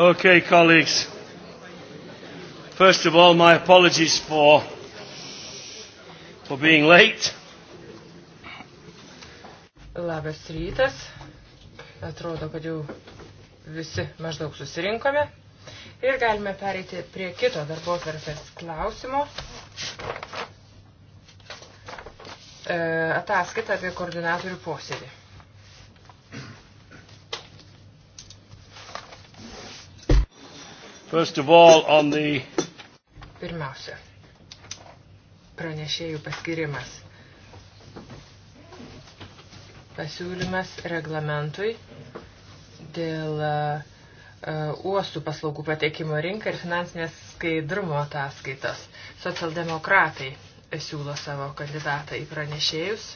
Okay, colleagues. First of all, my apologies for, for being late. Labas rytas. Atrodo, kad jau visi maždaug susirinkome. Ir galime pereiti prie kito darbo tvarkės klausimo. E, ataskaita apie koordinatorių posėdį. First of all, on the... Pirmiausia, pranešėjų paskirimas. Pasiūlymas reglamentui dėl uh, uostų paslaugų patekimo rinką ir finansinės skaidrumo ataskaitos. Socialdemokratai siūlo savo kandidatą į pranešėjus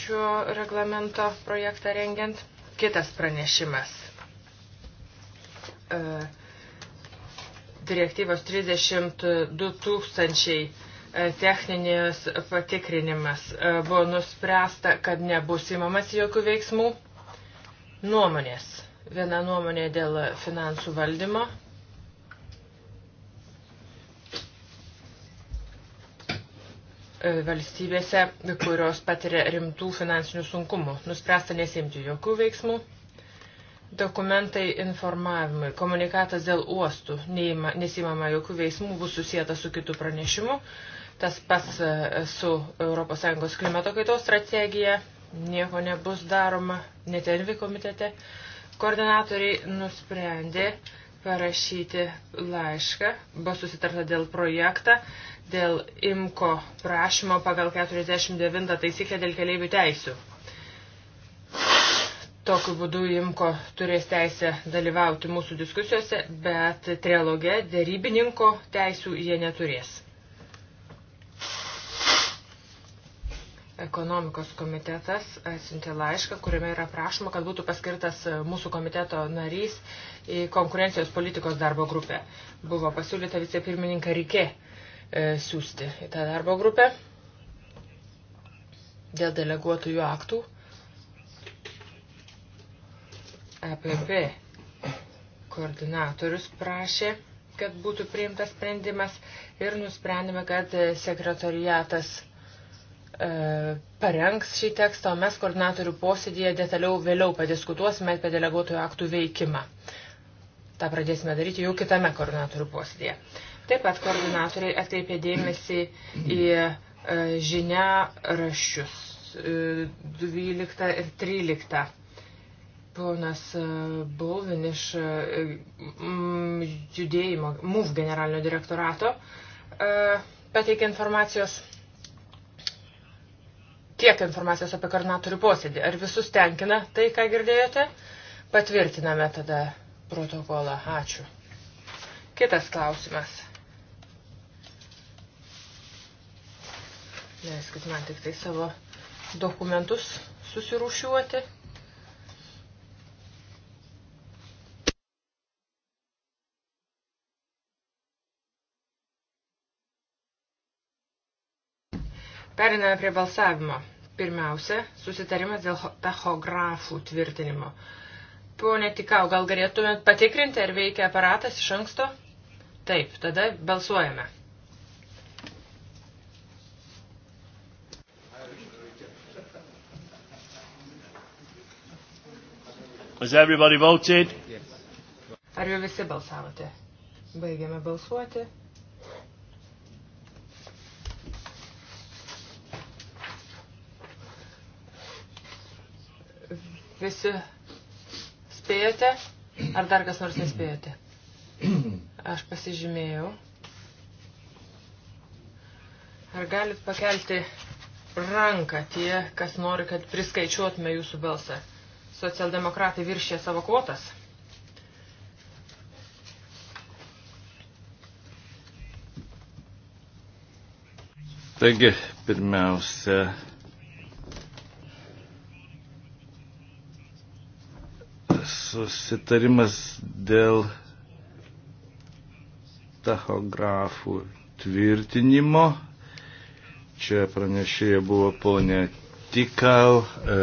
šio reglamento projektą rengiant. Kitas pranešimas E, direktyvos 32 tūkstančiai e, techninės patikrinimas. E, buvo nuspręsta, kad nebus įmamas jokių veiksmų. Nuomonės. Viena nuomonė dėl finansų valdymo. Valstybėse, kurios patiria rimtų finansinių sunkumų. Nuspręsta nesimti jokių veiksmų. Dokumentai informavimui. Komunikatas dėl uostų. Neima, nesimama jokių veiksmų, bus susijęta su kitų pranešimu. Tas pas e, su ES klimato kaitos strategija. Nieko nebus daroma. Net Envi komitete. Koordinatoriai nusprendė parašyti laišką. Buvo susitarta dėl projektą, dėl IMKO prašymo pagal 49 taisyklę dėl keliaivių teisių Tokiu būdu Imko turės teisę dalyvauti mūsų diskusijose, bet trialoge dėrybininko teisų jie neturės. Ekonomikos komitetas atsintė laišką, kuriame yra prašoma, kad būtų paskirtas mūsų komiteto narys į konkurencijos politikos darbo grupę. Buvo pasiūlyta vicepirmininką Rikė e, siūsti į tą darbo grupę dėl deleguotųjų aktų. APP e koordinatorius prašė, kad būtų priimtas sprendimas ir nusprendėme, kad sekretariatas e, parengs šį tekstą, o mes koordinatorių posėdėje detaliau vėliau padiskutuosime apie deleguotojų aktų veikimą. Ta pradėsime daryti jau kitame koordinatorių posėdėje. Taip pat koordinatoriai atkreipė dėmesį į e, žinia raščius e, 12 ir 13 Ponas e, Bulvin iš e, judėjimo MUF generalinio direktorato e, pateikė informacijos tiek informacijos apie koordinatorių posėdį. Ar visus tenkina tai, ką girdėjote? Patvirtiname tada protokolą. Ačiū. Kitas klausimas. Leiskit man tik tai savo dokumentus susirūšiuoti. Periname prie balsavimo. Pirmiausia, susitarimas dėl tachografų tvirtinimo. Pone Tikau, gal galėtumėt patikrinti, ar veikia aparatas iš anksto? Taip, tada balsuojame. Has everybody voted? Yes. Ar jau visi balsavote? Baigiame balsuoti. Visi spėjote? Ar dar kas nors nespėjote? Aš pasižymėjau. Ar galit pakelti ranką tie, kas nori, kad priskaičiuotume jūsų balsą? Socialdemokratai viršė savo kvotas. Taigi, pirmiausia, susitarimas dėl tachografų tvirtinimo. Čia pranešėja buvo ponė Tikal. E,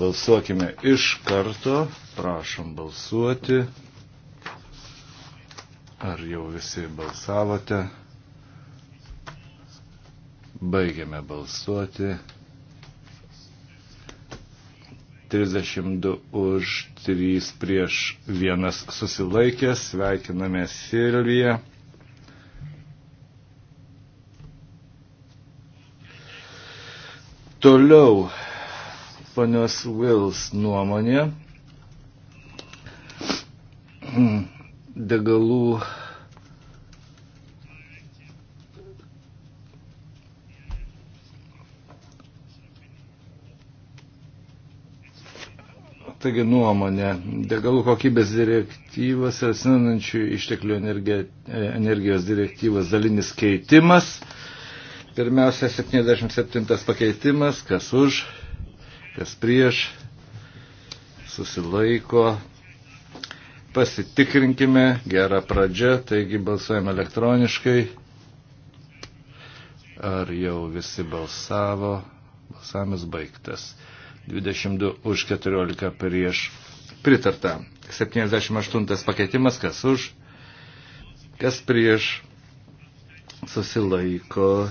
balsuokime iš karto. Prašom balsuoti. Ar jau visi balsavote? Baigiame balsuoti. 32 už 3 prieš 1 susilaikęs. Sveikiname Silviją. Toliau ponios Wills nuomonė. Hmm. Degalų Taigi nuomonė, degalų kokybės direktyvas ir atsinančių išteklių energijos direktyvas dalinis keitimas. Pirmiausia, 77 pakeitimas, kas už, kas prieš, susilaiko. Pasitikrinkime, gera pradžia, taigi balsuojame elektroniškai. Ar jau visi balsavo? Balsavimas baigtas. 22 už 14 prieš pritarta. 78 pakeitimas, kas už, kas prieš susilaiko,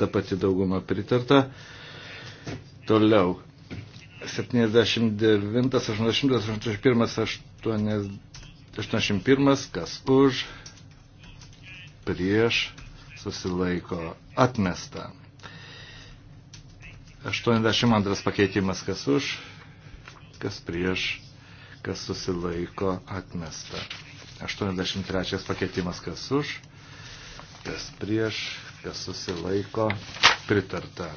ta pati dauguma pritarta. Toliau. 79, 80, 81, 81, kas už, prieš, susilaiko, atmesta. 82 pakeitimas kas už, kas prieš, kas susilaiko atmesta. 83 pakeitimas kas už, kas prieš, kas susilaiko pritarta.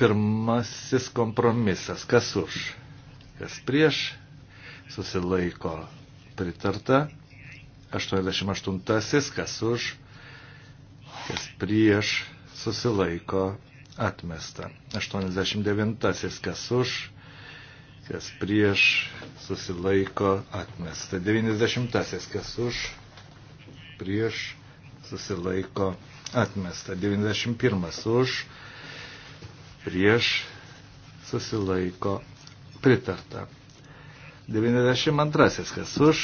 Pirmasis kompromisas kas už, kas prieš, susilaiko pritarta. 88 kas už, prieš susilaiko atmesta. 89. kas už, kas prieš susilaiko atmesta. 90. kas už, prieš susilaiko atmesta. 91. už, prieš susilaiko pritarta. 92. kas už,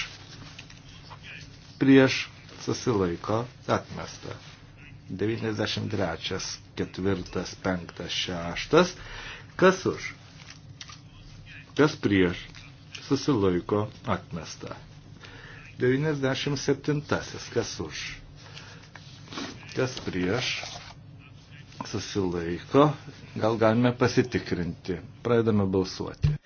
prieš susilaiko atmesta. 93, 4, 5, 6. Kas už? Kas prieš? Susilaiko atmesta. 97. Kas už? Kas prieš? Susilaiko. Gal galime pasitikrinti. Pradedame balsuoti.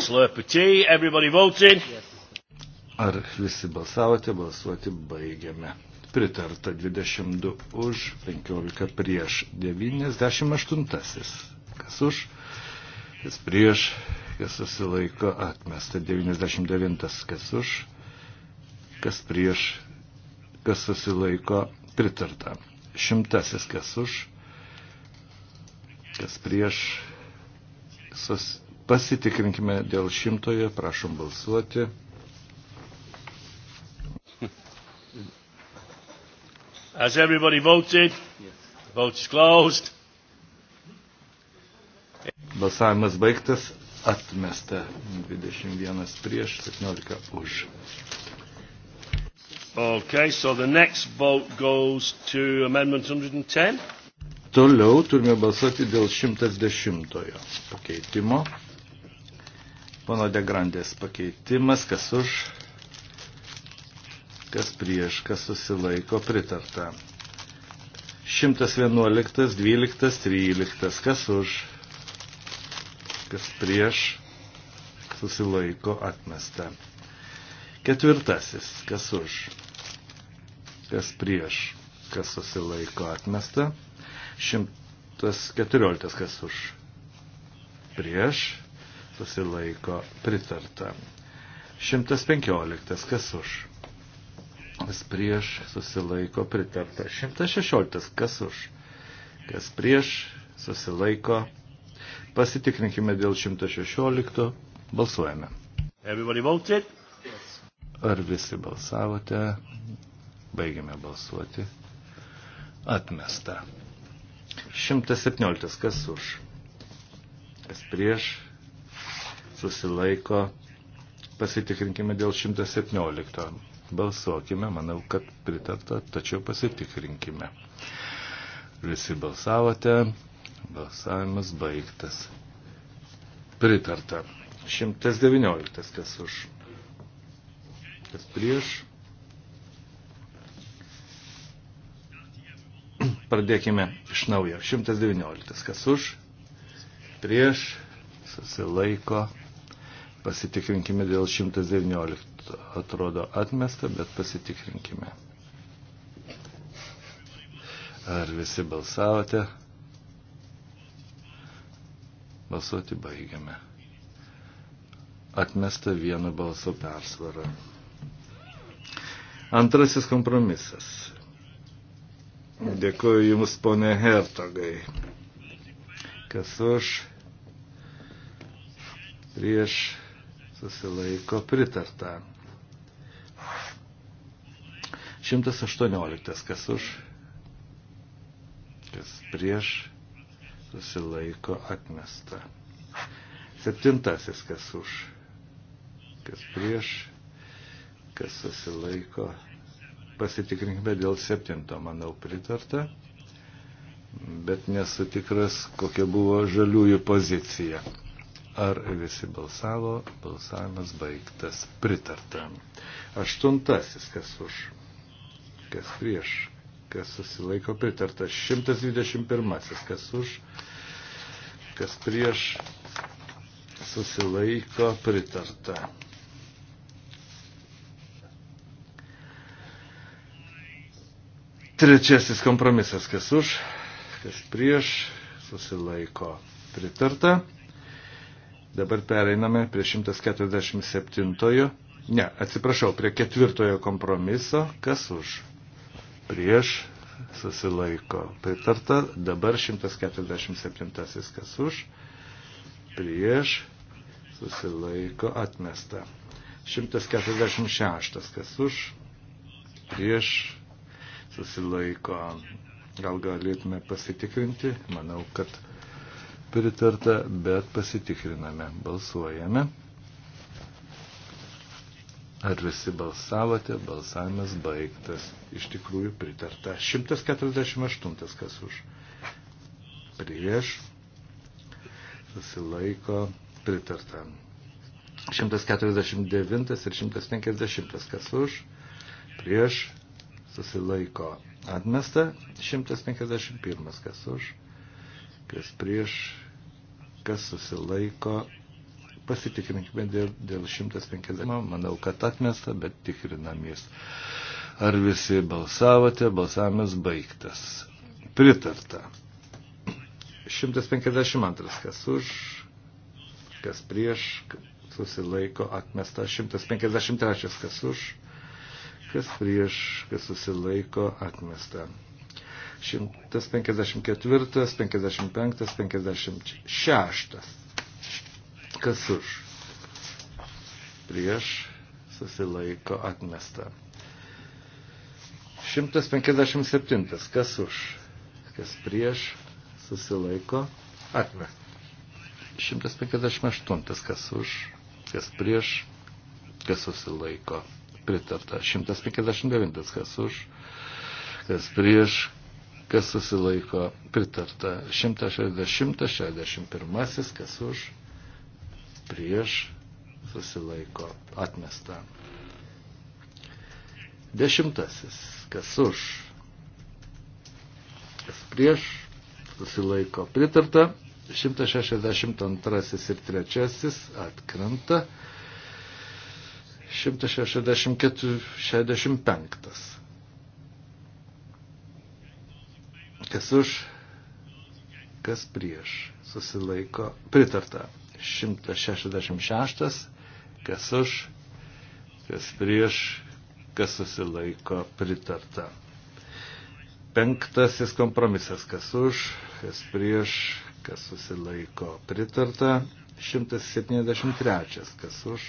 Slurpee, everybody voting. Yes. Ar visi balsavote? Balsuoti baigiame. Pritarta 22 už, 15 prieš, 98. Kas už, kas prieš, kas susilaiko atmesta. 99. Kas už, kas prieš, kas susilaiko pritarta. Šimtasis kas už, kas prieš. Sus... Pasitikrinkime dėl šimtojo, prašom balsuoti. Has everybody voted? Yes. Votes closed. Balsavimas baigtas, atmesta 21 prieš, 17 už. Okay, so the next vote goes to amendment 110. Toliau turime balsuoti dėl 110 pakeitimo. Pono Degrandės pakeitimas, kas už? kas prieš, kas susilaiko pritarta. 111, 12, 13, kas už, kas prieš, susilaiko atmesta. Ketvirtasis, kas už, kas prieš, kas susilaiko atmesta. 114, kas už, prieš, susilaiko pritarta. 115, kas už kas prieš susilaiko pritarta. 116. Kas už? Kas prieš susilaiko. Pasitikrinkime dėl 116. Balsuojame. Ar visi balsavote? Baigiame balsuoti. Atmesta. 117. Kas už? Kas prieš susilaiko. Pasitikrinkime dėl 117. Balsuokime, manau, kad pritarta, tačiau pasitikrinkime. Visi balsavote, balsavimas baigtas. Pritarta. 119 kas už. Kas prieš. Pradėkime iš naujo. 119 kas už. Prieš. Susilaiko. Pasitikrinkime dėl 119 atrodo atmesta, bet pasitikrinkime. Ar visi balsavote? Balsuoti baigiame. Atmesta vieno balso persvara. Antrasis kompromisas. Dėkuoju Jums, ponė Hertogai. Kas už? Prieš susilaiko pritarta. 118. Kas už, kas prieš, susilaiko atmesta. Septintasis, kas už, kas prieš, kas susilaiko. Pasitikrinkime dėl septinto, manau, pritarta, bet nesu tikras, kokia buvo žaliųjų pozicija. Ar visi balsavo? Balsavimas baigtas. Pritarta. Aštuntasis, kas už, kas prieš, kas susilaiko pritarta. 121, kas už, kas prieš, susilaiko pritarta. Trečiasis kompromisas, kas už, kas prieš, susilaiko pritarta. Dabar pereiname prie 147. Ne, atsiprašau, prie ketvirtojo kompromiso. Kas už? Prieš susilaiko. Pritarta dabar 147. Kas už? Prieš susilaiko atmesta. 146. Kas už? Prieš susilaiko. Gal galėtume pasitikrinti? Manau, kad pritarta, bet pasitikriname. Balsuojame. Ar visi balsavote? Balsavimas baigtas. Iš tikrųjų pritarta. 148 kas už. Prieš. Susilaiko. Pritarta. 149 ir 150 kas už. Prieš. Susilaiko. Atmesta. 151 kas už kas prieš, kas susilaiko. Pasitikrinkime dėl, dėl 150. Manau, kad atmesta, bet tikrinamies. Ar visi balsavote? Balsavimas baigtas. Pritarta. 152. Kas už, kas prieš, susilaiko atmesta. 153. Kas už, kas prieš, kas susilaiko atmesta. 154, 55, 56. Kas už? Prieš susilaiko atmesta. 157. Kas už? Kas prieš susilaiko atmesta. 158. Kas už? Kas prieš? Kas susilaiko? Pritarta. 159. Kas už? Kas prieš? kas susilaiko pritarta. 160, 61, kas už, prieš, susilaiko atmesta. Dešimtasis, kas už, kas prieš, susilaiko pritarta. 162 ir 3 atkrenta. 165 Kas už, kas prieš, susilaiko pritarta. 166, kas už, kas prieš, kas susilaiko pritarta. Penktasis kompromisas, kas už, kas prieš, kas susilaiko pritarta. 173, kas už,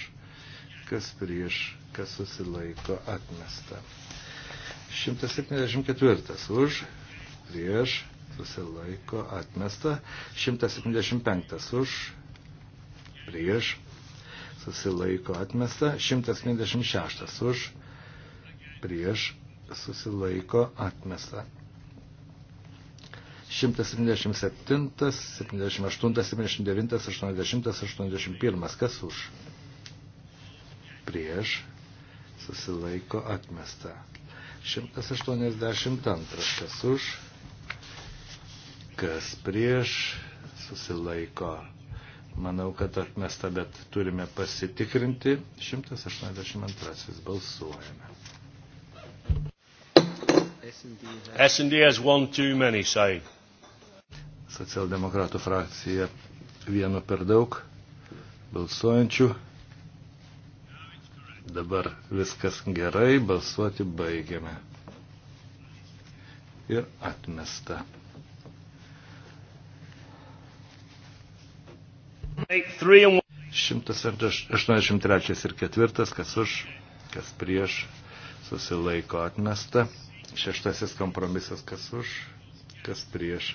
kas prieš, kas susilaiko atmesta. 174 už, prieš, susilaiko atmesta, 175 už, prieš, susilaiko atmesta, 176 už, prieš, susilaiko atmesta. 177, 78, 79, 80, 81. Kas už? Prieš susilaiko atmesta. 182. Kas už? kas prieš, susilaiko. Manau, kad atmesta, bet turime pasitikrinti. 182 balsuojame. S&D has one too many, say. Socialdemokratų frakcija vieno per daug balsuojančių. Dabar viskas gerai, balsuoti baigiame. Ir atmesta. 183 ir 4, kas už, kas prieš, susilaiko atmesta. Šeštasis kompromisas, kas už, kas prieš,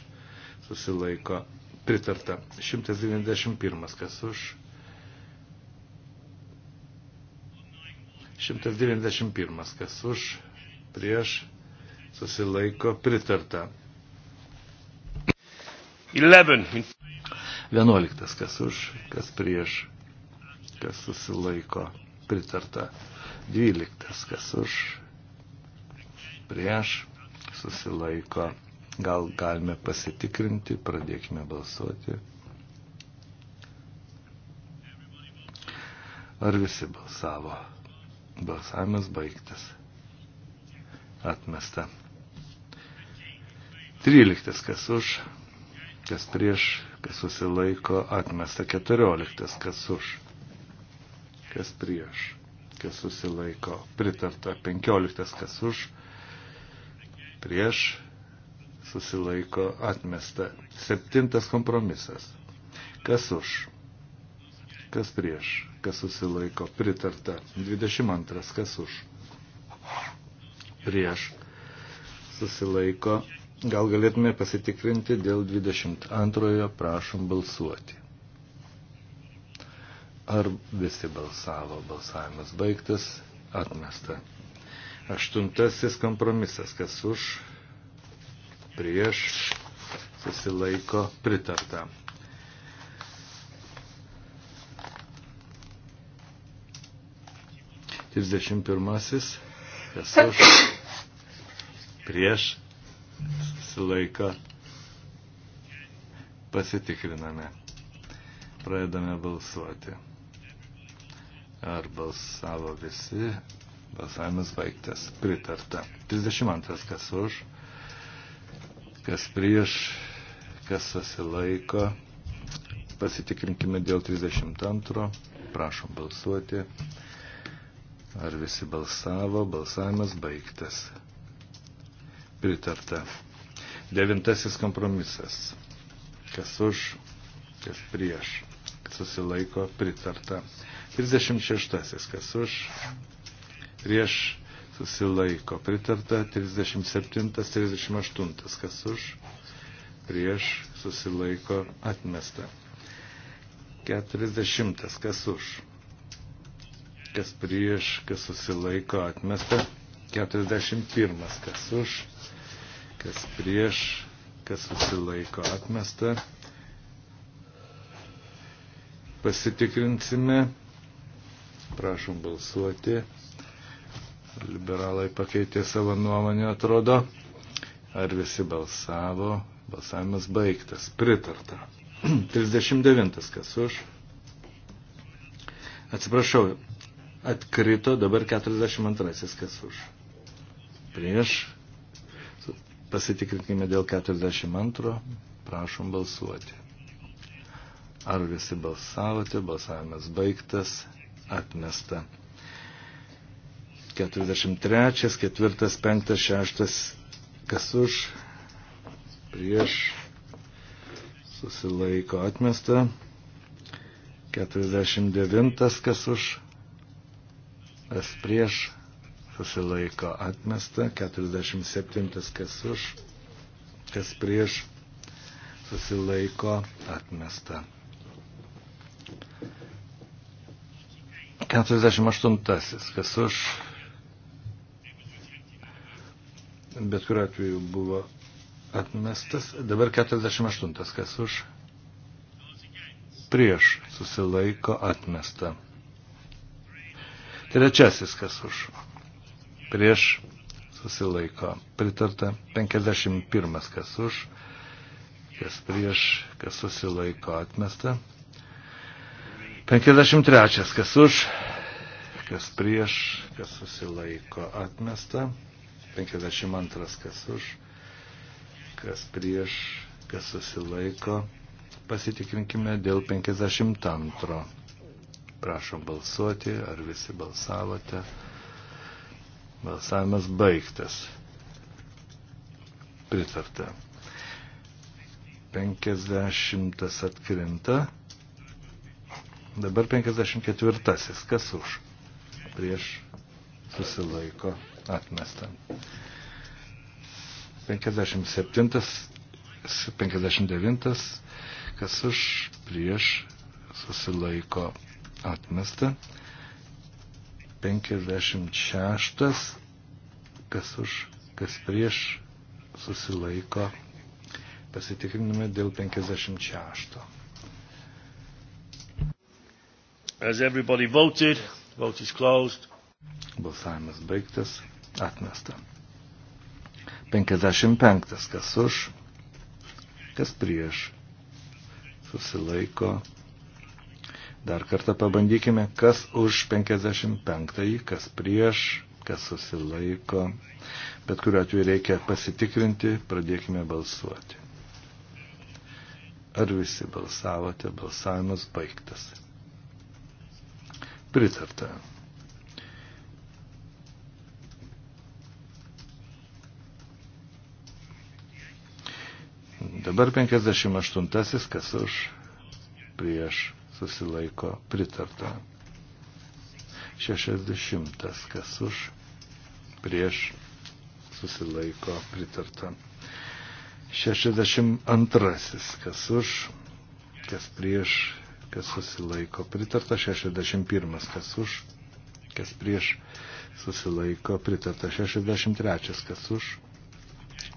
susilaiko pritarta. 191, kas už. 191, kas už, prieš, susilaiko pritarta. 11. 11. Kas už, kas prieš, kas susilaiko pritarta. 12. Kas už, prieš, susilaiko. Gal galime pasitikrinti, pradėkime balsuoti. Ar visi balsavo? Balsavimas baigtas. Atmesta. Tryliktas, kas už, kas prieš, kas susilaiko atmesta 14, kas už, kas prieš, kas susilaiko pritarta 15, kas už, prieš susilaiko atmesta. Septintas kompromisas. Kas už? Kas prieš? Kas susilaiko? Pritarta. 22. Kas už? Prieš. Susilaiko Gal galėtume pasitikrinti dėl 22-ojo, prašom balsuoti. Ar visi balsavo? Balsavimas baigtas, atmesta. Aštuntasis kompromisas, kas už, prieš, susilaiko, pritarta. Trisdešimt pirmasis, kas už, prieš, susilaiko. Pasitikriname. Pradedame balsuoti. Ar balsavo visi? Balsavimas baigtas. Pritarta. 32. Kas už? Kas prieš? Kas susilaiko? Pasitikrinkime dėl 32. Prašom balsuoti. Ar visi balsavo? Balsavimas baigtas pritarta. Devintasis kompromisas. Kas už, kas prieš. Susilaiko pritarta. 36. Kas už, prieš susilaiko. Pritarta 37, 38. Kas už, prieš susilaiko atmesta. 40. Kas už, kas prieš, kas susilaiko atmesta. 41. Kas už, kas prieš, kas susilaiko atmesta. Pasitikrinsime. Prašom balsuoti. Liberalai pakeitė savo nuomonę, atrodo. Ar visi balsavo? Balsavimas baigtas. Pritarta. 39. Kas už? Atsiprašau, atkrito dabar 42. Kas už? Prieš Pasitikrinkime dėl 42. Prašom balsuoti. Ar visi balsavote? Balsavimas baigtas. Atmesta. 43, 4, 5, 6. Kas už? Prieš. Susilaiko atmesta. 49. Kas už? Kas prieš? susilaiko atmesta, 47 kas už, kas prieš susilaiko atmesta. 48 kas už, bet kuriuo atveju buvo atmestas, dabar 48 kas už, prieš susilaiko atmesta. Trečiasis kas už prieš susilaiko. Pritarta 51, kas už, kas prieš, kas susilaiko atmesta. 53, kas už, kas prieš, kas susilaiko atmesta. 52, kas už, kas prieš, kas susilaiko. Pasitikrinkime dėl 52. Prašom balsuoti, ar visi balsavote. Balsavimas baigtas. Pritarta. 50 atkrinta. Dabar 54. Kas už? Prieš susilaiko atmestą. 57, 59, kas už prieš susilaiko atmestą. 56, kas už, kas prieš susilaiko. Pasitikrinime dėl 56. As everybody voted, vote is closed. Balsavimas baigtas, atmesta. 55. Kas už, kas prieš, susilaiko, Dar kartą pabandykime, kas už 55-ąjį, kas prieš, kas susilaiko. Bet kuriuo atveju reikia pasitikrinti, pradėkime balsuoti. Ar visi balsavote, balsavimas baigtas. Pritarta. Dabar 58, kas už, prieš, susilaiko pritarta. 60. Kas už, prieš, susilaiko pritarta. 62. Kas už, kas prieš, kas susilaiko pritarta. 61. Kas už, kas prieš, susilaiko pritarta. 63. Kas už,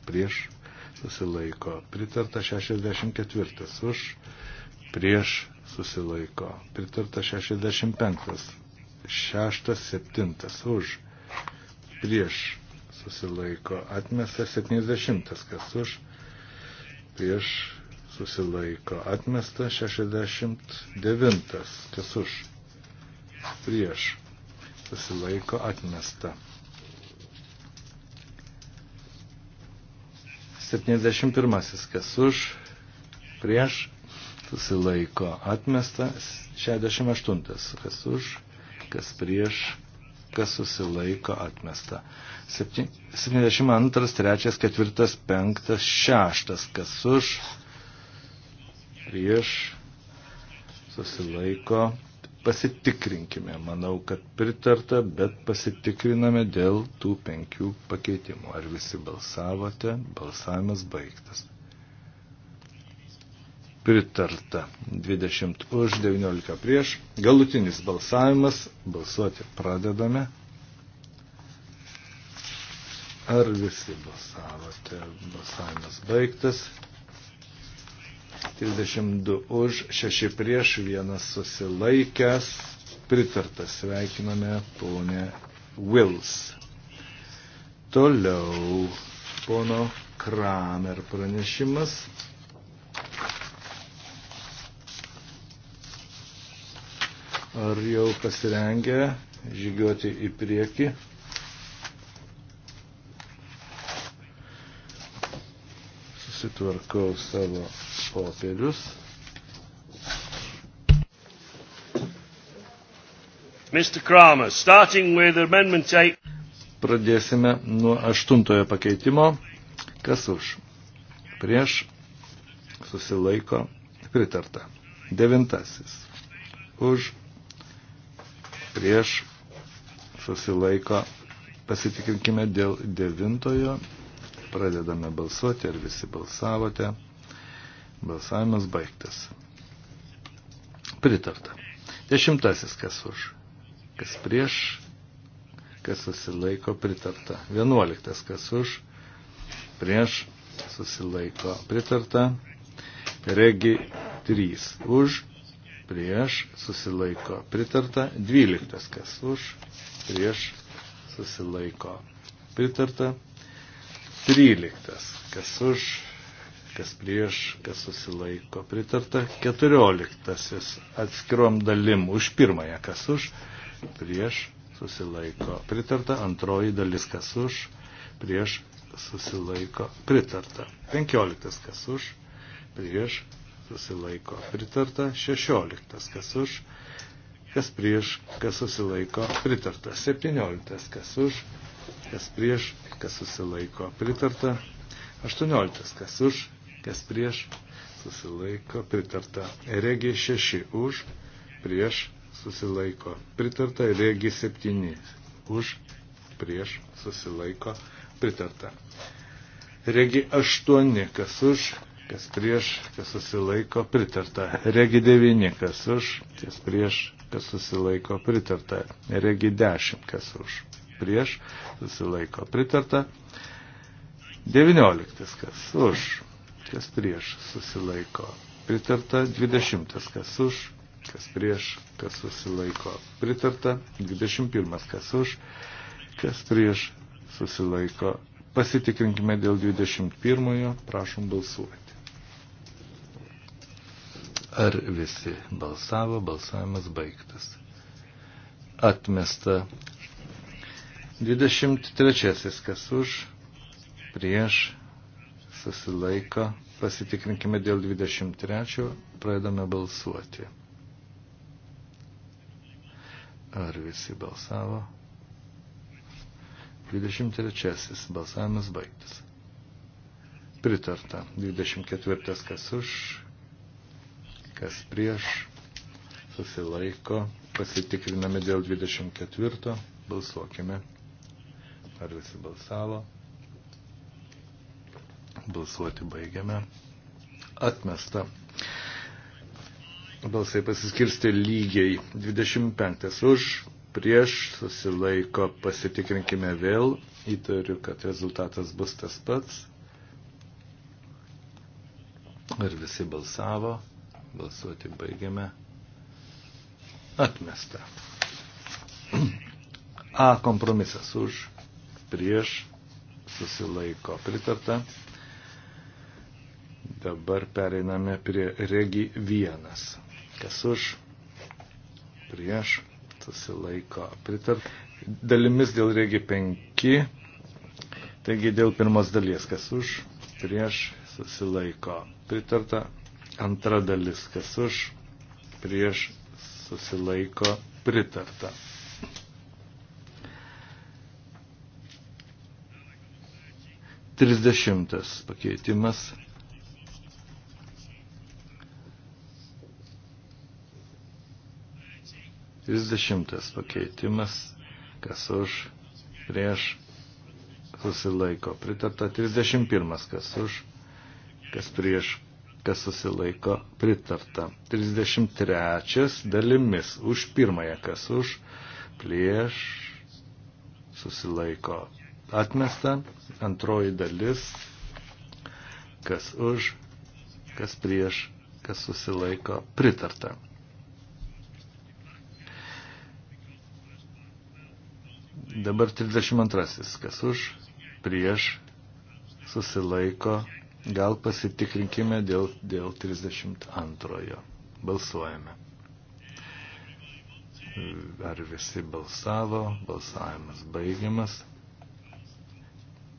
prieš, susilaiko pritarta. 64. Už, prieš susilaiko. Pritarta 65. 6, 7 už prieš susilaiko. Atmesta 70. Kas už prieš susilaiko. Atmesta 69. Kas už prieš susilaiko. Atmesta. 71. Kas už prieš susilaiko atmestas 68. Kas už, kas prieš, kas susilaiko atmesta. 72, 3, 4, 5, 6. Kas už, prieš, susilaiko. Pasitikrinkime. Manau, kad pritarta, bet pasitikriname dėl tų penkių pakeitimų. Ar visi balsavote? Balsavimas baigtas pritarta. 20 už, 19 prieš. Galutinis balsavimas. Balsuoti pradedame. Ar visi balsavote? Balsavimas baigtas. 32 už, 6 prieš, 1 susilaikęs. Pritartas sveikiname ponę Wills. Toliau pono Kramer pranešimas. Ar jau pasirengę žygiuoti į priekį? Susitvarkau savo popierius. Mr. Kramer, starting with amendment 8. Pradėsime nuo aštuntojo pakeitimo. Kas už? Prieš susilaiko pritarta. Devintasis. Už prieš susilaiko. Pasitikrinkime dėl devintojo. Pradedame balsuoti, ar visi balsavote. Balsavimas baigtas. Pritarta. Dešimtasis, kas už, kas prieš, kas susilaiko, pritarta. Vienuoliktas, kas už, prieš, susilaiko, pritarta. Regi 3 už, prieš susilaiko pritarta, 12 kas už, prieš susilaiko pritarta, 13 kas už, kas prieš, kas susilaiko pritarta, 14 atskirom dalim už pirmąją kas už, prieš susilaiko pritarta, antroji dalis kas už, prieš susilaiko pritarta, 15 kas už, prieš susilaiko. Pritarta 16, kas už, kas prieš, kas susilaiko. Pritarta 17, kas už, kas prieš, kas susilaiko. Pritarta 18, kas už, kas prieš, susilaiko. Pritarta regija 6 už, prieš, susilaiko. Pritarta regija 7 už, prieš, susilaiko. Pritarta. Regi aštuoni, kas už, kas prieš, kas susilaiko pritarta. Regi 9, kas už, kas prieš, kas susilaiko pritarta. Regi 10, kas už, prieš, susilaiko pritarta. 19, kas už, kas prieš, susilaiko pritarta. 20, kas už, kas prieš, kas susilaiko. Pritarta 21, kas už, kas prieš susilaiko. Pasitikrinkime dėl 21, prašom balsuoti. Ar visi balsavo? Balsavimas baigtas. Atmesta. 23. Kas už? Prieš susilaiko. Pasitikrinkime dėl 23. Pradedame balsuoti. Ar visi balsavo? 23. Balsavimas baigtas. Pritarta. 24. Kas už? kas prieš, susilaiko, pasitikriname dėl 24, balsuokime, ar visi balsavo, balsuoti baigiame, atmesta. Balsai pasiskirsti lygiai 25 už, prieš susilaiko, pasitikrinkime vėl, įtariu, kad rezultatas bus tas pats. Ir visi balsavo. Balsuoti baigiame. Atmesta. A kompromisas už, prieš, susilaiko pritarta. Dabar pereiname prie regi vienas. Kas už, prieš, susilaiko pritarta. Dalimis dėl regi penki. Taigi dėl pirmos dalies, kas už, prieš, susilaiko pritarta. Antra dalis, kas už, prieš susilaiko pritarta. Trisdešimtas pakeitimas. Trisdešimtas pakeitimas, kas už, prieš susilaiko. Pritarta 31, kas už, kas prieš kas susilaiko pritarta. 33 dalimis už pirmąją, kas už, prieš, susilaiko atmesta, antroji dalis, kas už, kas prieš, kas susilaiko pritarta. Dabar 32. Kas už, prieš, susilaiko pritarta Gal pasitikrinkime dėl, dėl 32. Balsuojame. Ar visi balsavo? Balsavimas baigiamas.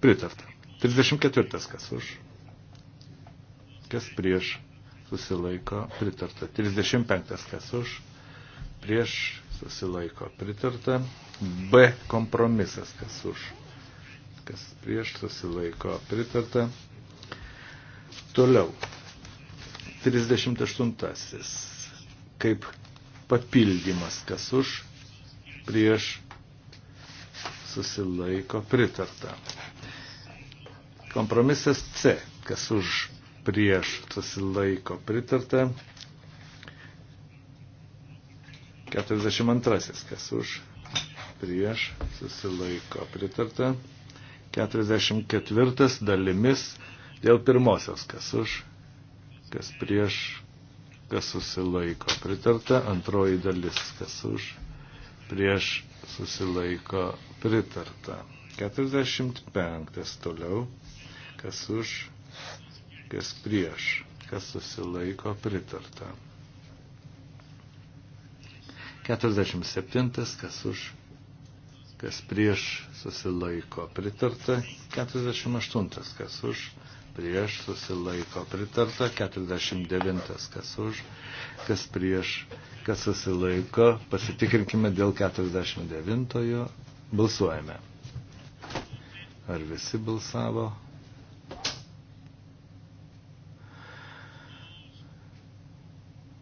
Pritarta. 34. Kas už? Kas prieš? Susilaiko. Pritarta. 35. Kas už? Prieš susilaiko. Pritarta. B kompromisas. Kas už? Kas prieš susilaiko. Pritarta. Toliau. 38. Kaip papildymas, kas už, prieš, susilaiko pritarta. Kompromisas C, kas už, prieš, susilaiko pritarta. 42. Kas už, prieš, susilaiko pritarta. 44. Dalimis Dėl pirmosios, kas už, kas prieš, kas susilaiko. Pritarta antroji dalis, kas už, prieš susilaiko pritarta. 45 toliau, kas už, kas prieš, kas susilaiko pritarta. 47, kas už, kas prieš susilaiko pritarta. 48, kas už, prieš susilaiko pritarta, 49 kas už, kas prieš, kas susilaiko. Pasitikrinkime dėl 49-ojo, balsuojame. Ar visi balsavo?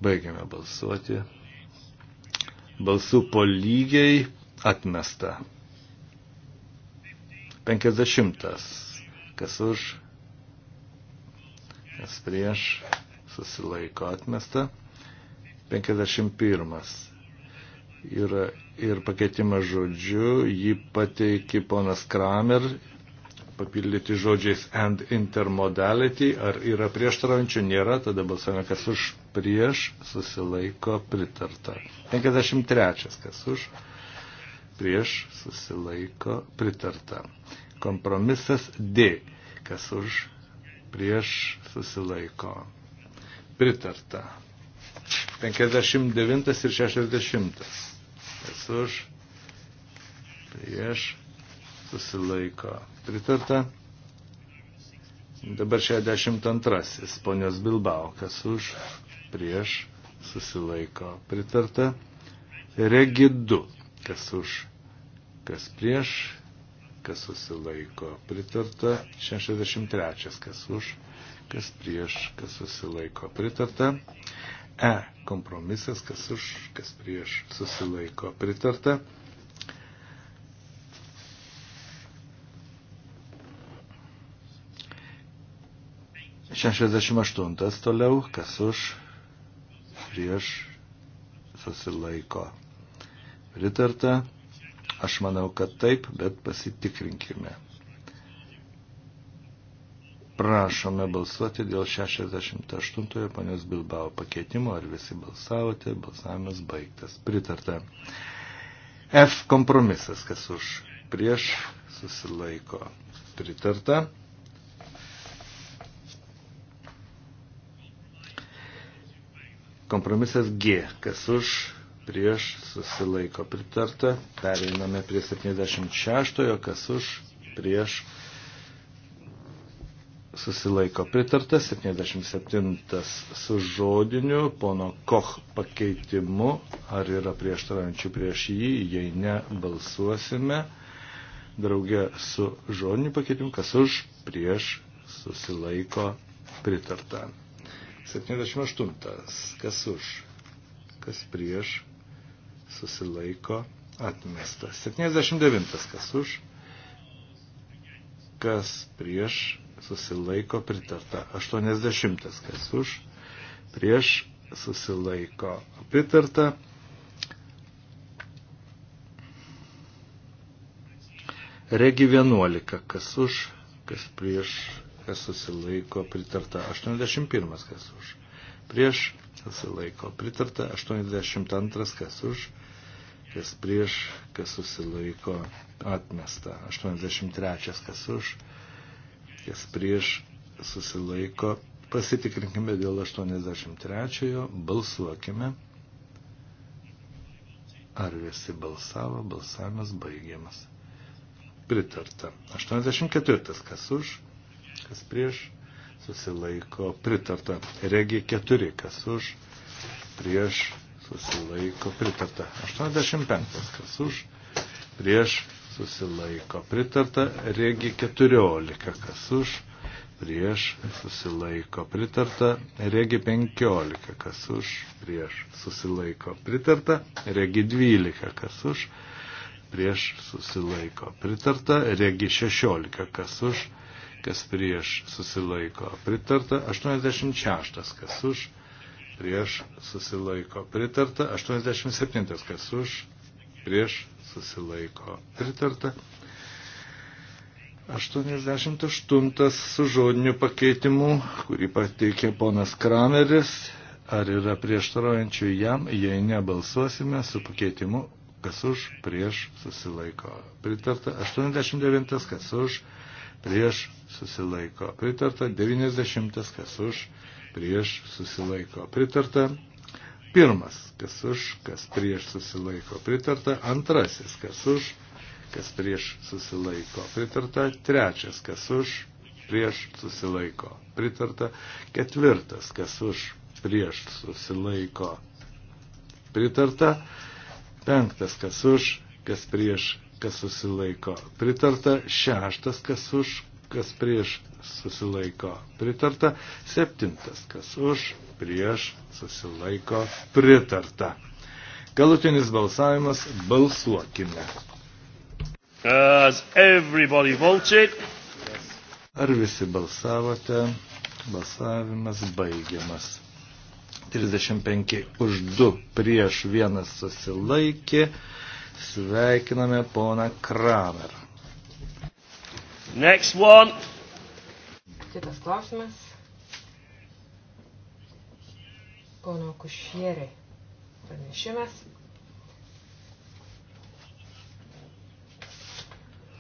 Baigiame balsuoti. Balsų po lygiai atmesta. 50. Kas už, kas prieš, susilaiko atmesta. 51. Yra ir pakeitimas žodžiu, jį pateikė ponas Kramer, papildyti žodžiais and intermodality, ar yra prieštaraujančių, nėra, tada balsuojame, kas už prieš, susilaiko pritarta. 53. kas už prieš, susilaiko pritarta. Kompromisas D, kas už prieš susilaiko. Pritarta. 59 ir 60. Kas už, prieš susilaiko. Pritarta. Dabar 62. Ponios Bilbao. Kas už, prieš susilaiko. Pritarta. Regidu. Kas už, kas prieš kas susilaiko. Pritarta 63, kas už, kas prieš, kas susilaiko. Pritarta E kompromisas, kas už, kas prieš, susilaiko. Pritarta. Šešiasdešimt aštuntas toliau, kas už, prieš, susilaiko. Pritarta. Aš manau, kad taip, bet pasitikrinkime. Prašome balsuoti dėl 68 panios Bilbao pakeitimo. Ar visi balsavote? Balsavimas baigtas. Pritarta. F kompromisas, kas už prieš susilaiko. Pritarta. Kompromisas G, kas už prieš susilaiko pritarta. Pereiname prie 76, kas už, prieš susilaiko pritarta. 77 su žodiniu, pono Koch pakeitimu, ar yra prieštaraujančių prieš jį, jei ne, balsuosime. Drauge su žodiniu pakeitimu, kas už, prieš susilaiko pritarta. 78. Kas už? Kas prieš? susilaiko atmesta. 79 kas už, kas prieš susilaiko pritarta. 80 kas už, prieš susilaiko pritarta. Regi 11, kas už, kas prieš, kas susilaiko pritarta. 81 kas už, prieš susilaiko pritarta, 82 kas už, kas prieš, kas susilaiko atmesta, 83 kas už, kas prieš, susilaiko. Pasitikrinkime dėl 83-ojo, balsuokime. Ar visi balsavo, balsavimas baigiamas. Pritarta. 84 kas už, kas prieš, susilaiko pritarta. Regi 4, kas už, prieš, susilaiko pritarta. 85, kas už, prieš, susilaiko pritarta. Regi 14, kas už, prieš, susilaiko pritarta. Regi 15, kas už, prieš, susilaiko pritarta. Regi 12, kas už, prieš, susilaiko pritarta. Regi 16, kas už, prieš, susilaiko pritarta kas prieš susilaiko pritarta, 86 kas už prieš susilaiko pritarta, 87 kas už prieš susilaiko pritarta. 88 su žodiniu pakeitimu, kurį pateikė ponas Krameris, ar yra prieštaraujančių jam, jei nebalsuosime su pakeitimu, kas už prieš susilaiko. Pritarta 89, kas už prieš susilaiko pritarta, 90 kas už, prieš susilaiko pritarta, pirmas kas už, kas prieš susilaiko pritarta, antrasis kas už, kas prieš susilaiko pritarta, trečias kas už, prieš susilaiko pritarta, ketvirtas kas už, prieš susilaiko pritarta, penktas kas už, kas prieš kas susilaiko. Pritarta šeštas, kas už, kas prieš susilaiko. Pritarta septintas, kas už, prieš susilaiko. Pritarta. Galutinis balsavimas balsuokime. As everybody voted. Ar visi balsavote? Balsavimas baigiamas. 35 už 2 prieš 1 susilaikė. Sveikiname poną Kramer. Next one. Kitas klausimas. Pono Kušieriai pranešimas.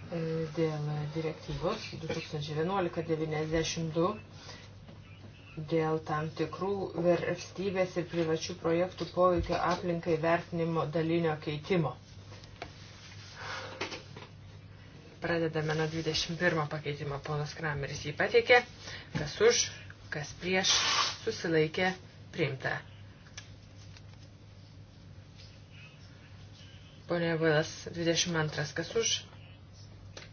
E, dėl direktyvos 2011-92 dėl tam tikrų verstybės ir privačių projektų poveikio aplinkai vertinimo dalinio keitimo. Pradedame nuo 21 pakeitimo. Ponas Krameris jį pateikė. Kas už, kas prieš, susilaikė, priimta. Pone Vailas, 22. Kas už,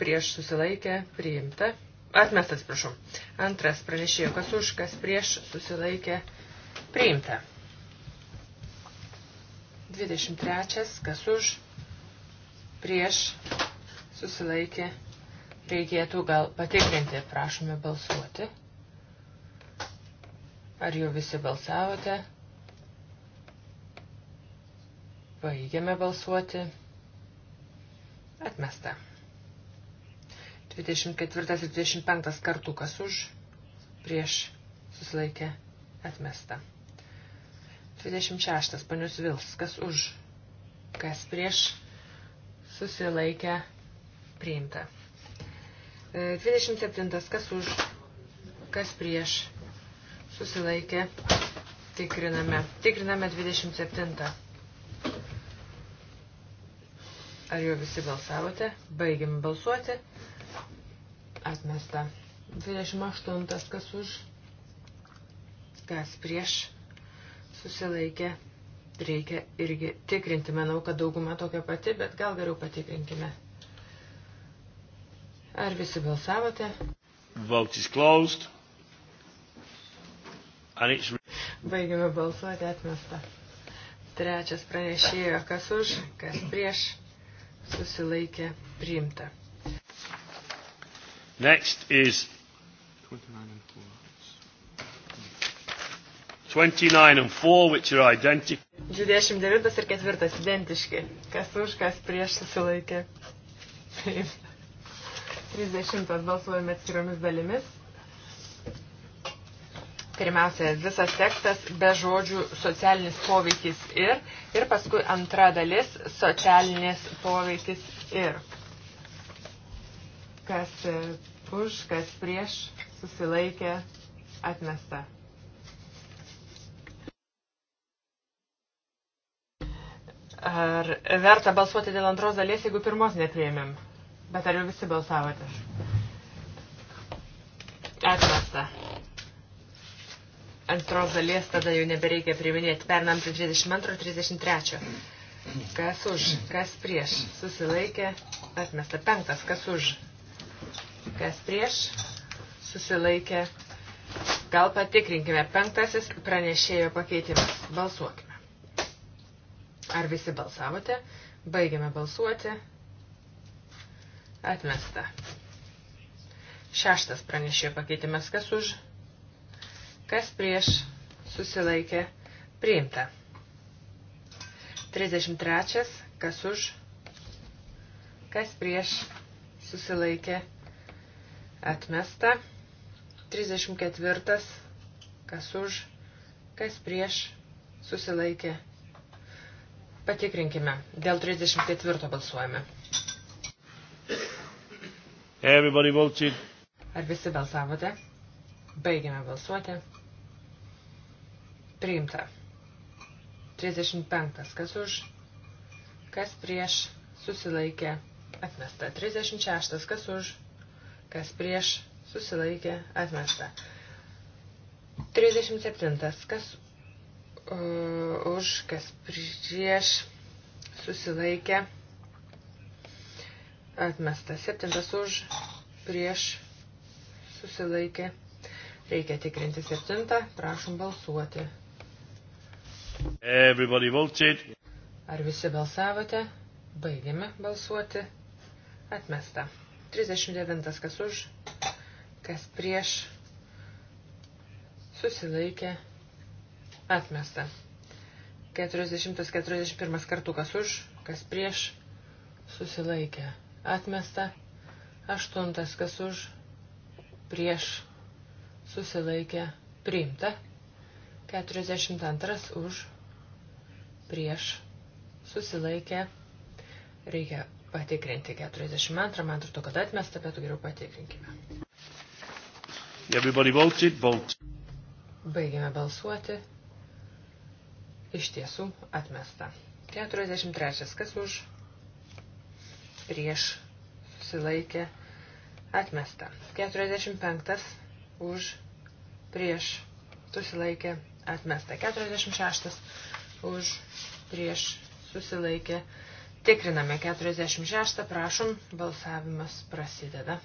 prieš, susilaikė, priimta. Atmestas, prašau. Antras pranešėjo, kas už, kas prieš, susilaikė, priimta. 23. Kas už, prieš, susilaikė, reikėtų gal patikrinti, prašome balsuoti. Ar jau visi balsavote? Baigiame balsuoti. Atmesta. 24 ir 25 kartų kas už, prieš susilaikė atmesta. 26 panius Vils, kas už, kas prieš susilaikė atmesta priimta. 27. E, kas už, kas prieš, susilaikė, tikriname. Tikriname 27. Ar jau visi balsavote? Baigiam balsuoti. Atmesta. 28. Kas už, kas prieš, susilaikė, reikia irgi tikrinti. Manau, kad dauguma tokia pati, bet gal geriau patikrinkime. Ar visi balsavote? Vote is closed. And it's... Baigime balsuoti atmestą. Trečias pranešėjo, kas už, kas prieš, susilaikė priimta. Next is 29 and 4, which are identical. 29 ir 4 identiški. Kas už, kas prieš susilaikė. Taip. 30 balsuojame atskiromis dalimis. Pirmiausia, visas tekstas be žodžių socialinis poveikis ir, ir paskui antra dalis socialinis poveikis ir. Kas e, už, kas prieš susilaikė atmesta. Ar verta balsuoti dėl antros dalies, jeigu pirmos nepriėmėm? Bet ar jau visi balsavote? Atmesta. Antros dalies tada jau nebereikia priminėti. Pernam prie 22-33. Kas už, kas prieš? Susilaikė. Atmesta. Penktas. Kas už? Kas prieš? Susilaikė. Gal patikrinkime. Penktasis pranešėjo pakeitimas. Balsuokime. Ar visi balsavote? Baigiame balsuoti. Atmesta. Šeštas pranešė pakeitimas, kas už, kas prieš, susilaikė, priimta. 33, kas už, kas prieš, susilaikė, atmesta. 34, kas už, kas prieš, susilaikė. Patikrinkime, dėl 34 balsuojame. Everybody voted. Ar visi balsavote? Baigiame balsuoti. Priimta. 35. Kas už? Kas prieš? Susilaikė. Atmesta. 36. Kas už? Kas prieš? Susilaikė. Atmesta. 37. Kas uh, už? Kas prieš? Susilaikė. Atmesta. Septintas už, prieš, susilaikė. Reikia tikrinti septintą. Prašom balsuoti. Everybody voted. Ar visi balsavote? Baigėme balsuoti. Atmesta. 39. Kas už, kas prieš, susilaikė. Atmesta. 40-41 kartų kas už, kas prieš, susilaikė atmesta. Aštuntas, kas už, prieš, susilaikė, priimta. 42 už, prieš, susilaikė. Reikia patikrinti 42, man atrodo, kad atmesta, bet geriau patikrinkime. Everybody voted, vote. Baigėme balsuoti. Iš tiesų atmesta. 43. Kas už? prieš susilaikė atmesta. 45 už prieš susilaikė atmesta. 46 už prieš susilaikė. Tikriname 46, prašom, balsavimas prasideda.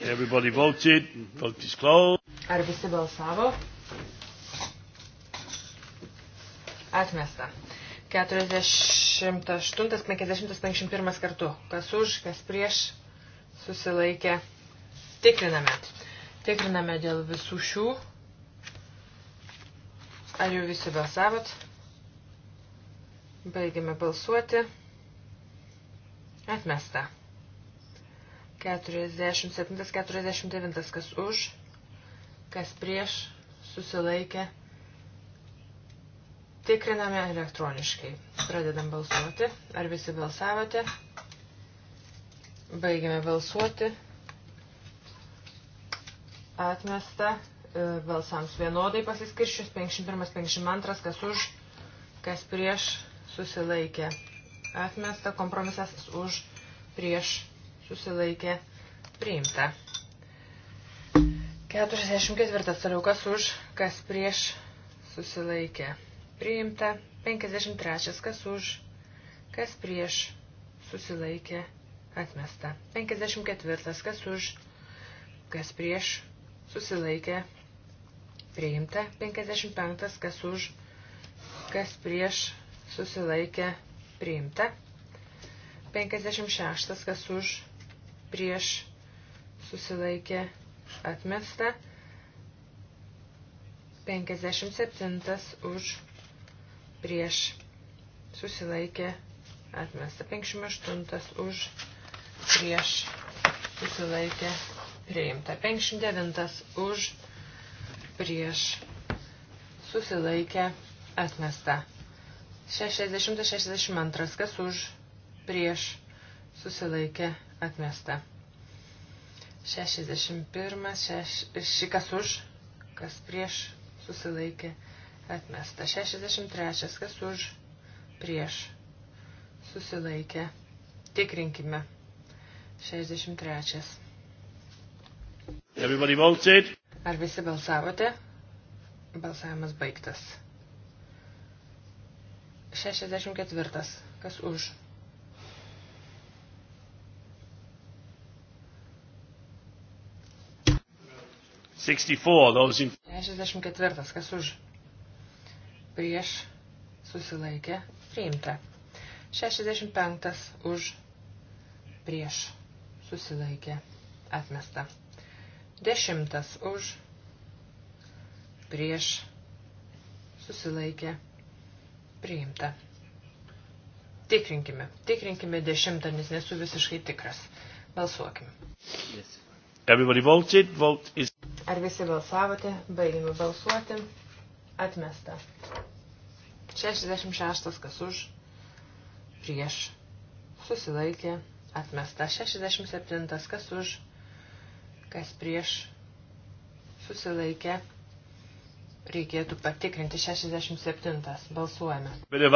Everybody voted, vote is closed. Ar visi balsavo? Atmesta. 40. 108, 50, 51 kartu. Kas už, kas prieš susilaikė. Tikriname. Tikriname dėl visų šių. Ar jau visi balsavot? Baigiame balsuoti. Atmesta. 47-49, kas už, kas prieš, susilaikė, Tikriname elektroniškai. Pradedam balsuoti. Ar visi balsavote? Baigiame balsuoti. Atmesta e, balsams vienodai pasiskirščius 51-52, kas už, kas prieš susilaikė. Atmesta kompromisas už, prieš susilaikė, priimta. 44 toliau kas už, kas prieš susilaikė priimta 53, kas už, kas prieš, susilaikė, atmesta. 54, kas už, kas prieš, susilaikė, priimta. 55, kas už, kas prieš, susilaikė, priimta. 56, kas už, prieš, susilaikė, atmesta. 57 už prieš susilaikė atmesta. 58 už prieš susilaikė priimta. 59 už prieš susilaikė atmesta. 60-62 kas už prieš susilaikė atmesta. 61 šeš, kas už kas prieš susilaikė atmesta Atmesta. 63. Kas už? Prieš. Susilaikė. Tikrinkime. 63. Everybody voted. Ar visi balsavote? Balsavimas baigtas. 64. Kas už? Sixty four, those in. Šešiasdešimt ketvirtas, kas už? prieš susilaikė priimta. 65 už prieš susilaikė atmesta. 10 už prieš susilaikė priimta. Tikrinkime, tikrinkime dešimtą, nes nesu visiškai tikras. Balsuokime. Yes. Everybody voted, vote is... Ar visi balsavote? Baigime balsuoti. Atmesta. 66 kas už, prieš, susilaikė, atmesta. 67 kas už, kas prieš, susilaikė. Reikėtų patikrinti 67. Balsuojame. E,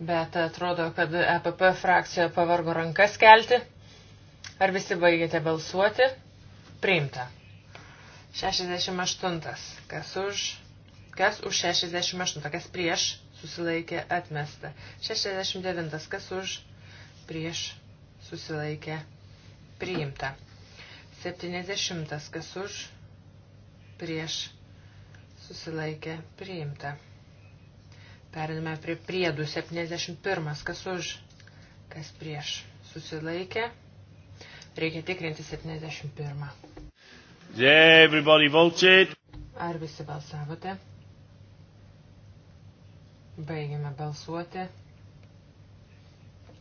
Bet atrodo, kad EPP frakcija pavargo rankas kelti. Ar visi baigėte balsuoti? Priimta. 68. Kas už, kas už 68, kas prieš susilaikė atmesta. 69, kas už prieš susilaikė priimta. 70, kas už prieš susilaikė priimta. Periname prie priedų 71, kas už, kas prieš susilaikė. Reikia tikrinti 71. Yeah, everybody voted. Ar visi balsavote? Baigiame balsuoti.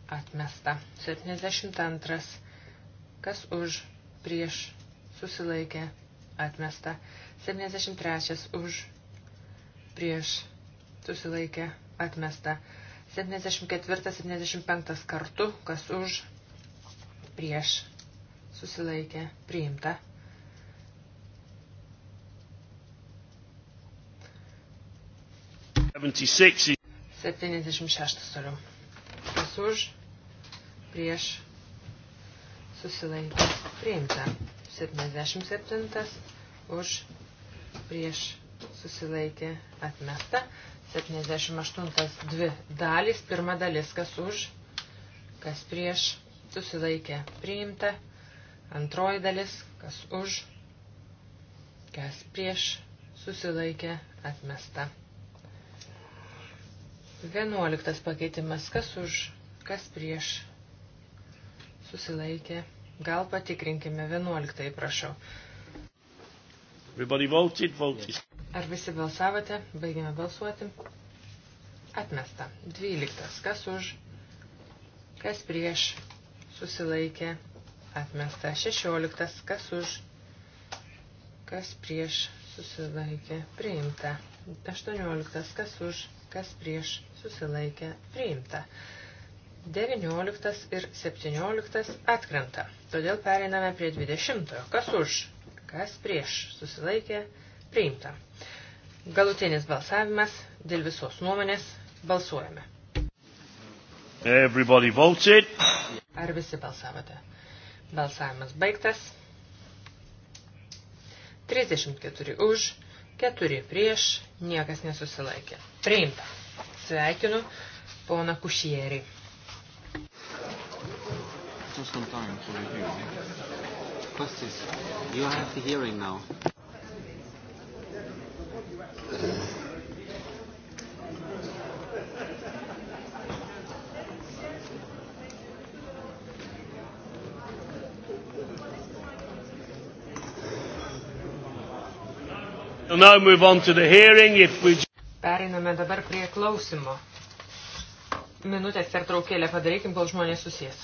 Atmesta. 72. Kas už, prieš, susilaikė, atmesta. 73. Už, prieš, susilaikė, atmesta. 74, 75 kartu, kas už, prieš, susilaikė, priimta. 76 toliau. Kas už, prieš, susilaikė, priimta. 77 už, prieš, susilaikė, atmesta. 78 dvi dalys, pirma dalis, kas už, kas prieš, susilaikė, priimta. Antroji dalis, kas už, kas prieš, susilaikė, atmesta. Vienuoliktas pakeitimas. Kas už, kas prieš susilaikė. Gal patikrinkime. Vienuoliktai, prašau. Everybody voted, voted. Ar visi balsavote? Baigėme balsuoti. Atmesta. Dvyliktas. Kas už, kas prieš susilaikė. Atmesta. Šešioliktas. Kas už, kas prieš susilaikė. Priimta. Aštuonioliktas. Kas už kas prieš susilaikė priimta. 19 ir 17 atkrenta. Todėl pereiname prie 20. Kas už, kas prieš susilaikė priimta. Galutinis balsavimas dėl visos nuomonės balsuojame. Everybody voted. Ar visi balsavote? Balsavimas baigtas. 34 už, 4 prieš, niekas nesusilaikė. Priimta. Sveikinu poną Kušierį. Just on time for review. What's this? You have the hearing now. We'll now move on to the hearing. If we Pereiname dabar prie klausimo. Minutės per traukėlę padarykim, kol žmonės susės.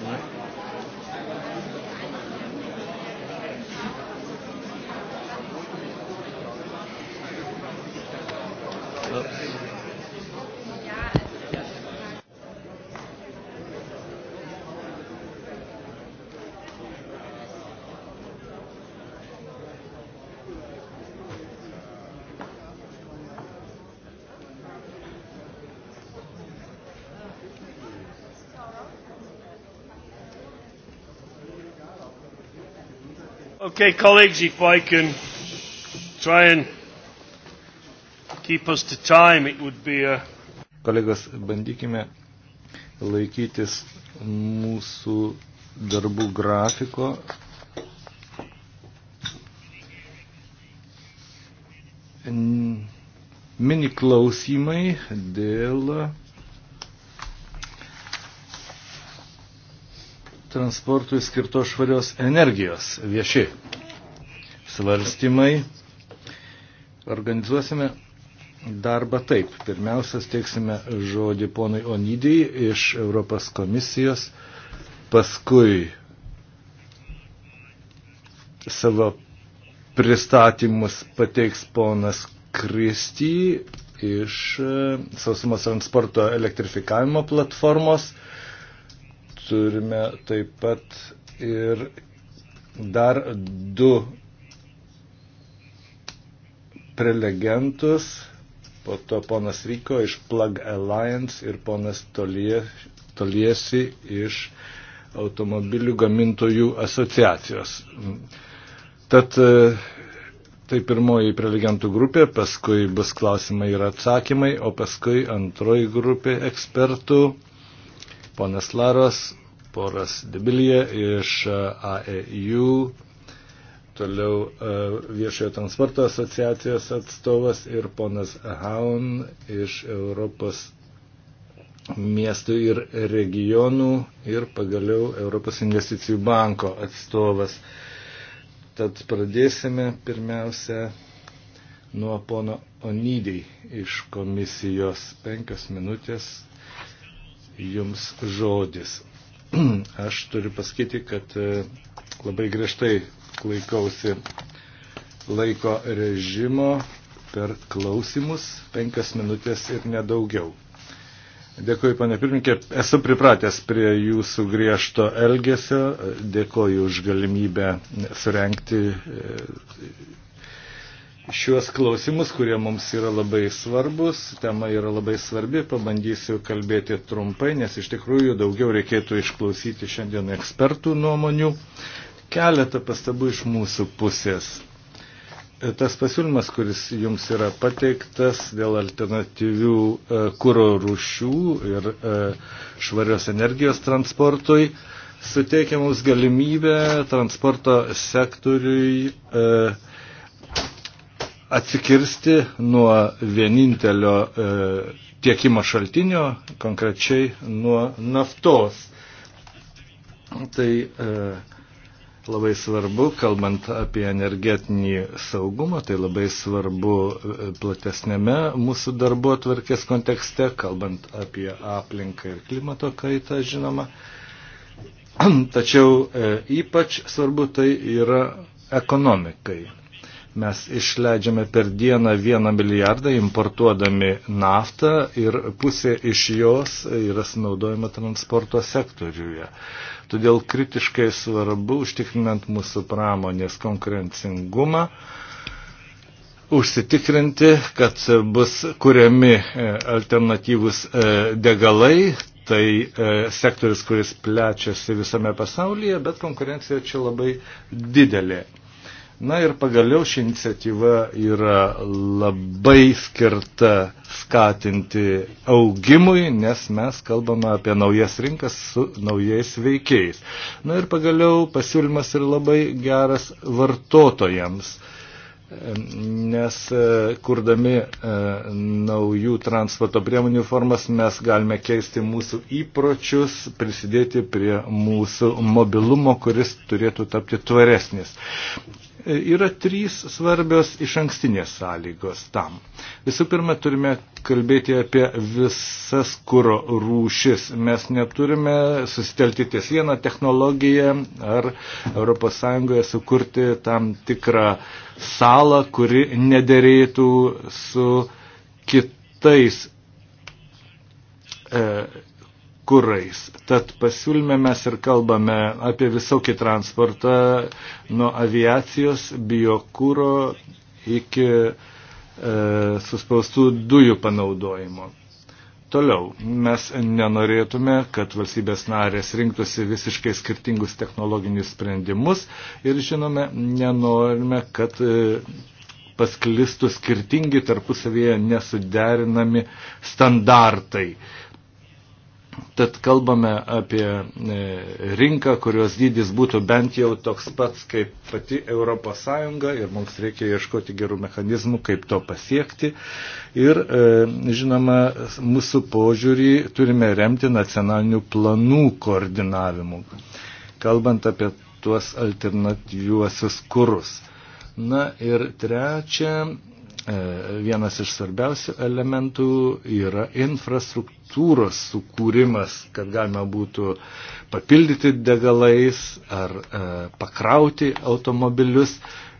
Okay, colleagues, if I can try and keep us to time, it would be a... Kolegos, bandykime laikytis mūsų darbų grafiko. Mini klausimai dėl transportui skirtos švarios energijos vieši svarstymai. Organizuosime darbą taip. Pirmiausia, teiksime žodį ponui Onidijai iš Europos komisijos, paskui savo pristatymus pateiks ponas Kristy iš sausumos transporto elektrifikavimo platformos. Turime taip pat ir dar du prelegentus, po to ponas Ryko iš Plug Alliance ir ponas Tolie, Toliesi iš automobilių gamintojų asociacijos. Tad e, tai pirmoji prelegentų grupė, paskui bus klausimai ir atsakymai, o paskui antroji grupė ekspertų, ponas Laros, poras Debilija iš e, AEU toliau e, viešojo transporto asociacijos atstovas ir ponas Haun iš Europos miestų ir regionų ir pagaliau Europos investicijų banko atstovas. Tad pradėsime pirmiausia nuo pono Onydį iš komisijos. Penkios minutės jums žodis. Aš turiu pasakyti, kad e, labai griežtai laikausi laiko režimo per klausimus, penkias minutės ir nedaugiau. Dėkuoju, pane pirmininkė, esu pripratęs prie jūsų griežto elgesio, dėkuoju už galimybę surenkti e, šiuos klausimus, kurie mums yra labai svarbus, tema yra labai svarbi, pabandysiu kalbėti trumpai, nes iš tikrųjų daugiau reikėtų išklausyti šiandien ekspertų nuomonių. Keletą pastabų iš mūsų pusės. E, tas pasiūlymas, kuris jums yra pateiktas dėl alternatyvių e, kūro rūšių ir e, švarios energijos transportui, suteikia mums galimybę transporto sektoriui atsikirsti nuo vienintelio tiekimo šaltinio, konkrečiai nuo naftos. Tai e, labai svarbu, kalbant apie energetinį saugumą, tai labai svarbu e, platesnėme mūsų darbo atvarkės kontekste, kalbant apie aplinką ir klimato kaitą, žinoma. Tačiau e, ypač svarbu tai yra ekonomikai. Mes išleidžiame per dieną vieną milijardą importuodami naftą ir pusė iš jos yra sunaudojama transporto sektoriuje. Todėl kritiškai svarbu, užtikrinant mūsų pramonės konkurencingumą, užsitikrinti, kad bus kuriami e, alternatyvus e, degalai, tai e, sektorius, kuris plečiasi visame pasaulyje, bet konkurencija čia labai didelė. Na ir pagaliau ši iniciatyva yra labai skirta skatinti augimui, nes mes kalbame apie naujas rinkas su naujais veikiais. Na ir pagaliau pasiūlymas yra labai geras vartotojams, nes e, kurdami e, naujų transporto priemonių formas mes galime keisti mūsų įpročius, prisidėti prie mūsų mobilumo, kuris turėtų tapti tvaresnis E, yra trys svarbios iš ankstinės sąlygos tam. Visų pirma, turime kalbėti apie visas kūro rūšis. Mes neturime susitelti ties vieną technologiją ar ES sukurti tam tikrą salą, kuri nederėtų su kitais e, kurais. Tad pasiūlyme mes ir kalbame apie visokį transportą nuo aviacijos, biokūro iki e, suspaustų dujų panaudojimo. Toliau, mes nenorėtume, kad valstybės narės rinktųsi visiškai skirtingus technologinius sprendimus ir, žinome, nenorime, kad e, pasklistų skirtingi tarpusavėje nesuderinami standartai. Tad kalbame apie e, rinką, kurios dydis būtų bent jau toks pats kaip pati ES ir mums reikia ieškoti gerų mechanizmų, kaip to pasiekti. Ir, e, žinoma, mūsų požiūrį turime remti nacionalinių planų koordinavimu, kalbant apie tuos alternatyviuosius kurus. Na ir trečia, E, vienas iš svarbiausių elementų yra infrastruktūros sukūrimas, kad galima būtų papildyti degalais ar e, pakrauti automobilius.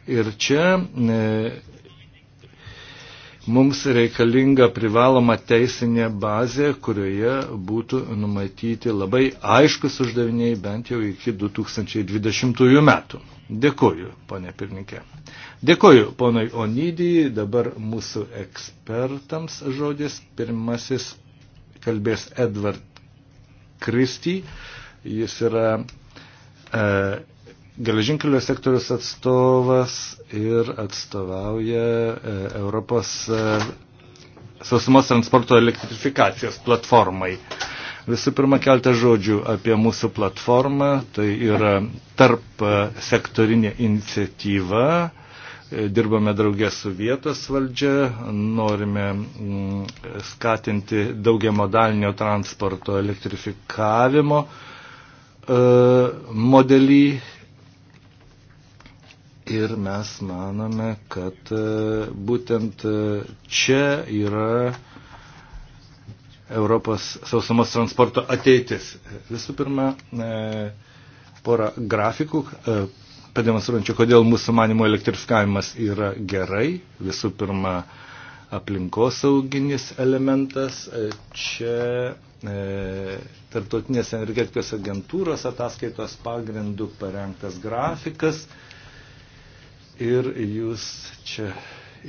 Ir čia e, Mums reikalinga privaloma teisinė bazė, kurioje būtų numatyti labai aiškus uždaviniai bent jau iki 2020 metų. Dėkoju, ponė pirmininkė. Dėkoju, ponai Onydijai, dabar mūsų ekspertams žodis. Pirmasis kalbės Edward Kristy. Jis yra e, geležinkelio sektorius atstovas ir atstovauja e, Europos e, sausumos transporto elektrifikacijos platformai. Visų pirma, keltą žodžių apie mūsų platformą. Tai yra tarp e, sektorinė iniciatyva. Dirbame draugė su vietos valdžia, norime mm, skatinti daugiamodalinio transporto elektrifikavimo modelį Ir mes manome, kad e, būtent e, čia yra Europos sausumos transporto ateitis. Visų pirma, e, pora grafikų, pademonstruojančių, kodėl mūsų manimo elektrifikavimas yra gerai. Visų pirma, aplinkosauginis elementas. Čia e, tarptautinės energetikos agentūros ataskaitos pagrindų parengtas grafikas. E, Ir jūs čia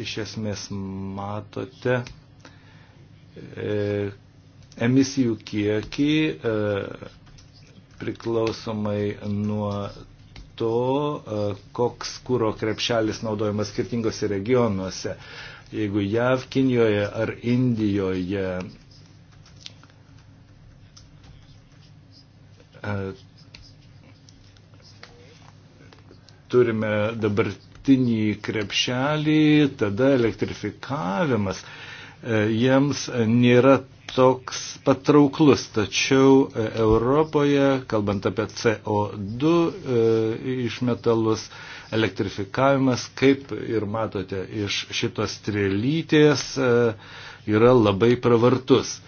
iš esmės matote e, emisijų kiekį e, priklausomai nuo to, e, koks kūro krepšelis naudojamas skirtingose regionuose. Jeigu JAV, Kinijoje ar Indijoje e, turime dabar naktinį krepšelį, tada elektrifikavimas e, jiems nėra toks patrauklus. Tačiau e, Europoje, kalbant apie CO2 e, išmetalus, elektrifikavimas, kaip ir matote iš šitos strėlytės, yra labai pravartus.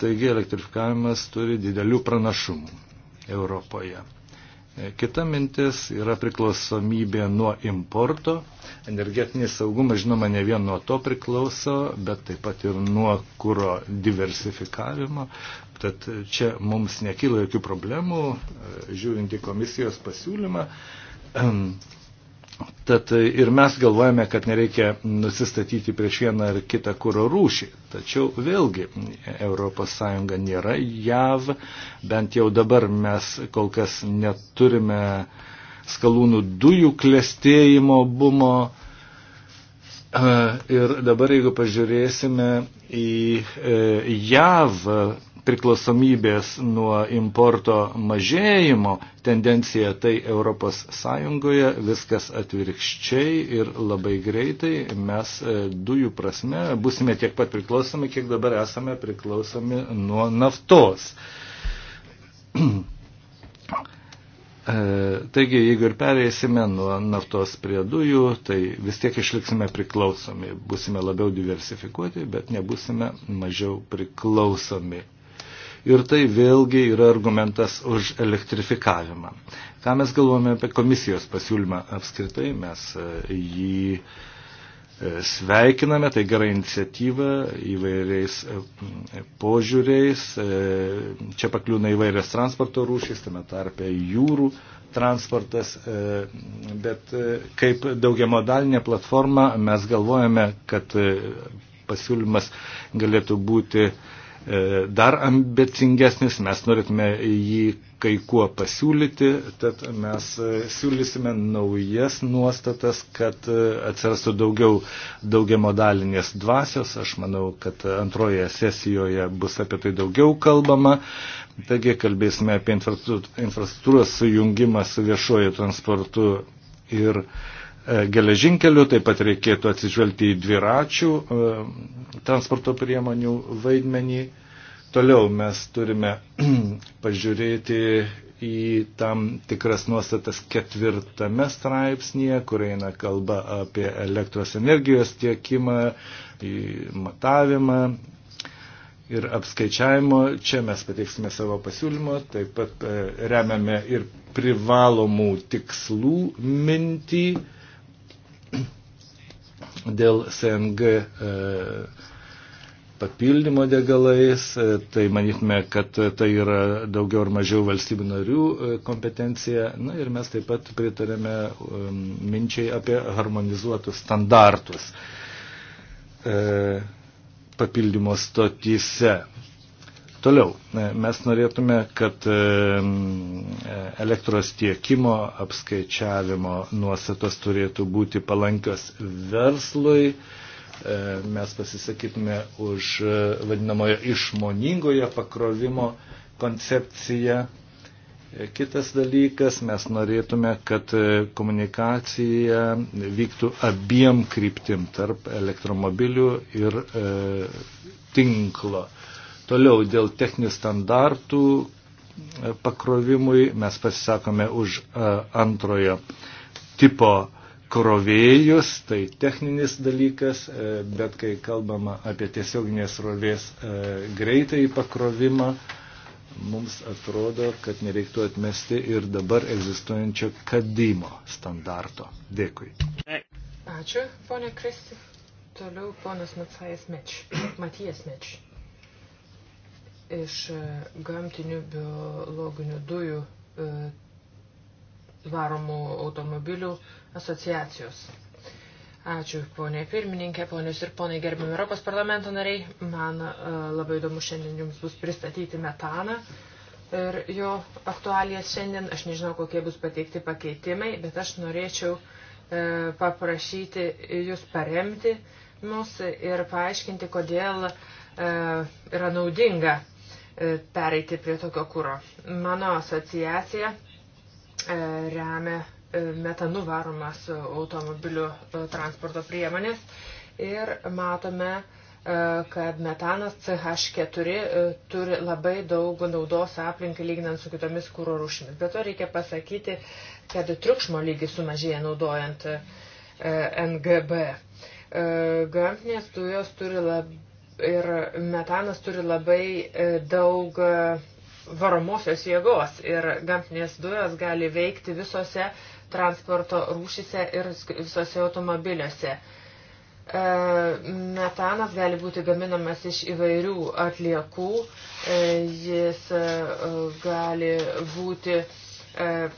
Taigi elektrifikavimas turi didelių pranašumų Europoje. Kita mintis yra priklausomybė nuo importo. Energetinis saugumas, žinoma, ne vien nuo to priklauso, bet taip pat ir nuo kūro diversifikavimo. Tad čia mums nekyla jokių problemų, e, žiūrint į komisijos pasiūlymą. Tad e, ir mes galvojame, kad nereikia nusistatyti prieš vieną ar kitą kūro rūšį. Tačiau vėlgi ES nėra JAV, bent jau dabar mes kol kas neturime skalūnų dujų klestėjimo bumo. E, ir dabar jeigu pažiūrėsime į e, JAV priklausomybės nuo importo mažėjimo tendencija, tai ES viskas atvirkščiai ir labai greitai mes e, dujų prasme busime tiek pat priklausomi, kiek dabar esame priklausomi nuo naftos. E, taigi, jeigu ir pereisime nuo naftos prie dujų, tai vis tiek išliksime priklausomi. Busime labiau diversifikuoti, bet nebusime mažiau priklausomi ir tai vėlgi yra argumentas už elektrifikavimą. Ką mes galvojame apie komisijos pasiūlymą apskritai, mes e, jį e, sveikiname, tai gera iniciatyva įvairiais e, požiūriais. Čia pakliūna įvairias transporto rūšys, tame tarpe jūrų transportas, bet kaip daugiamodalinė platforma mes galvojame, kad pasiūlymas galėtų būti E, dar ambicingesnis, mes norėtume jį kai kuo pasiūlyti, tad mes e, siūlysime naujas nuostatas, kad e, atsirastų daugiau daugiamodalinės dvasios. Aš manau, kad antroje sesijoje bus apie tai daugiau kalbama. Taigi kalbėsime apie infrastruktūros sujungimą su viešuoju transportu ir uh, E, geležinkeliu, taip pat reikėtų atsižvelgti į dviračių e, transporto priemonių vaidmenį. Toliau mes turime pažiūrėti į tam tikras nuostatas ketvirtame straipsnėje, kur eina kalba apie elektros energijos tiekimą, matavimą ir apskaičiavimo. Čia mes pateiksime savo pasiūlymą, taip pat e, remiame ir privalomų tikslų mintį dėl CNG e, papildymo degalais, e, tai manytume, kad tai yra daugiau ar mažiau valstybių narių e, kompetencija. Na ir mes taip pat pritarėme minčiai apie harmonizuotus standartus papildymo stotyse. Toliau, e, mes norėtume, kad e, elektros tiekimo apskaičiavimo nuostatos turėtų būti palankios verslui. E, mes pasisakytume už vadinamojo išmoningoje pakrovimo koncepciją. Kitas dalykas, mes norėtume, kad komunikacija vyktų abiem kryptim tarp elektromobilių ir e, tinklo Toliau dėl techninių standartų e, pakrovimui mes pasisakome už e, antrojo tipo krovėjus, tai techninis dalykas, e, bet kai kalbama apie tiesioginės rovės greitai pakrovimą, mums atrodo, kad nereiktų atmesti ir dabar egzistuojančio kadimo standarto. Dėkui. Ačiū, ponė Kristi. Toliau ponas Matijas Meč. Matijas Meč iš e, gamtinių biologinių dujų e, varomų automobilių asociacijos. Ačiū, ponė pirmininkė, ponius ir ponai gerbiami Europos parlamento nariai. Man e, labai įdomu šiandien jums bus pristatyti metaną ir jo aktualijas šiandien. Aš nežinau, kokie bus pateikti pakeitimai, bet aš norėčiau paprašyti jūs paremti mus ir paaiškinti, kodėl yra naudinga E, pereiti prie tokio kūro. Mano asociacija e, remia e, metanų varomas automobilių transporto priemonės ir matome, kad metanas CH4 turi labai daug naudos aplinkai lyginant su kitomis kūro rūšimis. Bet to reikia pasakyti, kad triukšmo lygis sumažėja naudojant NGB. Gamtinės dujos turi labai ir metanas turi labai e, daug e, varomosios jėgos ir gamtinės dujos gali veikti visose transporto rūšise ir visose automobiliuose. E, metanas gali būti gaminamas iš įvairių atliekų, jis gali būti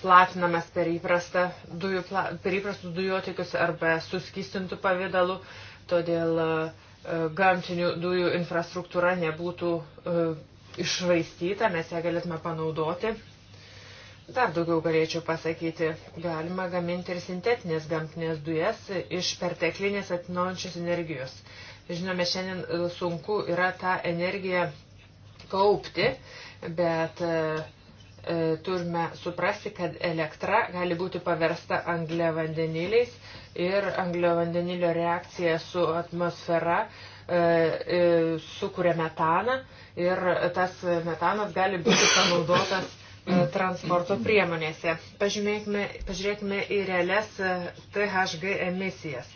platinamas per, įprastą dujų, per įprastus dujotikius arba suskistintų pavydalu, todėl uh, gamtinių dujų infrastruktūra nebūtų e, išvaistyta, mes ją galėtume panaudoti. Dar daugiau galėčiau pasakyti, galima gaminti ir sintetinės gamtinės dujas iš perteklinės atsinaujančios energijos. Žinome, šiandien e, sunku yra tą energiją kaupti, bet uh, E, turime suprasti, kad elektra gali būti paversta angliavandeniliais ir angliavandenilio reakcija su atmosfera e, e, sukuria metaną ir tas metanas gali būti panaudotas transporto priemonėse. Pažymėkime, pažiūrėkime į realias THG emisijas.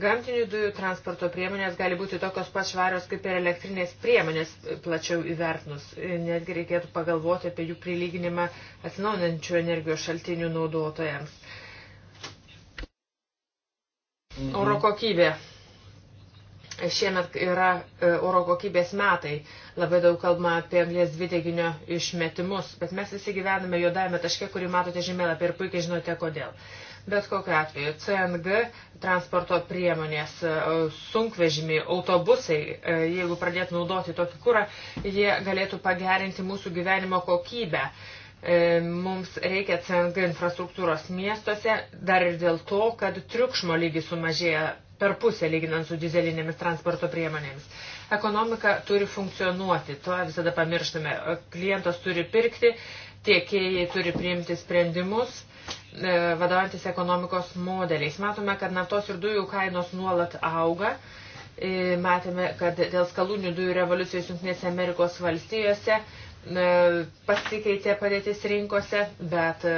Gamtinių dujų transporto priemonės gali būti tokios pašvarios kaip ir elektrinės priemonės e, plačiau įvertinus. E, netgi reikėtų pagalvoti apie jų prilyginimą atsinaujinančių energijos šaltinių naudotojams. Mhm. Oro kokybė. E, šiemet yra oro kokybės metai. Labai daug kalbama apie anglės dvideginio išmetimus, bet mes visi gyvename juodajame taške, kurį matote žemėlapį ir puikiai žinote kodėl. Uh, Bet kokiu atveju CNG transporto priemonės, e, sunkvežimiai, autobusai, e, jeigu pradėtų naudoti tokį kūrą, jie galėtų pagerinti mūsų gyvenimo kokybę. E, mums reikia CNG infrastruktūros miestuose dar ir dėl to, kad triukšmo lygis sumažėja per pusę lyginant su dizelinėmis transporto priemonėmis. Ekonomika turi funkcionuoti, to visada pamirštame. Klientas turi pirkti, tiekėjai turi priimti sprendimus E, vadovantis ekonomikos modeliais. Matome, kad naftos ir dujų kainos nuolat auga. E, matėme, kad dėl skalūnių dujų revoliucijos Junktinėse Amerikos valstijose e, pasikeitė padėtis rinkose, bet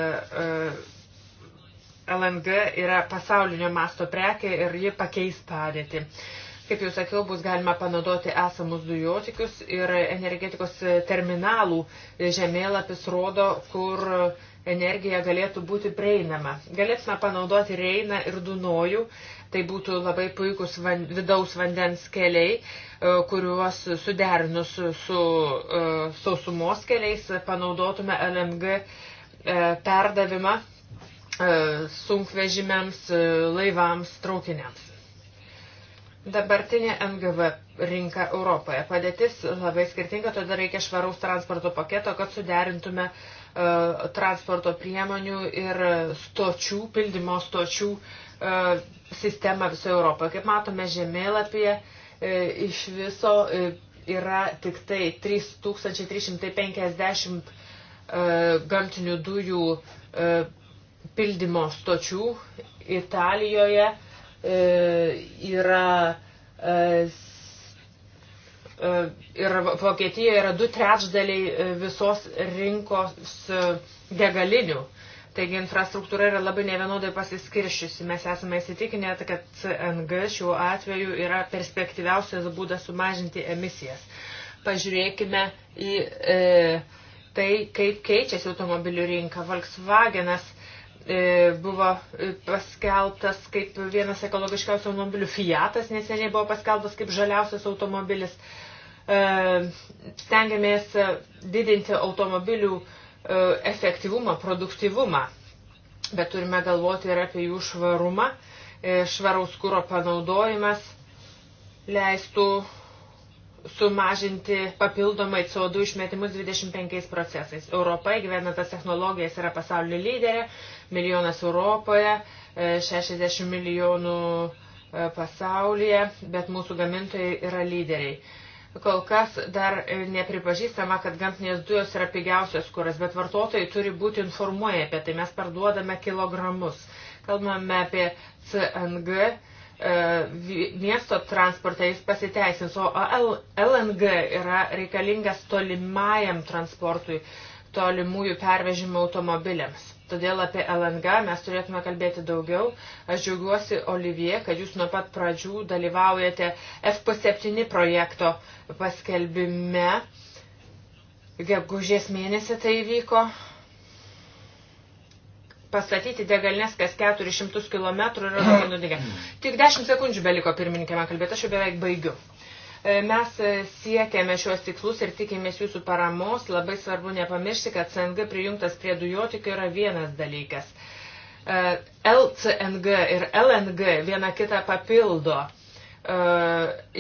LNG yra pasaulinio masto prekė ir ji pakeis padėtį. Kaip jau sakiau, bus galima panaudoti esamus dujotikius ir energetikos terminalų žemėlapis rodo, kur energija galėtų būti prieinama. Galėtume panaudoti Reiną ir Dunojų, tai būtų labai puikus van, vidaus vandens keliai, e, kuriuos suderinus su, su e, sausumos keliais panaudotume LMG e, perdavimą sunkvežimiams, laivams, traukiniams. Dabartinė NGV rinka Europoje. Padėtis labai skirtinga, todėl reikia švaraus transporto paketo, kad suderintume uh, E, transporto priemonių ir stočių, pildymo stočių e, sistemą visoje Europoje. Kaip matome žemėlapyje, e, iš viso yra tik tai 3350 gamtinių dujų pildymo stočių. Italijoje yra E, ir Vokietijoje yra du trečdaliai e, visos rinkos e, degalinių. Taigi infrastruktūra yra labai nevienodai pasiskiršiusi. Mes esame įsitikinę, kad CNG šiuo atveju yra perspektyviausias būdas sumažinti emisijas. Pažiūrėkime į e, tai, kaip keičiasi automobilių rinka. Volkswagenas e, buvo paskeltas kaip vienas ekologiškiausių automobilių. Fiatas neseniai buvo paskeltas kaip žaliausias automobilis. E, E, stengiamės didinti automobilių e, efektyvumą, produktyvumą, bet turime galvoti ir apie jų švarumą. E, švaraus kūro panaudojimas leistų sumažinti papildomai CO2 išmetimus 25 procesais. Europa įgyvena tas technologijas yra pasaulio lyderė, milijonas Europoje, 60 milijonų pasaulyje, bet mūsų gamintojai yra lyderiai kol kas dar nepripažįstama, kad gamtinės dujos yra pigiausias kuras, bet vartotojai turi būti informuoję apie tai. Mes parduodame kilogramus. Kalbame apie CNG e, miesto transportą jis pasiteisins, o LNG yra reikalingas tolimajam transportui, tolimųjų pervežimų automobiliams. Todėl apie LNG mes turėtume kalbėti daugiau. Aš džiaugiuosi, Olivier, kad jūs nuo pat pradžių dalyvaujate FP7 projekto paskelbime. Gegužės mėnesį tai vyko. Pastatyti degalines kas 400 km yra labai nudinga. Tik 10 sekundžių beliko pirmininkėme kalbėti, aš jau beveik baigiu. E, mes e, siekiame šios tikslus ir tikimės jūsų paramos. Labai svarbu nepamiršti, kad CNG prijungtas prie dujotikio yra vienas dalykas. E, LCNG ir LNG viena kitą papildo.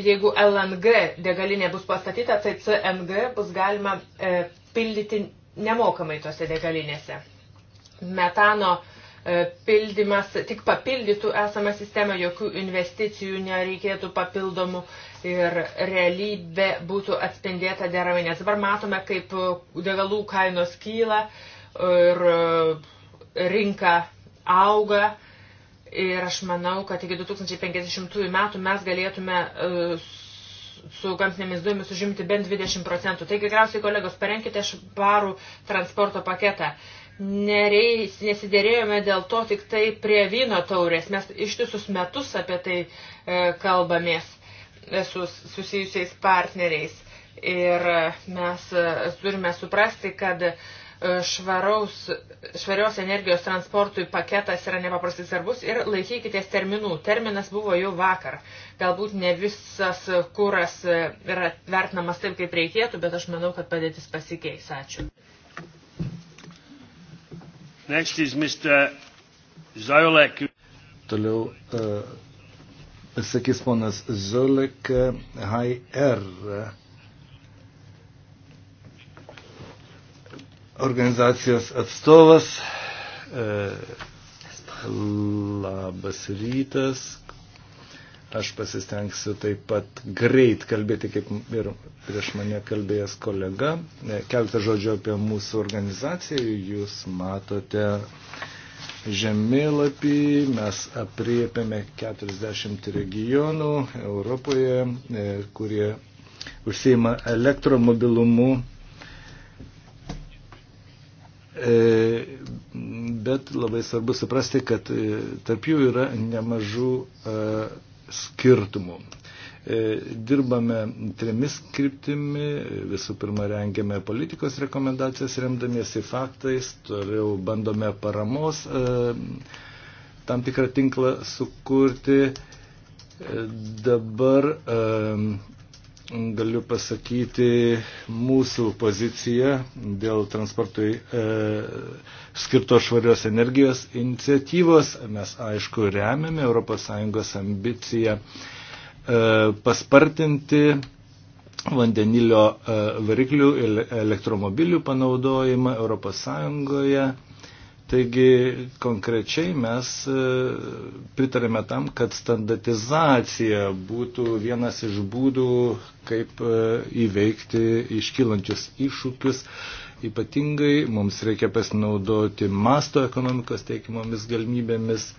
Jeigu LNG degalinė bus pastatyta, tai CNG bus galima pildyti nemokamai tose degalinėse. Metano uh, E, pildymas tik papildytų esamą sistemą, jokių investicijų nereikėtų papildomų ir realybė būtų atspindėta deramai. Nes dabar matome, kaip e, degalų kainos kyla ir e, rinka auga. Ir aš manau, kad iki 2050 metų mes galėtume su gamtinėmis dujomis užimti bent 20 procentų. Taigi, tikriausiai, kolegos, parenkite švarų transporto paketą. Uh, nereis, nesidėrėjome dėl to tik tai prie vyno taurės. Mes ištisus metus apie tai e, kalbamės e, su susijusiais partneriais. Ir e, mes e, turime suprasti, kad švaraus, švarios energijos transportui paketas yra nepaprastai svarbus ir laikykitės terminų. Terminas buvo jau vakar. Galbūt ne visas kuras yra vertinamas taip, kaip reikėtų, bet aš manau, kad padėtis pasikeis. Ačiū. Next is Mr. Zolek. Toliau uh, e, sakys ponas Zolek e, HR. Er. Organizacijos atstovas. Uh, Labas rytas, Aš pasistengsiu taip pat greit kalbėti, kaip ir prieš mane kalbėjęs kolega. E, Keltą žodžių apie mūsų organizaciją. Jūs matote žemėlapį, mes apriepėme 40 regionų Europoje, e, kurie užsieima elektromobilumu e, bet labai svarbu suprasti, kad tarp jų yra nemažų skirtumų. E, dirbame trimis kryptimi, visų pirma rengiame politikos rekomendacijas remdamiesi faktais, toliau bandome paramos e, tam tikrą tinklą sukurti. E, dabar galiu pasakyti mūsų poziciją dėl transportui e, skirtos švarios energijos iniciatyvos. Mes aišku remiame ES ambiciją e, paspartinti vandenilio e, variklių ir elektromobilių panaudojimą ES. Taigi konkrečiai mes e, pritarėme tam, kad standartizacija būtų vienas iš būdų, kaip e, įveikti iškylančius iššūkius. Ypatingai mums reikia pasinaudoti masto ekonomikos teikimomis galimybėmis.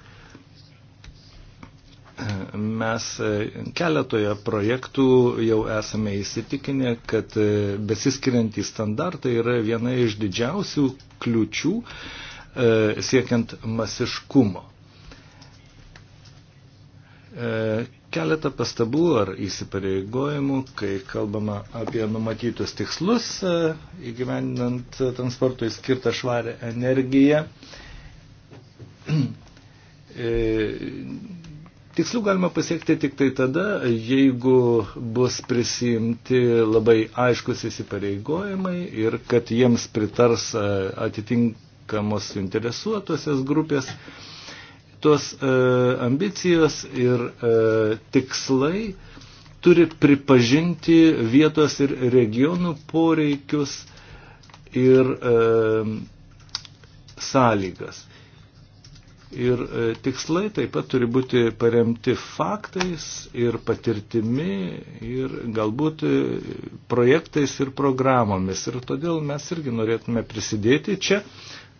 Mes e, keletoje projektų jau esame įsitikinę, kad besiskiriantys standartai yra viena iš didžiausių kliučių, E, siekiant masiškumo. E, keletą pastabų ar įsipareigojimų, kai kalbama apie numatytus tikslus e, įgyvendinant transportui skirtą švarę energiją. Tikslų galima pasiekti tik tai tada, jeigu bus prisimti labai aiškus įsipareigojimai ir kad jiems pritars atitink atitinkamos suinteresuotosios grupės. Tos e, ambicijos ir e, tikslai turi pripažinti vietos ir regionų poreikius ir e, sąlygas. Ir e, tikslai taip pat turi būti paremti faktais ir patirtimi ir galbūt e, projektais ir programomis. Ir todėl mes irgi norėtume prisidėti čia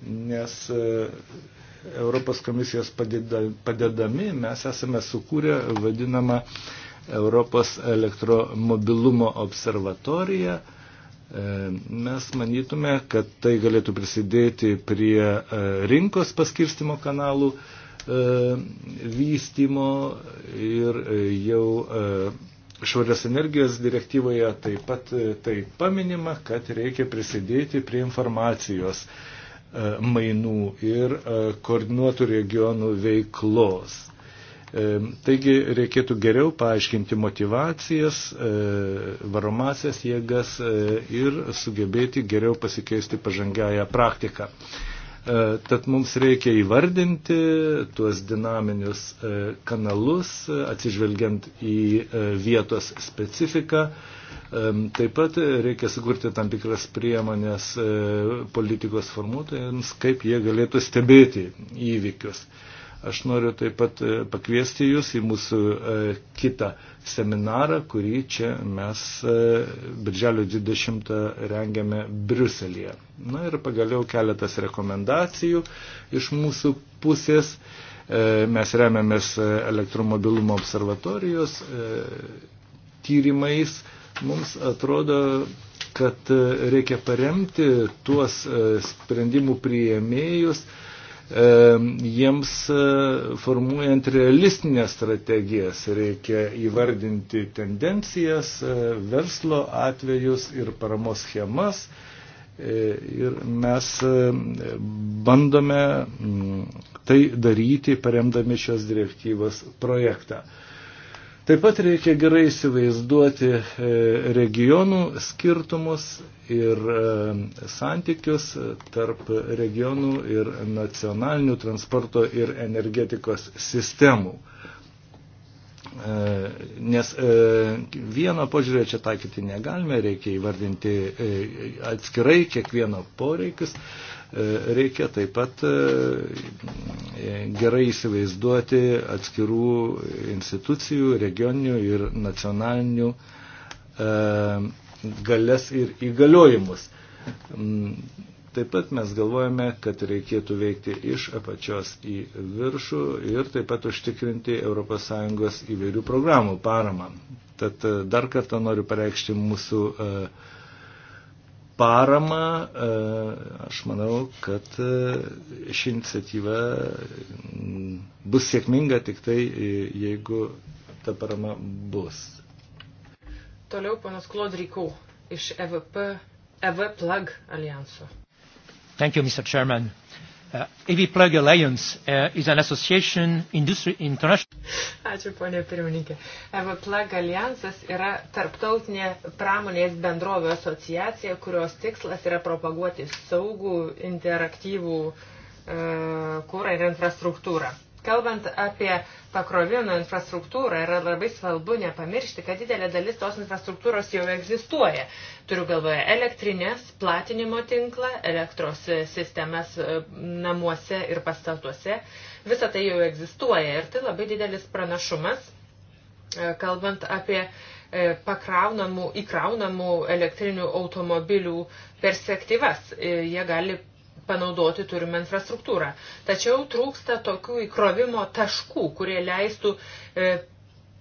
nes e, Europos komisijos padedami mes esame sukūrę vadinamą Europos elektromobilumo observatoriją. E, mes manytume, kad tai galėtų prisidėti prie e, rinkos paskirstimo kanalų vystymo ir jau švarios energijos direktyvoje taip pat tai paminima, kad reikia prisidėti prie informacijos uh, E, mainų ir e, koordinuotų regionų veiklos. E, taigi reikėtų geriau paaiškinti motivacijas, varomasias jėgas ir sugebėti geriau pasikeisti pažangiają praktiką. Tad mums reikia įvardinti tuos dinaminius kanalus, atsižvelgiant į vietos specifiką Taip pat e, reikia sukurti tam tikras priemonės e, politikos formuotojams, kaip jie galėtų stebėti įvykius. Aš noriu taip pat e, pakviesti Jūs į mūsų kitą seminarą, kurį čia mes birželio 20 rengiame Briuselėje. Na ir pagaliau keletas rekomendacijų iš mūsų pusės. Mes remiamės elektromobilumo observatorijos tyrimais Mums atrodo, kad e, reikia paremti tuos e, sprendimų prieėmėjus, e, jiems formuojant realistinės strategijas reikia įvardinti tendencijas, verslo atvejus ir paramos schemas. Ir mes bandome tai daryti, paremdami šios direktyvos projektą. Taip pat reikia gerai įsivaizduoti e, regionų skirtumus ir e, santykius tarp regionų ir nacionalinių transporto ir energetikos sistemų. E, nes vieno požiūrio čia taikyti negalime, reikia įvardinti atskirai kiekvieno poreikius. E, reikia taip pat e, gerai įsivaizduoti atskirų institucijų, regioninių ir nacionalinių e, galės ir įgaliojimus. Mm, taip pat mes galvojame, kad reikėtų veikti iš apačios į viršų ir taip pat užtikrinti ES įvairių programų paramą. Tad dar kartą noriu pareikšti mūsų uh, paramą, e, aš manau, kad e, ši iniciatyva mm, bus sėkminga tik tai, e, jeigu ta parama bus. Toliau panas Claude Rikau iš EVP, EV Plug alijanso. Thank you, Mr. Chairman. Uh, EV Plug Alliance uh, is an association industry international. Ačiū, ponė pirmininkė. EV Plug Alliance'as yra tarptautinė pramonės bendrovio asociacija, kurios tikslas yra propaguoti saugų, interaktyvų uh, kūrą ir infrastruktūrą. Kalbant apie pakrovimo infrastruktūrą, yra labai svarbu nepamiršti, kad didelė dalis tos infrastruktūros jau egzistuoja. Turiu galvoje elektrinės, platinimo tinklą, elektros sistemas e, namuose ir pastatuose. Visa tai jau egzistuoja ir tai labai didelis pranašumas, e, kalbant apie e, pakraunamų, įkraunamų elektrinių automobilių perspektyvas. Jie gali panaudoti turimą infrastruktūrą. Tačiau trūksta tokių įkrovimo taškų, kurie leistų e,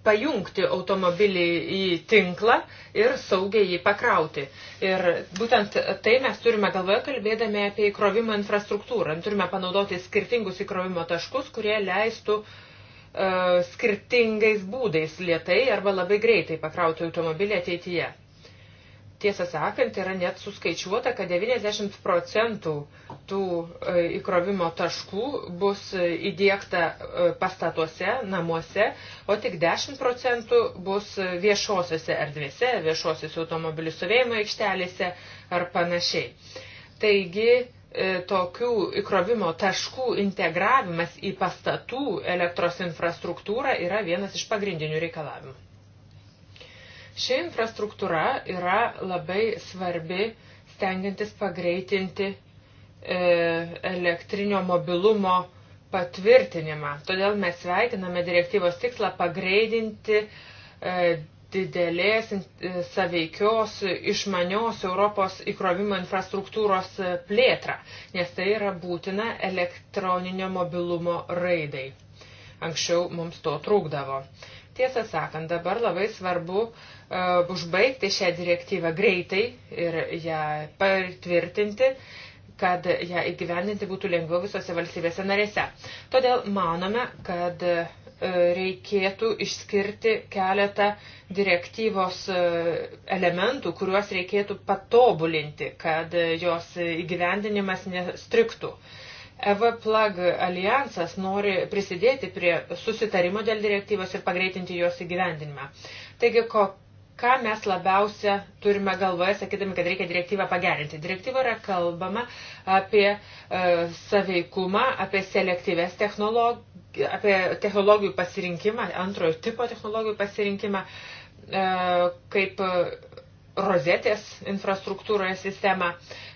pajungti automobilį į tinklą ir saugiai jį pakrauti. Ir būtent tai mes turime galvoje kalbėdami apie įkrovimo infrastruktūrą. Turime panaudoti skirtingus įkrovimo taškus, kurie leistų uh, skirtingais būdais lietai arba labai greitai pakrauti automobilį ateityje. Tiesą sakant, yra net suskaičiuota, kad 90 procentų tų e, įkrovimo taškų bus e, įdėkta e, pastatuose, namuose, o tik 10 procentų bus viešosiose erdvėse, viešosiose automobilių stovėjimo aikštelėse ar panašiai. Taigi, tokių įkrovimo taškų integravimas į pastatų elektros infrastruktūrą yra vienas iš pagrindinių reikalavimų. Ši infrastruktūra yra labai svarbi stengiantis pagreitinti e, elektrinio mobilumo patvirtinimą. Todėl mes sveikiname direktyvos tikslą pagreitinti e, didelės e, saveikios išmanios Europos įkrovimo infrastruktūros e, plėtrą, nes tai yra būtina elektroninio mobilumo raidai. Anksčiau mums to trūkdavo. Tiesą sakant, dabar labai svarbu Uh, užbaigti šią direktyvą greitai ir ją patvirtinti, kad ją įgyvendinti būtų lengviau visose valstybėse narėse. Todėl manome, kad uh, reikėtų išskirti keletą direktyvos uh, elementų, kuriuos reikėtų patobulinti, kad jos įgyvendinimas nestriktų. EVPLAG alijansas nori prisidėti prie susitarimo dėl direktyvos ir pagreitinti jos įgyvendinimą. Taigi, ko, ką mes labiausia turime galvoje, sakydami, kad reikia direktyvą pagerinti. Direktyva yra kalbama apie e, saveikumą, apie selektyves technologijas, apie technologijų pasirinkimą, antrojo tipo technologijų pasirinkimą, e, kaip rozetės infrastruktūroje sistemą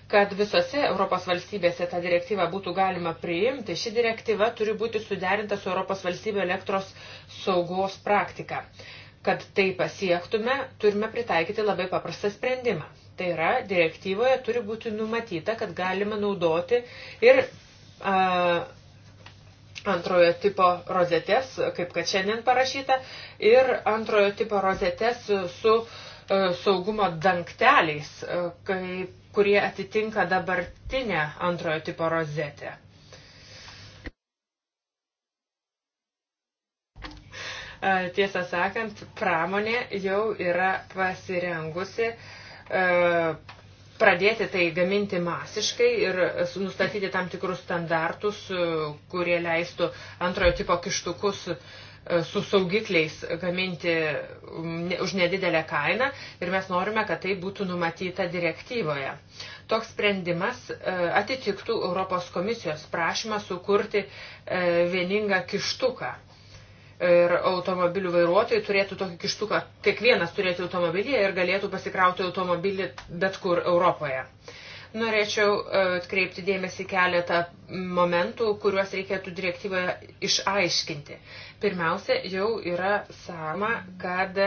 kad visose Europos valstybėse tą direktyvą būtų galima priimti, ši direktyva turi būti suderinta su Europos valstybių elektros saugos praktika. Uh, Kad tai pasiektume, turime pritaikyti labai paprastą sprendimą. Tai yra, direktyvoje turi būti numatyta, kad galima naudoti ir a, antrojo tipo rozetės, kaip kad šiandien parašyta, ir antrojo tipo rozetės su a, e, saugumo dangteliais, a, e, kai, kurie atitinka dabartinę antrojo tipo rozetę. tiesą sakant, pramonė jau yra pasirengusi pradėti tai gaminti masiškai ir nustatyti tam tikrus standartus, kurie leistų antrojo tipo kištukus su saugikliais gaminti už nedidelę kainą ir mes norime, kad tai būtų numatyta direktyvoje. Toks sprendimas atitiktų Europos komisijos prašymą sukurti vieningą kištuką ir automobilių vairuotojai turėtų tokį kištuką, kiekvienas turėti automobilyje ir galėtų pasikrauti automobilį bet kur Europoje. Norėčiau e, atkreipti dėmesį keletą momentų, kuriuos reikėtų direktyvoje išaiškinti. Pirmiausia, jau yra sama, kad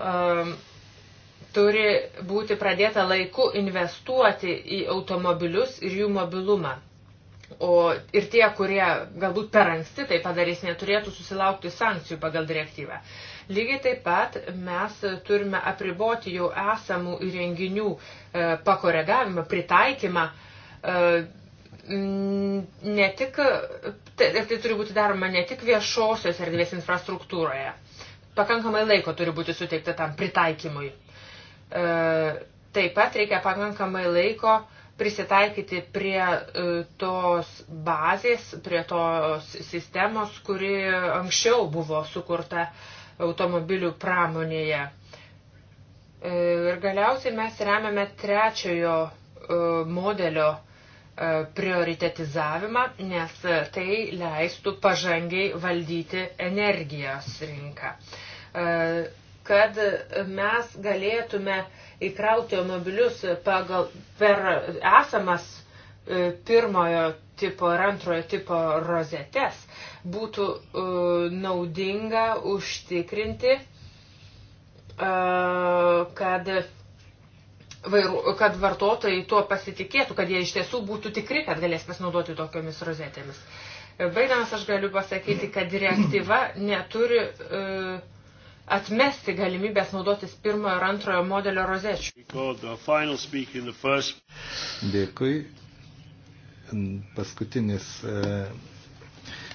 um, turi būti pradėta laiku investuoti į automobilius ir jų mobilumą. O ir tie, kurie galbūt per anksti tai padarys, neturėtų susilaukti sankcijų pagal direktyvą. Lygiai taip pat mes turime apriboti jau esamų įrenginių e, pakoregavimą, pritaikymą. E, ne tik, tai, tai turi būti daroma ne tik viešosios erdvės infrastruktūroje. Pakankamai laiko turi būti suteikta tam pritaikymui. E, taip pat reikia pakankamai laiko uh, prisitaikyti prie e, tos bazės, prie tos sistemos, kuri anksčiau buvo sukurta automobilių pramonėje. E, ir galiausiai mes remiame trečiojo e, modelio prioritetizavimą, nes tai leistų pažangiai valdyti energijos rinką kad mes galėtume įkrauti automobilius pagal, per esamas e, pirmojo tipo ir antrojo tipo rozetes, būtų uh, naudinga užtikrinti, uh, kad, vairu, kad vartotojai tuo pasitikėtų, kad jie iš tiesų būtų tikri, kad galės pasinaudoti tokiomis rozetėmis. Baigdamas aš galiu pasakyti, kad direktyva neturi uh, atmesti galimybės naudotis pirmojo ir antrojo modelio rozečių. Dėkui. Paskutinis e,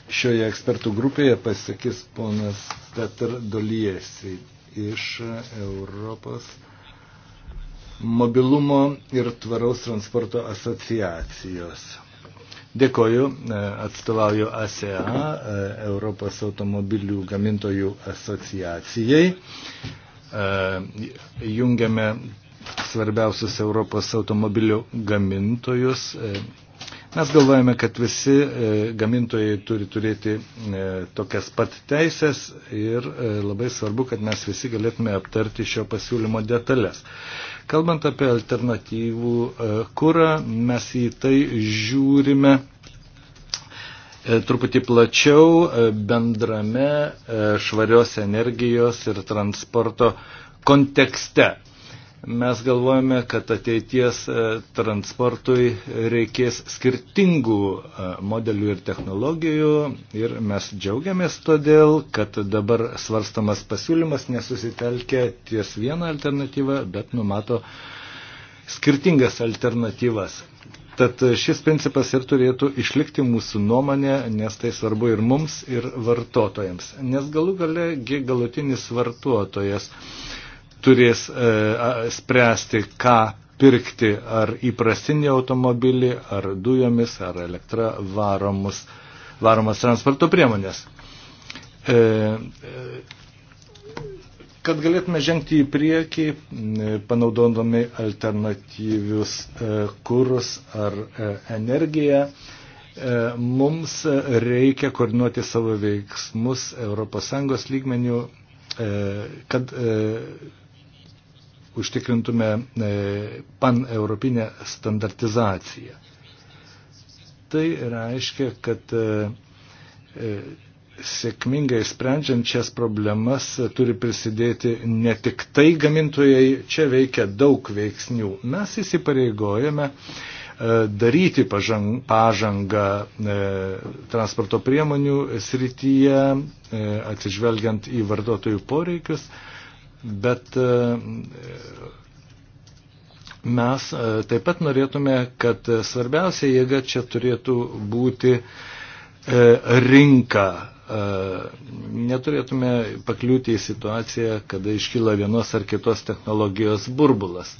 šioje ekspertų grupėje pasakys ponas Petr Doliesi iš Europos mobilumo ir tvaraus transporto asociacijos. Dėkoju, e, atstovauju ASEA, e e, Europos automobilių gamintojų asociacijai. Jungiame svarbiausius Europos automobilių gamintojus. Mes galvojame, kad visi gamintojai turi turėti tokias pat teisės ir labai svarbu, kad mes visi galėtume aptarti šio pasiūlymo detalės. Kalbant apie alternatyvų e, kurą, mes į tai žiūrime e, truputį plačiau e, bendrame švarios energijos ir transporto kontekste mes galvojame, kad ateities e, transportui reikės skirtingų e, modelių ir technologijų ir mes džiaugiamės todėl, kad dabar svarstamas pasiūlymas nesusitelkia ties vieną alternatyvą, bet numato skirtingas alternatyvas. Tad šis principas ir turėtų išlikti mūsų nuomonė, nes tai svarbu ir mums, ir vartotojams. Nes galų gale galutinis vartotojas turės e, spręsti, ką pirkti, ar įprastinį automobilį, ar dujomis, ar elektra varomus, varomas transporto priemonės. E, e kad galėtume žengti į priekį, e, panaudodami alternatyvius e, kurus ar e, energiją, e, mums reikia koordinuoti savo veiksmus ES lygmenių, kad užtikrintume e, paneuropinę standartizaciją. Tai reiškia, kad e, e, sėkmingai sprendžiant šias problemas turi prisidėti ne tik tai gamintojai, čia veikia daug veiksnių. Mes įsipareigojame daryti pažangą transporto priemonių srityje, atsižvelgiant į vartotojų poreikius bet e, mes e, taip pat norėtume, kad svarbiausia jėga čia turėtų būti e, rinka. Neturėtume pakliūti į situaciją, kada iškyla vienos ar kitos technologijos burbulas.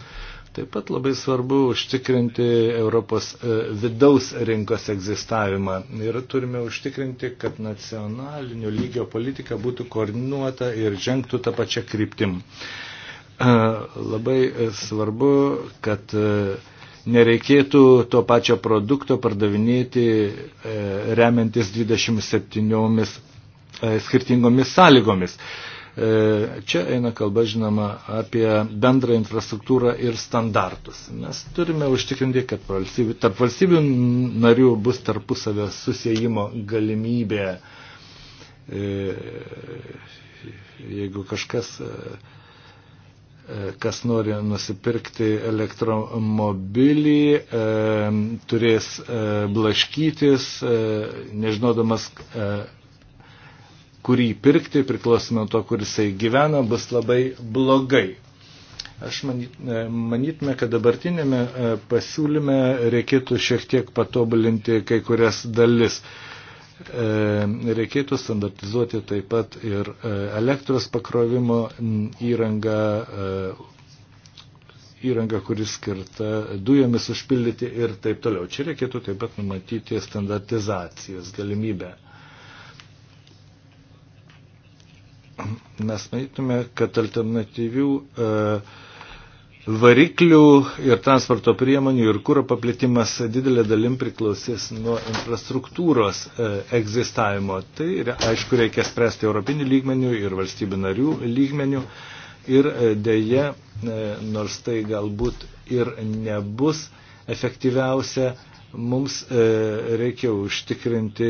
Taip pat labai svarbu užtikrinti Europos e, vidaus rinkos egzistavimą ir turime užtikrinti, kad nacionalinio lygio politika būtų koordinuota ir žengtų tą pačią kryptim. E, labai e, svarbu, kad nereikėtų to pačio produkto pardavinėti remiantis 27 skirtingomis sąlygomis. E, čia eina kalba, žinoma, apie bendrą infrastruktūrą ir standartus. Mes turime užtikrinti, kad valstybių, tarp valstybių narių bus tarpusavio susijimo galimybė. E, jeigu kažkas e, kas nori nusipirkti elektromobilį, e, turės e, blaškytis, e, nežinodamas, e, kurį pirkti, priklausomai nuo to, kur jisai gyvena, bus labai blogai. Aš e, manytume, kad dabartinėme e, pasiūlyme reikėtų šiek tiek patobulinti kai kurias dalis. E, reikėtų standartizuoti taip pat ir elektros pakrovimo įrangą, įrangą, kuris skirta dujomis užpildyti ir taip toliau. Čia reikėtų taip pat numatyti standartizacijos galimybę. mes matytume, kad alternatyvių e, variklių ir transporto priemonių ir kūro paplitimas didelė dalim priklausys nuo infrastruktūros e, egzistavimo. Tai aišku reikia spręsti europinių lygmenių ir valstybių narių lygmenių. Ir dėje, e, nors tai galbūt ir nebus efektyviausia, mums e, reikia užtikrinti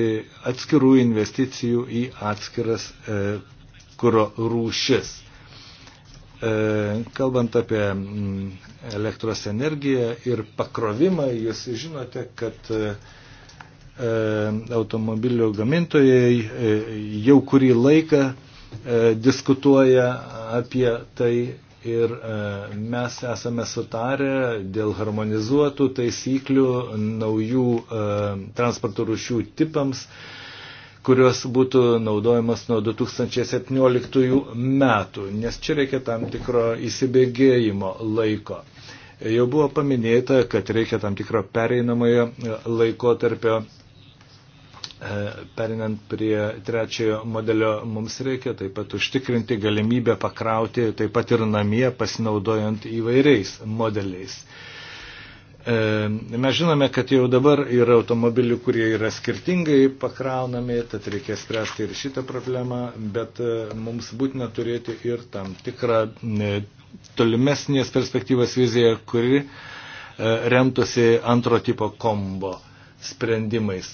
atskirų investicijų į atskiras e, kuro rūšis. E, kalbant apie mm, elektros energiją ir pakrovimą, jūs žinote, kad e, e, automobilių gamintojai jau kurį laiką diskutuoja apie tai ir mes esame sutarę dėl harmonizuotų taisyklių naujų transporto rūšių tipams, kurios būtų naudojamas nuo 2017 metų, nes čia reikia tam tikro įsibėgėjimo laiko. Jau buvo paminėta, kad reikia tam tikro pereinamojo e, laikotarpio e, perinant prie trečiojo modelio, mums reikia taip pat užtikrinti galimybę pakrauti taip pat ir namie, pasinaudojant įvairiais modeliais. E, mes žinome, kad jau dabar yra automobilių, kurie yra skirtingai pakraunami, tad reikės spręsti ir šitą problemą, bet e, mums būtina turėti ir tam tikrą e, tolimesnės perspektyvas viziją, kuri remtųsi antro tipo kombo sprendimais.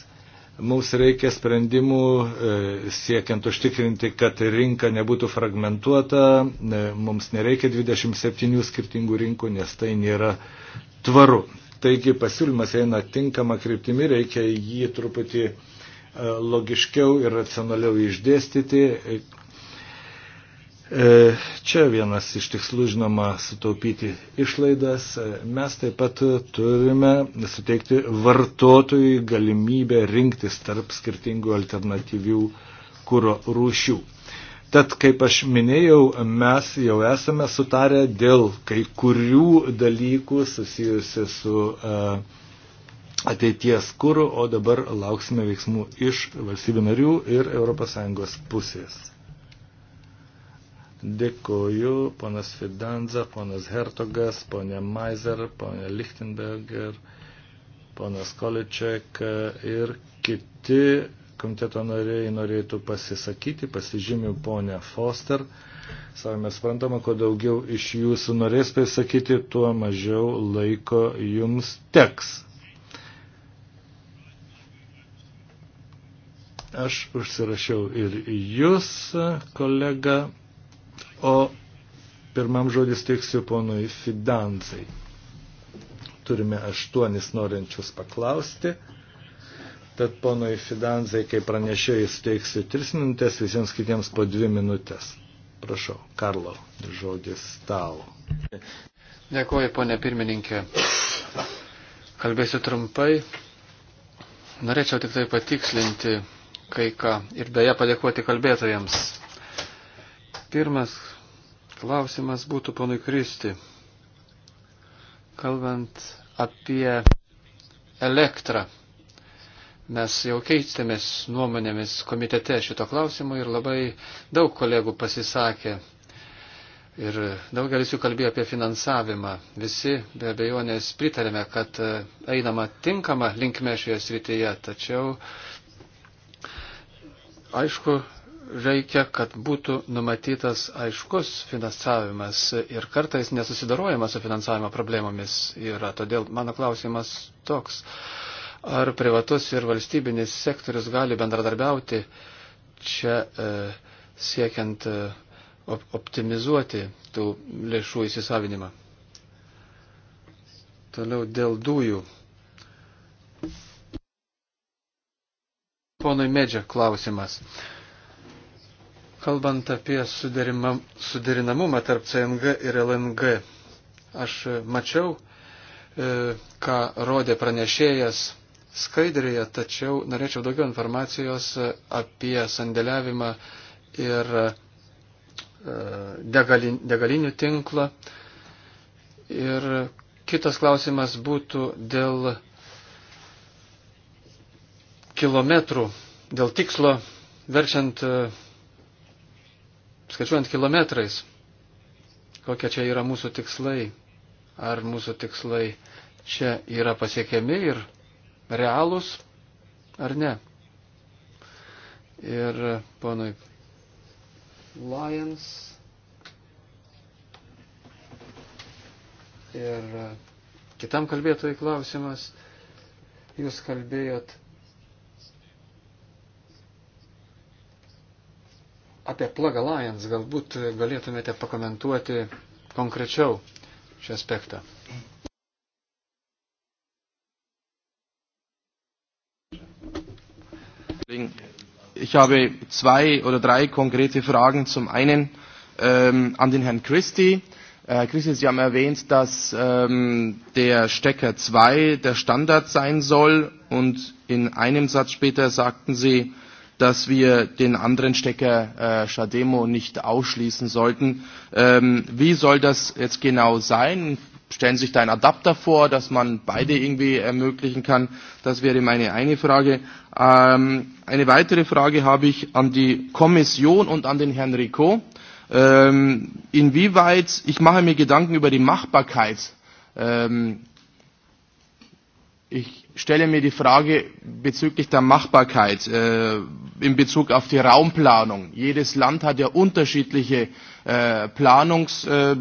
Mums reikia sprendimų siekiant užtikrinti, kad rinka nebūtų fragmentuota. Mums nereikia 27 skirtingų rinkų, nes tai nėra tvaru. Taigi pasiūlymas eina tinkama kryptimi, reikia jį truputį e, logiškiau ir racionaliau išdėstyti. E, čia vienas iš tikslų, žinoma, sutaupyti išlaidas. E, mes taip pat turime suteikti vartotojui galimybę rinktis tarp skirtingų alternatyvių kūro rūšių. Tad, kaip aš minėjau, mes jau esame sutarę dėl kai kurių dalykų susijusi su e, ateities kūrų, o dabar lauksime veiksmų iš valstybių narių ir ES pusės. Dėkoju, ponas Fidanza, ponas Hertogas, ponė Meiser, ponė Lichtenberger, ponas Količek ir kiti komiteto nariai norėtų pasisakyti, pasižymiu ponę Foster. Savame sprantama, kuo daugiau iš jūsų norės pasakyti, tuo mažiau laiko jums teks. Aš užsirašiau ir jūs, kolega, o pirmam žodis teiksiu ponui Fidanzai. Turime aštuonis norinčius paklausti. Tad ponui Fidanzai, kai pranešėjai, suteiksiu 3 minutės, visiems kitiems po 2 minutės. Prašau, Karlo, žodis tau. Dėkuoju, ponė pirmininkė. Kalbėsiu trumpai. Norėčiau tik tai patikslinti kai ką ir beje padėkoti kalbėtojams. Pirmas klausimas būtų ponui Kristi. Kalbant apie elektrą Mes jau keistėmės nuomonėmis komitete šito klausimu ir labai daug kolegų pasisakė. Ir daugelis jų kalbėjo apie finansavimą. Visi be abejonės pritarėme, kad e, einama tinkama linkme šioje srityje, tačiau aišku, reikia, kad būtų numatytas aiškus finansavimas ir kartais nesusidarojama su finansavimo problemomis yra. Todėl mano klausimas toks. Uh, ar privatus ir valstybinis sektorius gali bendradarbiauti čia e, siekiant e, optimizuoti tų lėšų įsisavinimą. Toliau dėl dujų. Ponui Medžia klausimas. Kalbant apie suderinamumą tarp CNG ir LNG, aš mačiau, e, ką rodė pranešėjas skaidrėje, tačiau norėčiau daugiau informacijos apie sandėliavimą ir e, degalinių tinklą. Ir kitas klausimas būtų dėl kilometrų, dėl tikslo verčiant, e, skaičiuojant kilometrais, kokie čia yra mūsų tikslai, ar mūsų tikslai čia yra pasiekiami ir realūs ar ne. Ir ponui Lions ir kitam kalbėtojai klausimas, jūs kalbėjot apie Plug Alliance, galbūt galėtumėte pakomentuoti konkrečiau šį aspektą. Ich habe zwei oder drei konkrete Fragen. Zum einen ähm, an den Herrn Christie. Herr äh, Christie, Sie haben erwähnt, dass ähm, der Stecker 2 der Standard sein soll und in einem Satz später sagten Sie, dass wir den anderen Stecker äh, Shademo nicht ausschließen sollten. Ähm, wie soll das jetzt genau sein? stellen Sie sich da einen Adapter vor, dass man beide irgendwie ermöglichen kann? Das wäre meine eine Frage. Ähm, eine weitere Frage habe ich an die Kommission und an den Herrn Rico. Ähm, inwieweit, ich mache mir Gedanken über die Machbarkeit. Ähm, ich stelle mir die Frage bezüglich der Machbarkeit äh, in Bezug auf die Raumplanung. Jedes Land hat ja unterschiedliche äh, Planungs. Äh,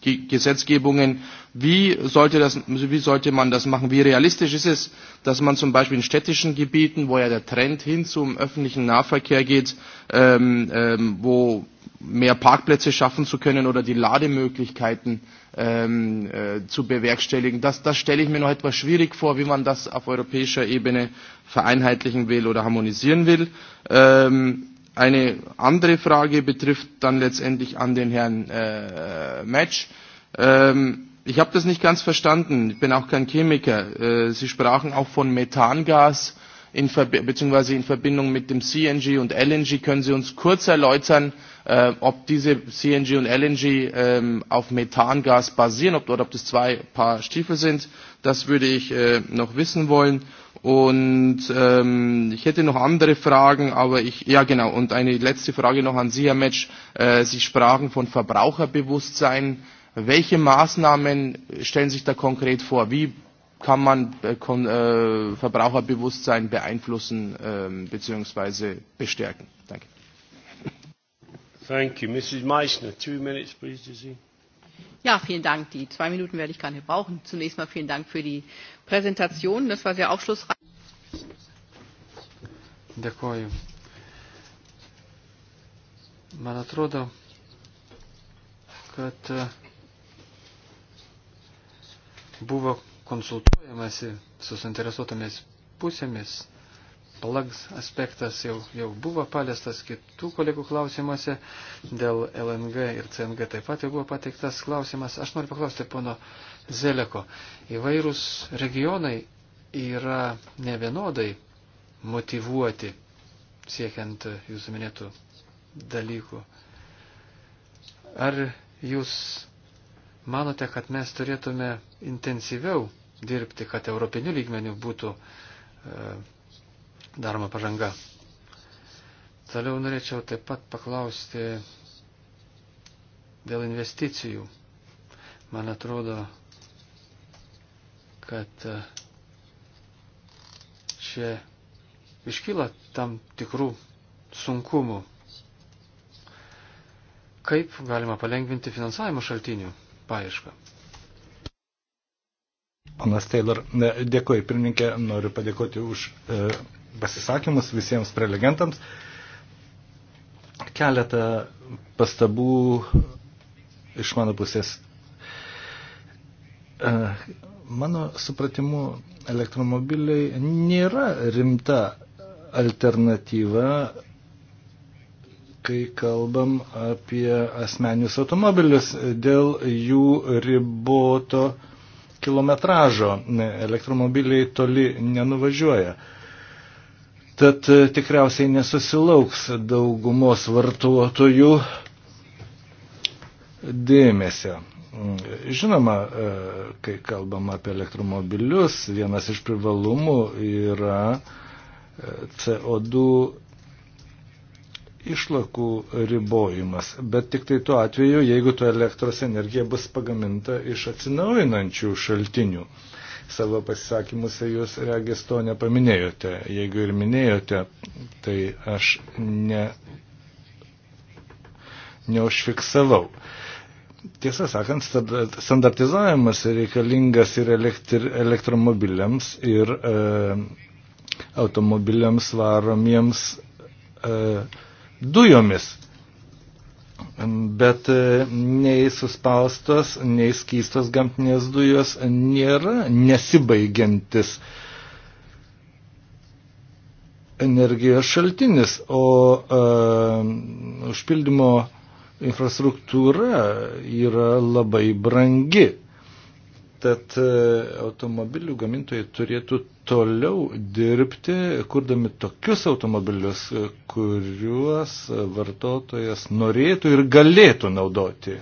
Gesetzgebungen. Wie sollte, das, wie sollte man das machen? Wie realistisch ist es, dass man zum Beispiel in städtischen Gebieten, wo ja der Trend hin zum öffentlichen Nahverkehr geht, ähm, ähm, wo mehr Parkplätze schaffen zu können oder die Lademöglichkeiten ähm, äh, zu bewerkstelligen. Das, das stelle ich mir noch etwas schwierig vor, wie man das auf europäischer Ebene vereinheitlichen will oder harmonisieren will. Ähm, Eine andere Frage betrifft dann letztendlich an den Herrn äh, Match. Ähm, ich habe das nicht ganz verstanden. Ich bin auch kein Chemiker. Äh, Sie sprachen auch von Methangas in beziehungsweise in Verbindung mit dem CNG und LNG. Können Sie uns kurz erläutern, äh, ob diese CNG und LNG ähm, auf Methangas basieren ob, oder ob das zwei Paar Stiefel sind? Das würde ich äh, noch wissen wollen. Und ähm, ich hätte noch andere Fragen, aber ich, ja genau, und eine letzte Frage noch an Sie, Herr Metsch. Äh, Sie sprachen von Verbraucherbewusstsein. Welche Maßnahmen stellen sich da konkret vor? Wie kann man äh, kon, äh, Verbraucherbewusstsein beeinflussen äh, bzw. bestärken? Danke. Thank you. Mrs. Meissner, two minutes, please, Dizzy. Ja, vielen Dank. Die zwei Minuten werde ich gar nicht brauchen. Zunächst mal vielen Dank für die Präsentation. Das war sehr aufschlussreich. Dėkoju. Man atrodo, kad e, buvo konsultuojamasi su suinteresuotomis pusėmis. Plags aspektas jau, jau buvo paliestas kitų kolegų klausimuose. Dėl LNG ir CNG taip pat jau buvo pateiktas klausimas. Aš noriu paklausti pono Zeleko. Įvairūs regionai yra nevienodai motivuoti siekiant jūsų minėtų dalykų. Ar jūs manote, kad mes turėtume intensyviau dirbti, kad europinių lygmenių būtų e, daroma pažanga? Toliau norėčiau taip pat paklausti dėl investicijų. Man atrodo, kad čia e, iškyla tam tikrų sunkumų. Kaip galima palengvinti finansavimo šaltinių paiešką? Panas Taylor, dėkuoju pirmininkė, noriu padėkoti už e, pasisakymus visiems prelegentams. Keletą pastabų iš mano pusės. E, Mano supratimu, elektromobiliai nėra rimta alternatyva, kai kalbam apie asmenius automobilius dėl jų riboto kilometražo. Elektromobiliai toli nenuvažiuoja. Tad e, tikriausiai nesusilauks daugumos vartotojų dėmesio. Mm. Žinoma, e, kai kalbam apie elektromobilius, vienas iš privalumų yra e, CO2 išlakų ribojimas, bet tik tai tuo atveju, jeigu to elektros energija bus pagaminta iš atsinaujinančių šaltinių. Savo pasisakymuose jūs regis to nepaminėjote. Jeigu ir minėjote, tai aš ne, neužfiksavau. Uh, Tiesą sakant, standartizavimas reikalingas ir elektri, elektromobiliams, ir e, automobiliams varomiems e, dujomis. Bet e, nei suspaustos, nei skystos gamtinės dujos nėra nesibaigiantis energijos šaltinis, o e, užpildymo infrastruktūra yra labai brangi. Tad e, automobilių gamintojai turėtų toliau dirbti, kurdami tokius automobilius, e, kuriuos vartotojas norėtų ir galėtų naudoti.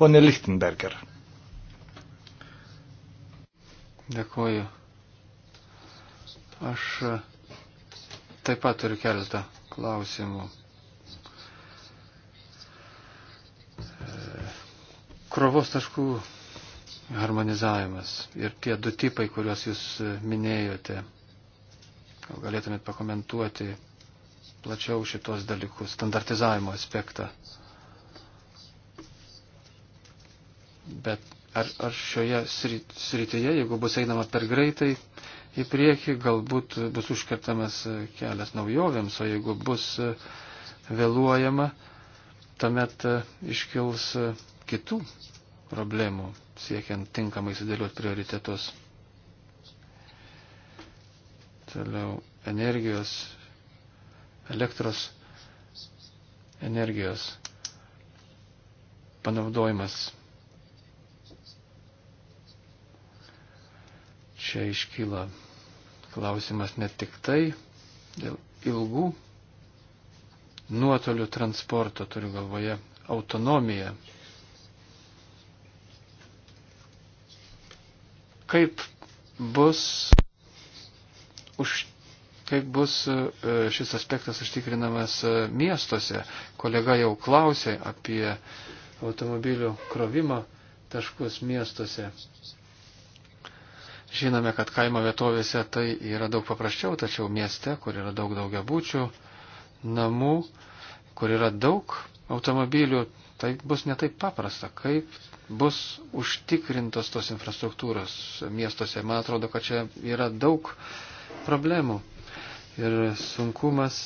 Pone Lichtenberger. Dėkuoju. Aš e, taip pat turiu keletą klausimų. krovos taškų harmonizavimas ir tie du tipai, kuriuos jūs minėjote. Gal galėtumėt pakomentuoti plačiau šitos dalykus, standartizavimo aspektą. Bet ar, ar šioje srityje, jeigu bus einama per greitai į priekį, galbūt bus užkertamas kelias naujovėms, o jeigu bus vėluojama, tuomet iškils kitų problemų, siekiant tinkamai sudėlioti prioritetus. Toliau energijos, elektros energijos panaudojimas. Čia iškyla klausimas ne tik tai dėl ilgų nuotolių transporto, turiu galvoje autonomiją kaip bus, už, kaip bus e, šis aspektas užtikrinamas e, miestuose. Kolega jau klausė apie automobilių krovimo taškus miestuose. Žinome, kad kaimo vietovėse tai yra daug paprasčiau, tačiau mieste, kur yra daug daugiabučių namų, kur yra daug automobilių, tai bus netaip paprasta, kaip bus užtikrintos tos infrastruktūros miestuose. Man atrodo, kad čia yra daug problemų ir sunkumas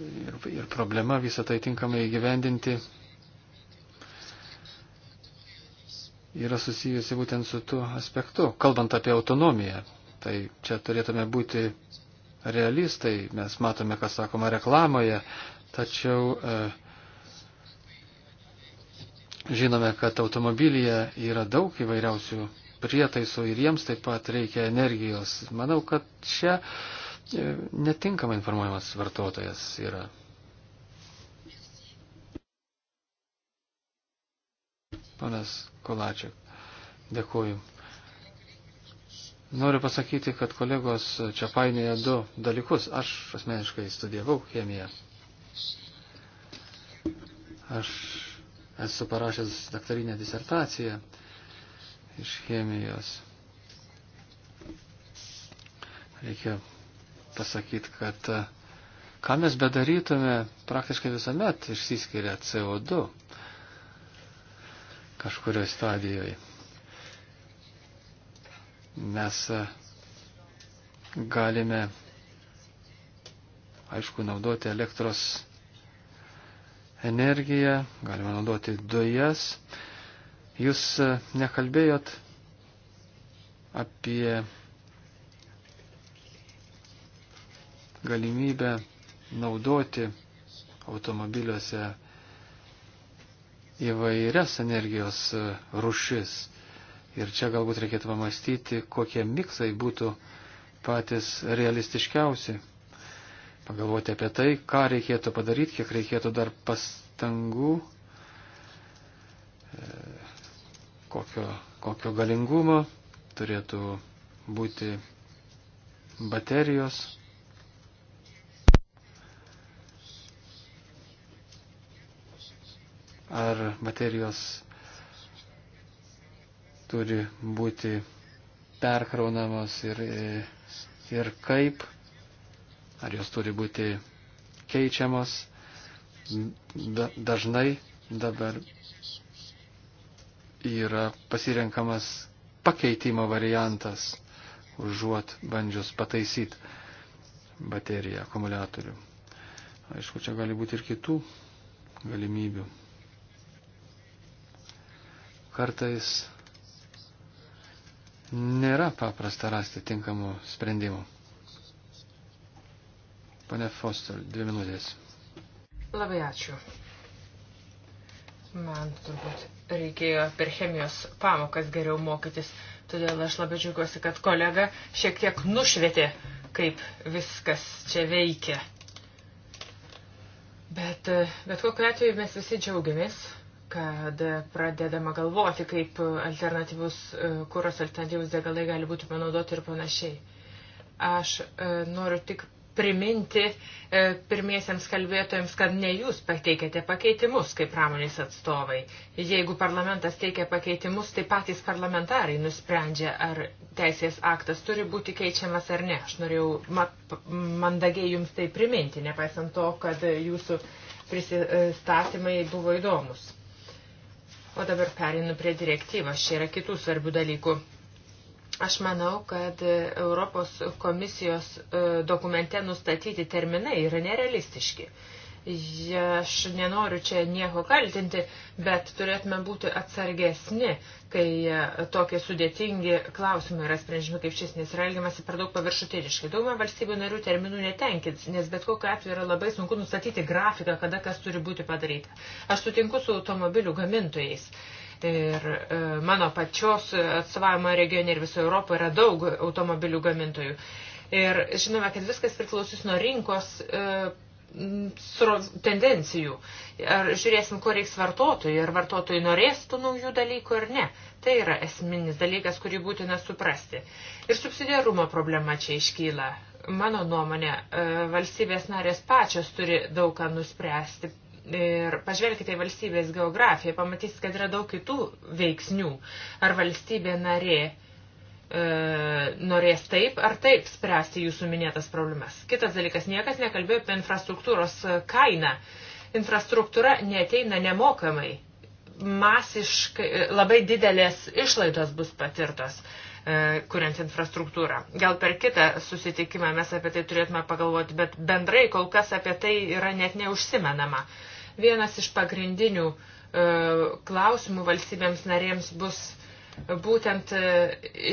ir, ir problema visą tai tinkamai įgyvendinti yra susijusi būtent su tuo aspektu. Kalbant apie autonomiją, tai čia turėtume būti realistai, mes matome, kas sakoma reklamoje, tačiau e, žinome, kad automobilyje yra daug įvairiausių prietaisų ir jiems taip pat reikia energijos. Manau, kad čia e, netinkamai informuojamas vartotojas yra. Panas Kolačiak, dėkuoju. Noriu pasakyti, kad kolegos čia painėja du dalykus. Aš asmeniškai studijavau chemiją Aš esu parašęs daktarinę disertaciją iš chemijos. Reikia pasakyti, kad e, ką mes bedarytume, praktiškai visuomet išsiskiria CO2 kažkurioje stadijoje. Mes e, galime, aišku, naudoti elektros energiją, galima naudoti dujas. Jūs e, nekalbėjot apie galimybę naudoti automobiliuose įvairias energijos e, rušis. Ir čia galbūt reikėtų pamastyti, kokie miksai būtų patys realistiškiausi pagalvoti apie tai, ką reikėtų padaryti, kiek reikėtų dar pastangų, e, kokio, kokio galingumo turėtų būti baterijos. Ar baterijos turi būti perkraunamos ir, e, ir kaip ar jos turi būti keičiamos dažnai dabar yra pasirenkamas pakeitimo variantas, užuot bandžius pataisyti bateriją, akumuliatorių. Aišku, čia gali būti ir kitų galimybių. Kartais nėra paprasta rasti tinkamų sprendimų. Pane Foster, dvi minutės. Labai ačiū. Man turbūt reikėjo per chemijos pamokas geriau mokytis, todėl aš labai džiaugiuosi, kad kolega šiek tiek nušvietė, kaip viskas čia veikia. Bet, bet kokiu atveju mes visi džiaugiamės, kad pradedama galvoti, kaip alternatyvus e, kuros, alternatyvus degalai gali būti panaudoti ir panašiai. Aš e, noriu tik priminti e, pirmiesiams kalbėtojams, kad ne jūs pateikėte pakeitimus kaip pramonės atstovai. Jeigu parlamentas teikia pakeitimus, tai patys parlamentarai nusprendžia, ar teisės aktas turi būti keičiamas ar ne. Aš norėjau mandagiai jums tai priminti, nepaisant to, kad jūsų prisistatymai buvo įdomus. O dabar perinu prie direktyvos. Čia yra kitų svarbių dalykų. Aš manau, kad Europos komisijos e, dokumente nustatyti terminai yra nerealistiški. Aš nenoriu čia nieko kaltinti, bet turėtume būti atsargesni, kai e, tokie sudėtingi klausimai yra sprendžiami kaip šis, nes yra elgiamasi per daug paviršutiniškai. Daugumą valstybių narių terminų netenkins, nes bet kokiu atveju yra labai sunku nustatyti grafiką, kada kas turi būti padaryta. Aš sutinku su automobilių gamintojais. Ir e, mano pačios atstovavimo regione ir visoje Europoje yra daug automobilių gamintojų. Ir žinome, kad viskas priklausys nuo rinkos e, tendencijų. Ar žiūrėsim, ko reiks vartotojai, ar vartotojai norės tų naujų dalykų ar ne. Tai yra esminis dalykas, kurį būtina suprasti. Ir subsidiarumo problema čia iškyla. Mano nuomonė, e, valstybės narės pačios turi daug ką nuspręsti Ir pažvelkite į valstybės geografiją, pamatysite, kad yra daug kitų veiksnių. Ar valstybė narė e, norės taip ar taip spręsti jūsų minėtas problemas. Kitas dalykas, niekas nekalbėjo apie infrastruktūros kainą. Infrastruktūra neteina nemokamai. Masiškai e, labai didelės išlaidos bus patirtos e, kuriant infrastruktūrą. Gal per kitą susitikimą mes apie tai turėtume pagalvoti, bet bendrai kol kas apie tai yra net neužsimenama. Uh, Vienas iš pagrindinių e, klausimų valstybėms narėms bus e, būtent e,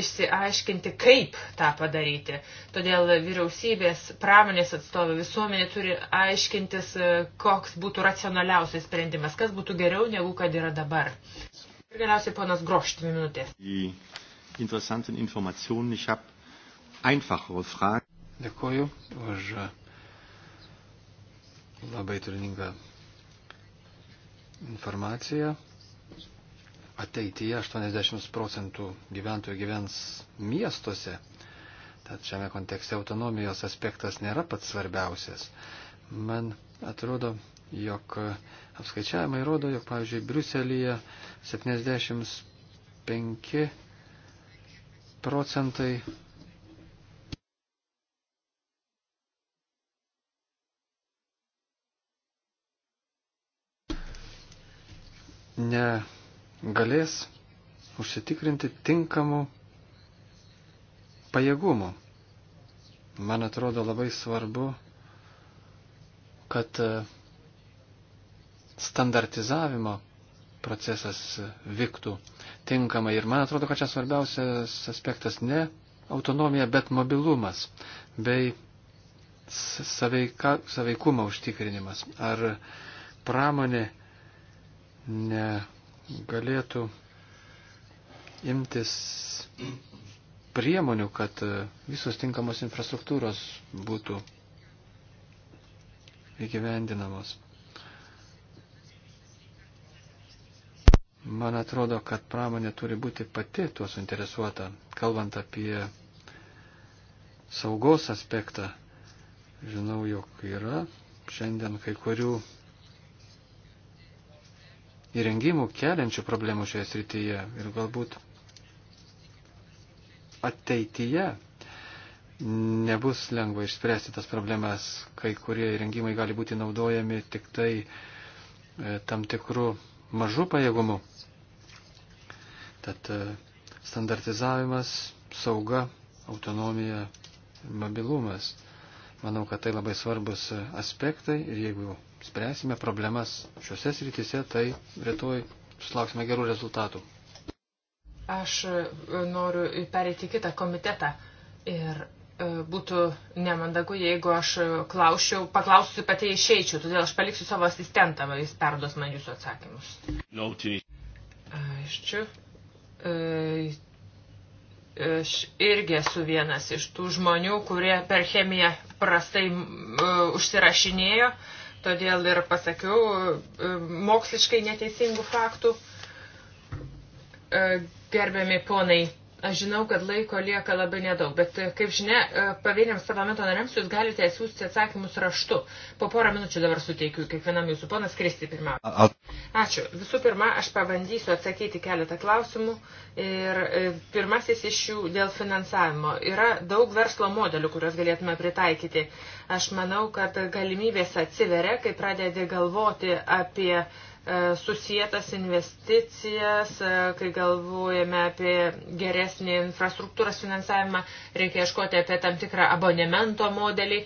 išsiaiškinti, kaip tą padaryti. Todėl vyriausybės, pramonės atstovai, visuomenė turi aiškintis, koks būtų racionaliausias sprendimas, kas būtų geriau negu kad yra dabar. Ir galiausiai ponas Grošt, dvi minutės. Dėkuoju už labai turiningą informacija. Ateityje 80 procentų gyventojų gyvens miestuose. Tad šiame kontekste autonomijos aspektas nėra pats svarbiausias. Man atrodo, jog apskaičiavimai rodo, jog, pavyzdžiui, Briuselėje 75 procentai negalės užsitikrinti tinkamų pajėgumų. Man atrodo labai svarbu, kad e, standartizavimo procesas vyktų tinkamai. Ir man atrodo, kad čia svarbiausias aspektas ne autonomija, bet mobilumas bei saveika, saveikumo užtikrinimas. Ar pramonė negalėtų imtis priemonių, kad visos tinkamos infrastruktūros būtų įgyvendinamos. Man atrodo, kad pramonė turi būti pati tuo suinteresuota, kalbant apie saugos aspektą. Žinau, jog yra šiandien kai kurių įrengimų keliančių problemų šioje srityje ir galbūt ateityje nebus lengva išspręsti tas problemas, kai kurie įrengimai gali būti naudojami tik tai e, tam tikrų mažų pajėgumų. Tad e, standartizavimas, sauga, autonomija, mobilumas. Manau, kad tai labai svarbus e, aspektai ir jeigu spręsime problemas šiuose srityse, tai rytoj sulauksime gerų rezultatų. Aš e, noriu perėti kitą komitetą ir e, būtų nemandagu, jeigu aš e, klausčiau, paklausiu pati išeičiau, todėl aš paliksiu savo asistentą, jis perduos man jūsų atsakymus. Aišku. Aš irgi esu vienas iš tų žmonių, kurie per chemiją prastai uh, užsirašinėjo. Uh, todėl ir pasakiau e, moksliškai neteisingų faktų. E, gerbiami ponai, Aš žinau, kad laiko lieka labai nedaug, bet e, kaip žinia, e, pavieniams parlamento nariams jūs galite siūsti atsakymus raštu. Po porą minučių dabar suteikiu kiekvienam jūsų ponas Kristi pirmą. Ačiū. Visų pirma, aš pabandysiu atsakyti keletą klausimų ir e, pirmasis iš jų dėl finansavimo. Yra daug verslo modelių, kuriuos galėtume pritaikyti. Aš manau, kad galimybės atsiveria, kai pradedi galvoti apie uh, E, susijęs investicijas, e, kai galvojame apie geresnį infrastruktūros finansavimą, reikia ieškoti apie tam tikrą abonemento modelį.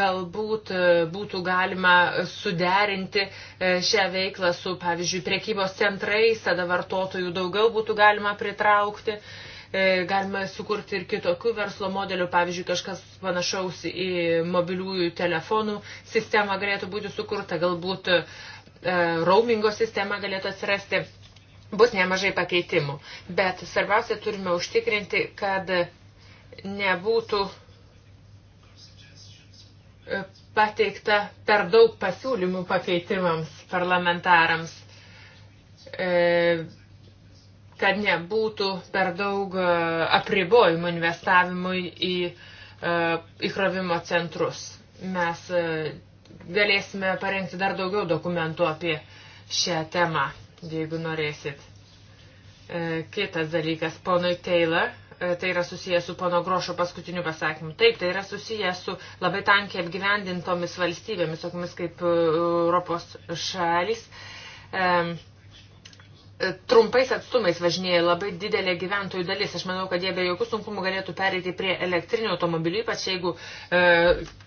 Galbūt e, būtų galima suderinti šią veiklą su, pavyzdžiui, priekybos centrais, tada vartotojų daugiau būtų galima pritraukti. Galima sukurti ir kitokių verslo modelių, pavyzdžiui, kažkas panašaus į mobiliųjų telefonų sistemą galėtų būti sukurta, galbūt uh, E, roamingo sistema galėtų atsirasti. Bus nemažai pakeitimų, bet svarbiausia turime užtikrinti, kad nebūtų e, pateikta per daug pasiūlymų pakeitimams parlamentarams, e, kad nebūtų per daug apribojimų investavimui į įkrovimo centrus. Mes galėsime parengti dar daugiau dokumentų apie šią temą, jeigu norėsit. E, kitas dalykas, ponui Taylor, e, tai yra susijęs su pono Grošo paskutiniu pasakymu. Taip, tai yra susijęs su labai tankiai apgyvendintomis valstybėmis, tokiamis kaip e, Europos šalis. Um, trumpais atstumais važinėja labai didelė gyventojų dalis. Aš manau, kad jie be jokių sunkumų galėtų pereiti prie elektrinių automobilių, ypač jeigu e,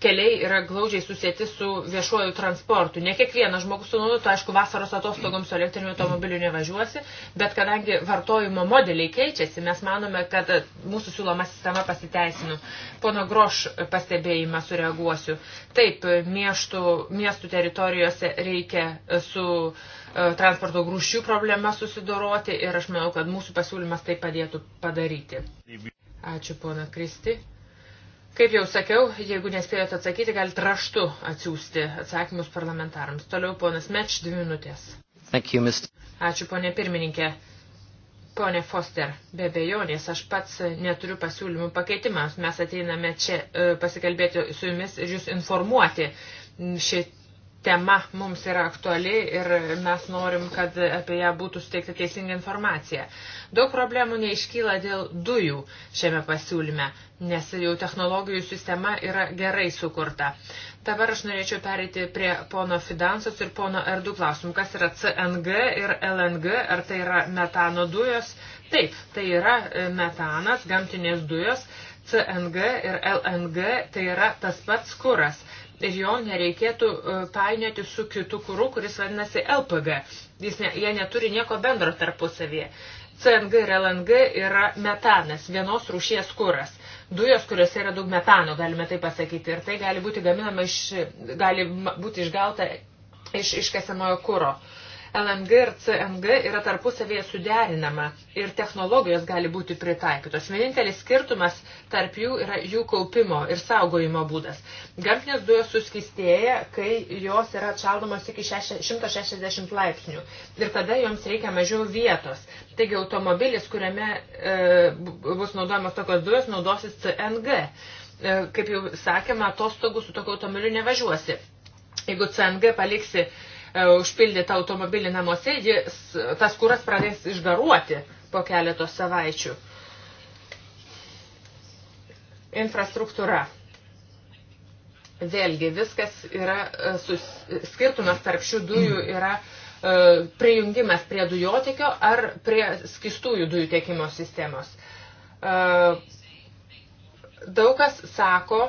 keliai yra glaudžiai susijęti su viešuoju transportu. Ne kiekvienas žmogus sunaudotų, aišku, vasaros atostogoms su elektriniu automobiliu nevažiuosi, bet kadangi vartojimo modeliai keičiasi, mes manome, kad e, mūsų siūloma sistema pasiteisinu. Pono Groš pastebėjimą sureaguosiu. Taip, miestų, miestų teritorijose reikia e, su E, transporto grūščių problema susidoroti ir aš manau, kad mūsų pasiūlymas tai padėtų padaryti. Ačiū, pona Kristi. Kaip jau sakiau, jeigu nespėjote atsakyti, galite raštu atsiųsti atsakymus parlamentarams. Toliau ponas Meč, dvi minutės. Thank you, Mr. Ačiū, ponė pirmininkė. Pone Foster, be bejonės, aš pats neturiu pasiūlymų pakeitimams. Mes ateiname čia e, pasikalbėti su jumis ir jūs informuoti. Šit tema mums yra aktuali ir mes norim, kad apie ją būtų suteikta teisinga informacija. Daug problemų neiškyla dėl dujų šiame pasiūlyme, nes jau technologijų sistema yra gerai sukurta. Dabar aš norėčiau pereiti prie pono Fidansos ir pono R2 klausimų. Kas yra CNG ir LNG? Ar tai yra metano dujos? Taip, tai yra e, metanas, gamtinės dujos. CNG ir LNG tai yra tas pats kuras ir jo nereikėtų e, painioti su kitu kūru, kuris vadinasi LPG. Jis ne, jie neturi nieko bendro tarpusavėje. CNG ir LNG yra metanas, vienos rūšies kuras. Dujos, kuriuose yra daug metano, galime tai pasakyti. Ir tai gali būti gaminama iš, gali būti išgauta iš iškesenojo kūro. Uh, LNG ir CNG yra tarpusavėje suderinama ir technologijos gali būti pritaikytos. Vienintelis skirtumas tarp jų yra jų kaupimo ir saugojimo būdas. Gamtinės dujos suskistėja, kai jos yra atšaldomos iki 160 laipsnių ir tada joms reikia mažiau vietos. Taigi automobilis, kuriame e, bus naudojamos tokios dujos, naudosis CNG. E, kaip jau sakėme, atostogų su tokiu automobiliu nevažiuosi. Jeigu CNG paliksi E, užpildytą automobilį namuose, jis, tas kuras pradės išgaruoti po keletos savaičių. Infrastruktūra. Vėlgi, viskas yra, e, sus, skirtumas tarp šių dujų yra e, prijungimas prie dujotekio ar prie skistųjų dujų tiekimo sistemos. E, daug kas sako,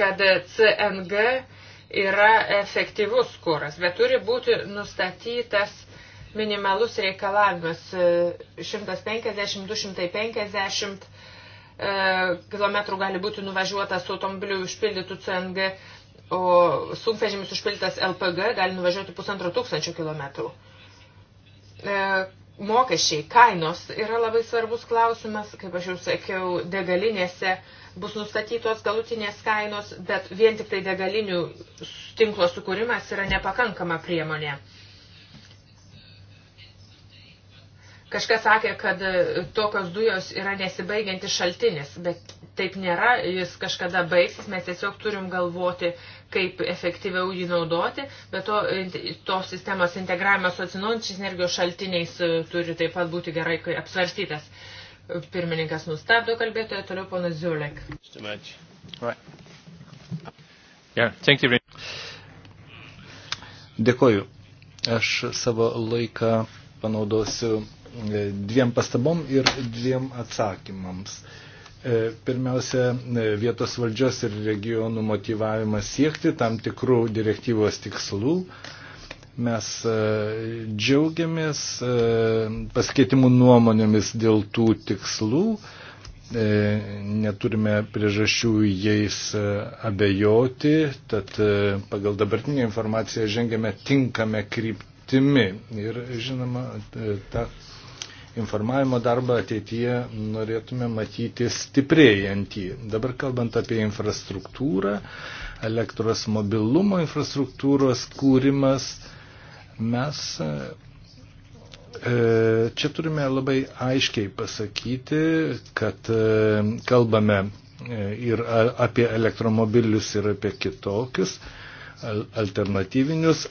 kad CNG yra efektyvus kuras, bet turi būti nustatytas minimalus reikalavimas 150-250 e, e, km gali būti nuvažiuotas automobiliu užpildytų CNG, o sunkvežimis užpildytas LPG gali nuvažiuoti pusantro tūkstančio kilometrų. E, mokesčiai, kainos yra labai svarbus klausimas, kaip aš jau sakiau, degalinėse bus nustatytos galutinės kainos, bet vien tik tai degalinių tinklo sukūrimas yra nepakankama priemonė. Kažkas sakė, kad e, tokios dujos yra nesibaigiantis šaltinis, bet taip nėra, jis kažkada baigsis, mes tiesiog turim galvoti, kaip efektyviau jį naudoti, bet to, tos sistemos integravimas su atsinaujančiais energijos šaltiniais e, turi taip pat būti gerai apsvarstytas. Pirmininkas nustabdo kalbėtoje, toliau ponas Ziulek. Dėkoju. Aš savo laiką panaudosiu e, dviem pastabom ir dviem atsakymams. E, pirmiausia, e, vietos valdžios ir regionų motivavimas siekti tam tikrų direktyvos tikslų Mes e, džiaugiamės e, paskeitimų nuomonėmis dėl tų tikslų, e, neturime priežasčių jais abejoti, tad pagal dabartinę informaciją žengiame tinkame kryptimi. Ir žinoma, ta informavimo darbą ateityje norėtume matyti stiprėjantį. Dabar kalbant apie infrastruktūrą, elektros mobilumo infrastruktūros kūrimas, Mes e, e, čia turime labai aiškiai pasakyti, kad e, kalbame ir apie elektromobilius, ir apie kitokius alternatyvinius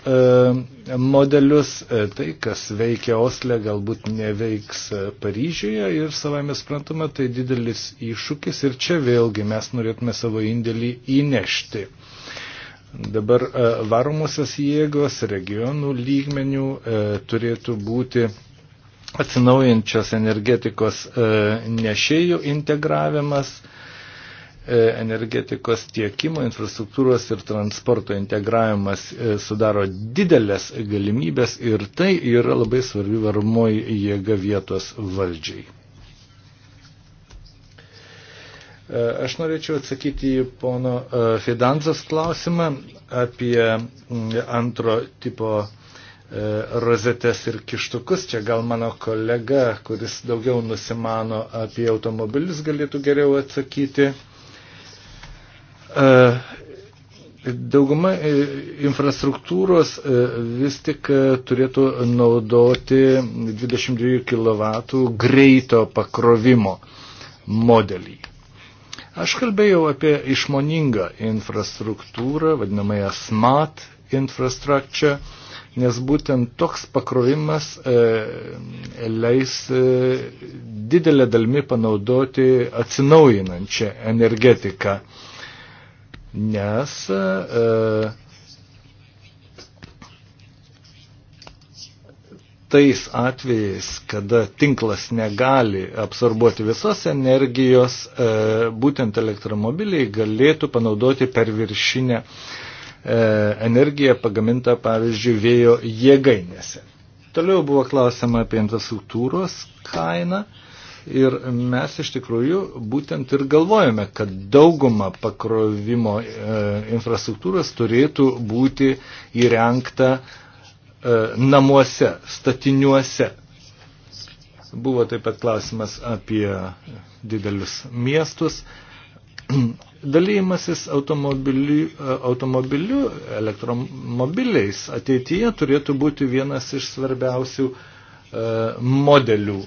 modelius. Tai, kas veikia Osle, galbūt neveiks Paryžiuje ir savai mes sprantame, tai didelis iššūkis ir čia vėlgi mes norėtume savo indėlį įnešti. Dabar e, varomusios jėgos regionų lygmenių e, turėtų būti atsinaujančios energetikos e, nešėjų integravimas, energetikos tiekimo, infrastruktūros ir transporto integravimas sudaro didelės galimybės ir tai yra labai svarbi varomoji jėga vietos valdžiai. E, aš norėčiau atsakyti į pono e, Fidanzas klausimą apie antro tipo e, rozetės ir kištukus. Čia gal mano kolega, kuris daugiau nusimano apie automobilius, galėtų geriau atsakyti. Dauguma infrastruktūros vis tik turėtų naudoti 22 kW greito pakrovimo modelį. Aš kalbėjau apie išmoningą infrastruktūrą, vadinamąją smart infrastructure, nes būtent toks pakrovimas e, leis e, didelę dalmi panaudoti atsinaujinančią energetiką, nes e, tais atvejais, kada tinklas negali absorbuoti visos energijos, e, būtent elektromobiliai galėtų panaudoti per viršinę e, energiją pagamintą, pavyzdžiui, vėjo jėgainėse. Toliau buvo klausima apie infrastruktūros kainą. Ir mes iš tikrųjų būtent ir galvojame, kad dauguma pakrovimo e, infrastruktūros turėtų būti įrengta e, E, namuose, statiniuose. Buvo taip pat klausimas apie didelius miestus. Dalymasis automobiliu, e, automobiliu elektromobiliais ateityje turėtų būti vienas iš svarbiausių e, modelių.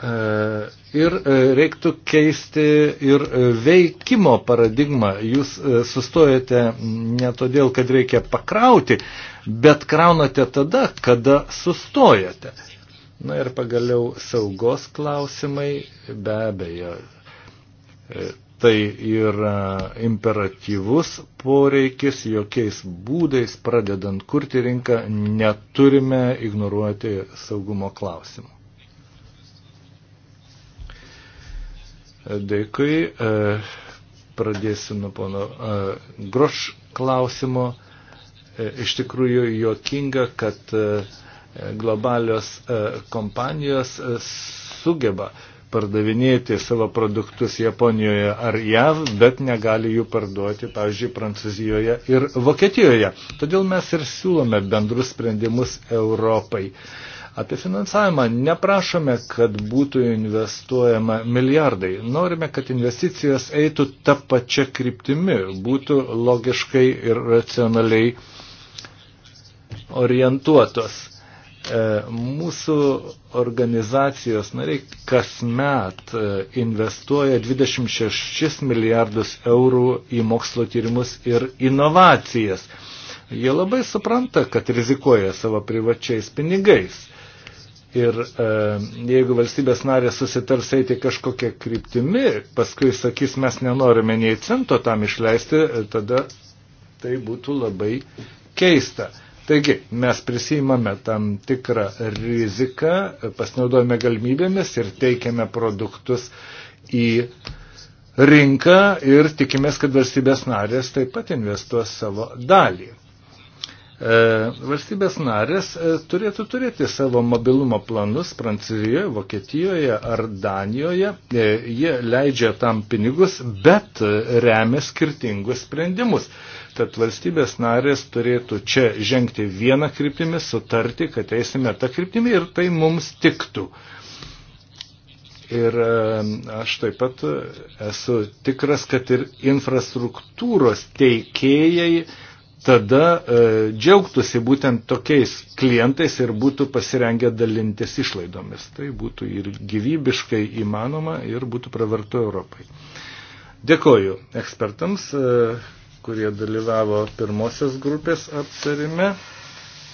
Ir e, reiktų keisti ir e, veikimo paradigmą. Jūs e, sustojate ne todėl, kad reikia pakrauti, bet kraunate tada, kada sustojate. Na ir pagaliau saugos klausimai, be abejo, tai yra imperatyvus poreikis, jokiais būdais pradedant kurti rinką neturime ignoruoti saugumo klausimų. Dėkui. E, pradėsiu nuo pono e, Groš klausimo. E, iš tikrųjų juokinga, kad globalios kompanijos sugeba pardavinėti savo produktus Japonijoje ar JAV, bet negali jų parduoti, pavyzdžiui, Prancūzijoje ir Vokietijoje. Todėl mes ir siūlome bendrus sprendimus Europai. E, Apie finansavimą neprašome, kad būtų investuojama milijardai. Norime, kad investicijos eitų tą pačią kryptimį, būtų logiškai ir racionaliai orientuotos. E, mūsų organizacijos nariai kasmet e, investuoja 26 milijardus eurų į mokslo tyrimus ir inovacijas. Jie labai supranta, kad rizikuoja savo privačiais pinigais. Ir e, jeigu valstybės narės susitars eiti kažkokia kryptimi, paskui sakys, mes nenorime nei cento tam išleisti, e, tada tai būtų labai keista. Taigi, mes prisijimame tam tikrą riziką, pasinaudojame galimybėmis ir teikiame produktus į rinką ir tikimės, kad valstybės narės taip pat investuos savo dalį. E, valstybės narės e, turėtų turėti savo mobilumo planus Prancūzijoje, Vokietijoje ar Danijoje. E, jie leidžia tam pinigus, bet remia skirtingus sprendimus. Tad valstybės narės turėtų čia žengti vieną kryptimį, sutarti, kad eisime tą kryptimį ir tai mums tiktų. Ir aš taip pat esu tikras, kad ir infrastruktūros teikėjai tada e, džiaugtųsi būtent tokiais klientais ir būtų pasirengę dalintis išlaidomis. Tai būtų ir gyvybiškai įmanoma ir būtų pravartu Europai. Dėkoju ekspertams, e, kurie dalyvavo pirmosios grupės aptarime,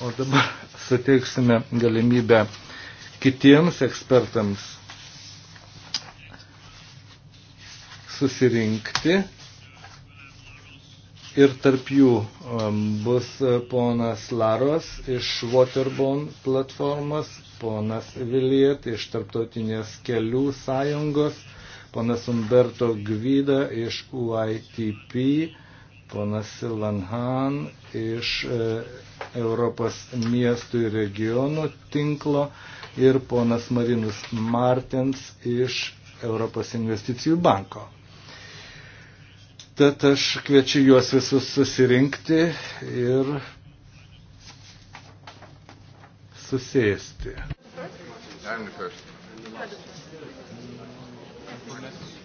o dabar suteiksime galimybę kitiems ekspertams susirinkti ir tarp jų um, bus uh, ponas Laros iš Waterborne platformos, ponas Viliet iš Tarptautinės kelių sąjungos, ponas Umberto Gvida iš UITP, ponas Silvan Han iš uh, Europos miestų ir regionų tinklo ir ponas Marinus Martens iš Europos investicijų banko. Tad aš kviečiu juos visus susirinkti ir susėsti.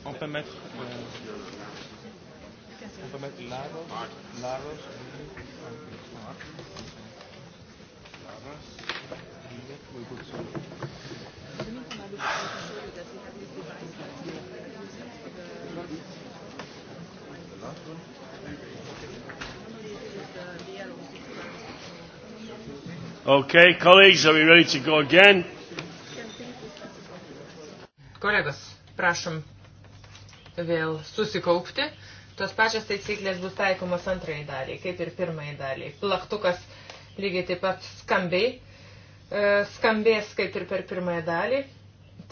On peut mettre, euh, on peut mettre Laros, Laros, Laros, Laros, Okay, colleagues, are we ready to go again? Kolegos, prašom vėl susikaupti. Tos pačios taisyklės bus taikomos antrajai daliai, kaip ir pirmajai daliai. Plaktukas lygiai taip pat skambiai, e, skambės kaip ir per pirmąją dalį.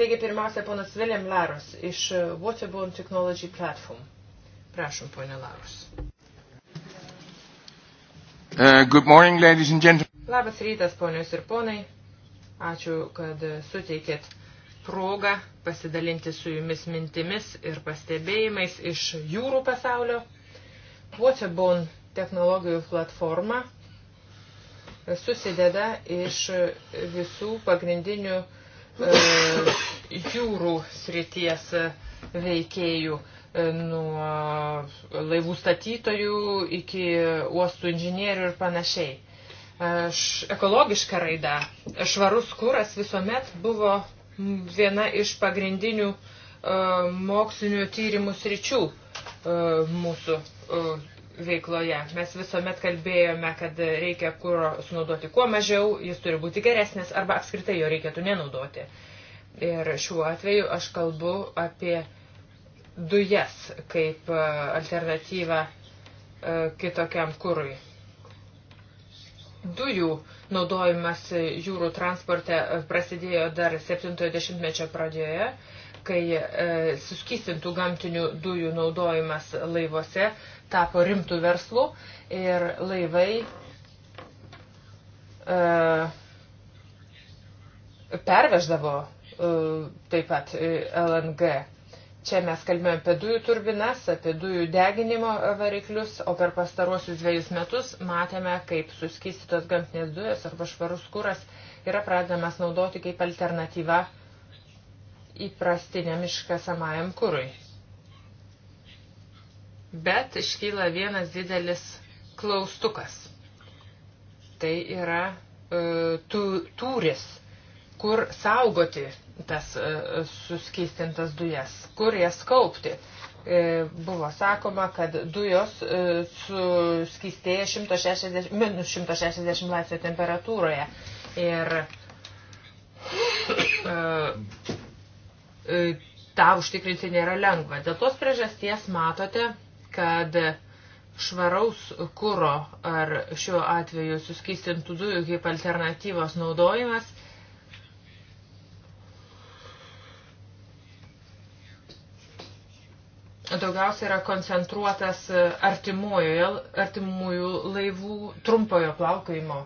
Taigi pirmiausia, ponas William Laros iš Waterborne Technology Platform. Prašom, ponė Larus. Uh, good morning, ladies and gentlemen. Labas rytas, ponios ir ponai. Ačiū, kad suteikėt progą pasidalinti su jumis mintimis ir pastebėjimais iš jūrų pasaulio. Waterborne technologijų platforma susideda iš visų pagrindinių e, jūrų srities veikėjų. E, nuo laivų statytojų iki uostų inžinierių ir panašiai. Aš, ekologiška raida, švarus kuras visuomet buvo viena iš pagrindinių uh, e, mokslinio tyrimų sričių uh, mūsų uh, veikloje. Mes visuomet kalbėjome, kad reikia kūro sunaudoti kuo mažiau, jis turi būti geresnis arba apskritai jo reikėtų nenaudoti. Ir šiuo atveju aš kalbu apie uh, dujas kaip e, alternatyvą e, kitokiam kūrui. Dujų naudojimas jūrų transporte e, prasidėjo dar 70-mečio pradžioje, kai suskystintų gamtinių dujų naudojimas laivuose tapo rimtų verslų ir laivai perveždavo taip pat LNG Čia mes kalbėjome apie dujų turbinas, apie dujų deginimo variklius, o per pastaruosius dviejus metus matėme, kaip suskistytos gamtinės dujos arba švarus kuras yra pradedamas naudoti kaip alternatyva įprastiniam iškasamajam kurui. Bet iškyla vienas didelis klaustukas. Tai yra e, tūris, kur saugoti tas e, suskystintas dujas, kur jas kaupti. E, buvo sakoma, kad dujos e, suskystėja 160, minus 160 laipsnių temperatūroje. Ir tą užtikrinti nėra lengva. Dėl tos priežasties matote, kad švaraus kūro ar šiuo atveju suskystintų dujų kaip alternatyvos naudojimas daugiausia yra koncentruotas e, artimuojo, artimųjų laivų trumpojo plaukojimo,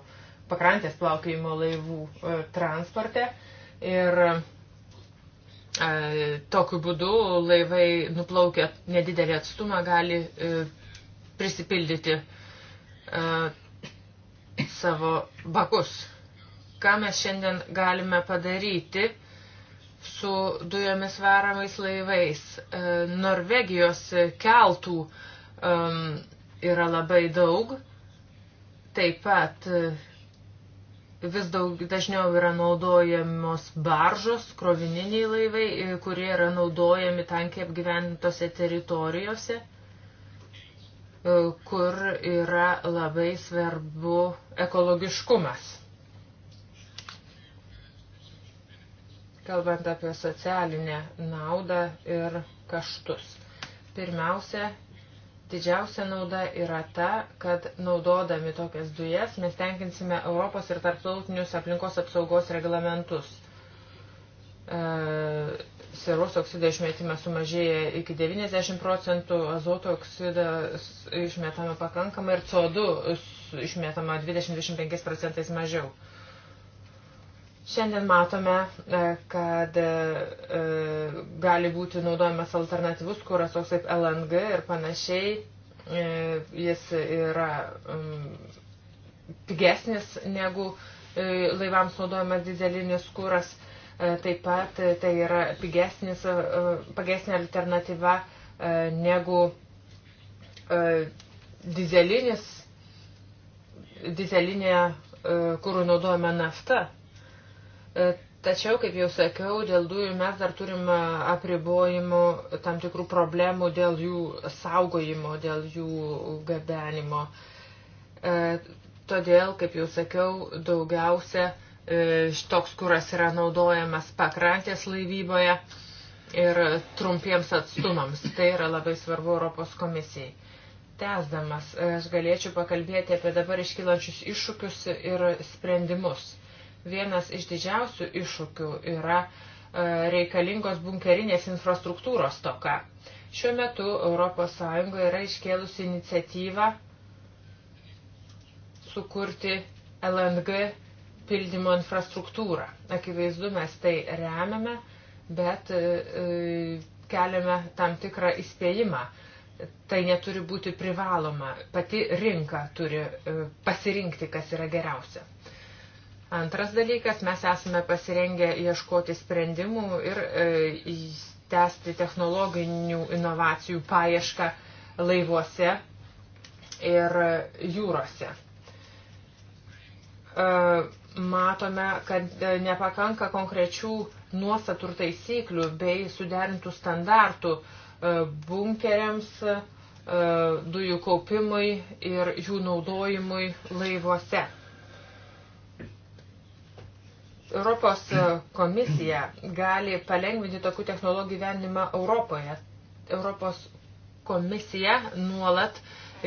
pakrantės plaukojimo laivų e, transporte. Ir e, tokiu būdu laivai nuplaukia nedidelį atstumą, gali e, prisipildyti e, savo bakus. Ką mes šiandien galime padaryti? su dujomis varomais laivais. E, Norvegijos keltų um, yra labai daug. Taip pat e, vis daug dažniau yra naudojamos baržos, krovininiai laivai, e, kurie yra naudojami tankiai apgyventose teritorijose, kur yra labai svarbu ekologiškumas. kalbant apie socialinę naudą ir kaštus. Pirmiausia, didžiausia nauda yra ta, kad naudodami tokias dujas mes tenkinsime Europos ir tarptautinius aplinkos apsaugos reglamentus. E, Sieros oksido išmetimas sumažėja iki 90 procentų, azoto oksidą išmetama pakankamai ir CO2 išmetama 20-25 procentais mažiau. E, Šiandien matome, e, kad e, e, gali būti naudojamas alternatyvus kuras, toks kaip LNG ir panašiai. Jis yra mm, pigesnis negu laivams naudojamas dizelinis kuras. Taip pat tai yra pigesnis, pigesnė alternatyva negu dizelinis, dizelinė, kurų naudojama nafta. E, tačiau, kaip jau sakiau, dėl dujų mes dar turim e, apribojimų, tam tikrų problemų dėl jų saugojimo, dėl jų gabenimo. E, todėl, kaip jau sakiau, daugiausia toks kuras yra naudojamas pakrantės laivyboje ir trumpiems atstumams. Tai yra labai svarbu Europos komisijai. Tęsdamas, aš galėčiau pakalbėti apie dabar iškylančius iššūkius ir sprendimus. Vienas iš didžiausių iššūkių yra e, reikalingos bunkerinės infrastruktūros toka. Šiuo metu ES yra iškėlusi iniciatyvą sukurti LNG pildymo infrastruktūrą. Akivaizdu, mes tai remiame, bet e, e, keliame tam tikrą įspėjimą. Tai neturi būti privaloma. Pati rinka turi pasirinkti, kas yra geriausia. Antras dalykas, mes esame pasirengę ieškoti sprendimų ir e, tęsti technologinių inovacijų paiešką laivuose ir jūrose. E, matome, kad e, nepakanka konkrečių nuostatų ir taisyklių bei suderintų standartų e, bunkeriams, e, dujų kaupimui ir jų naudojimui laivuose. Europos e, komisija gali palengvinti tokių technologijų gyvenimą Europoje. Europos komisija nuolat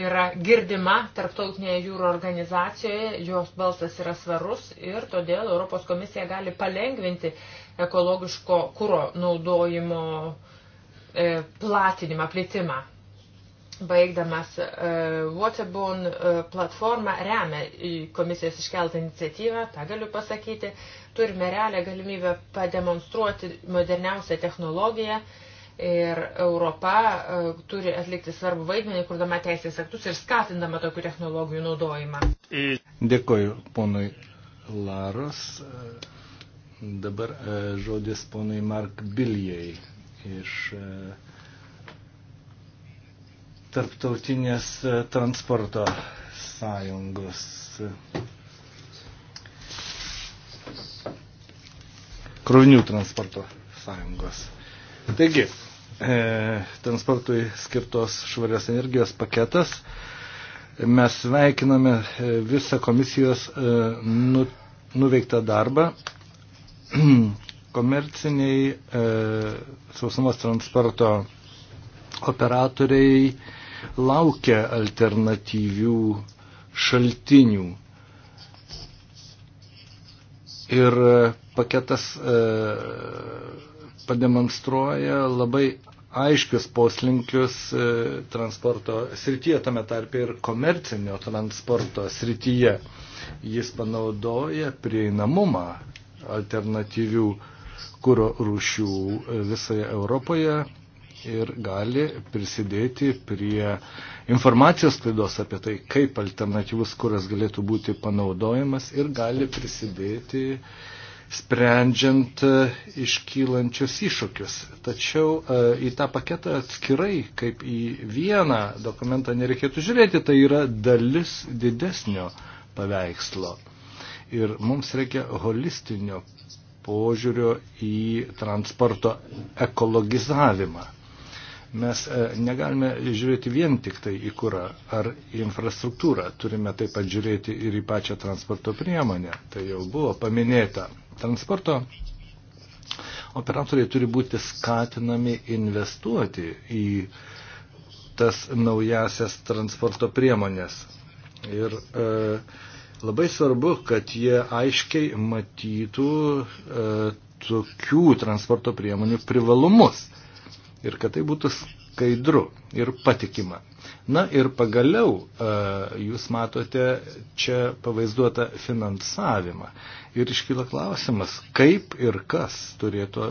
yra girdima tarptautinėje jūro organizacijoje, jos balsas yra svarus ir todėl Europos komisija gali palengvinti ekologiško kūro naudojimo e, platinimą, plitimą baigdamas e, Waterborne e, platforma remia komisijos iškeltą iniciatyvą, tą galiu pasakyti, turime realią galimybę pademonstruoti moderniausią technologiją ir Europa e, turi atlikti svarbų vaidmenį, kurdama teisės aktus ir skatindama tokių technologijų naudojimą. Dėkoju ponui Laros. Dabar žodis ponui Mark Biljai iš tarptautinės e, transporto sąjungos. Krovinių transporto sąjungos. Taigi, e, transportui skirtos švarios energijos paketas. Mes sveikiname e, visą komisijos e, nu, nuveiktą darbą. Komerciniai e, sausumos transporto operatoriai e, laukia alternatyvių šaltinių. Ir paketas e, pademonstruoja labai aiškius poslinkius e, transporto srityje, tame tarpe ir komercinio transporto srityje. Jis panaudoja prieinamumą alternatyvių kūro rūšių e, visoje Europoje ir gali prisidėti prie informacijos klaidos apie tai, kaip alternatyvus kuras galėtų būti panaudojamas ir gali prisidėti sprendžiant e, iškylančius iššūkius. Tačiau e, į tą paketą atskirai, kaip į vieną dokumentą nereikėtų žiūrėti, tai yra dalis didesnio paveikslo. Ir mums reikia holistinio požiūrio į transporto ekologizavimą. Mes e, negalime žiūrėti vien tik tai į kurą ar į infrastruktūrą, turime taip pat žiūrėti ir į pačią transporto priemonę. Tai jau buvo paminėta. Transporto operatoriai turi būti skatinami investuoti į tas naujasias transporto priemonės. Ir e, labai svarbu, kad jie aiškiai matytų e, tokių transporto priemonių privalumus. E, ir kad tai būtų skaidru ir patikima. Na ir pagaliau e, jūs matote čia pavaizduotą finansavimą ir iškyla klausimas, kaip ir kas turėtų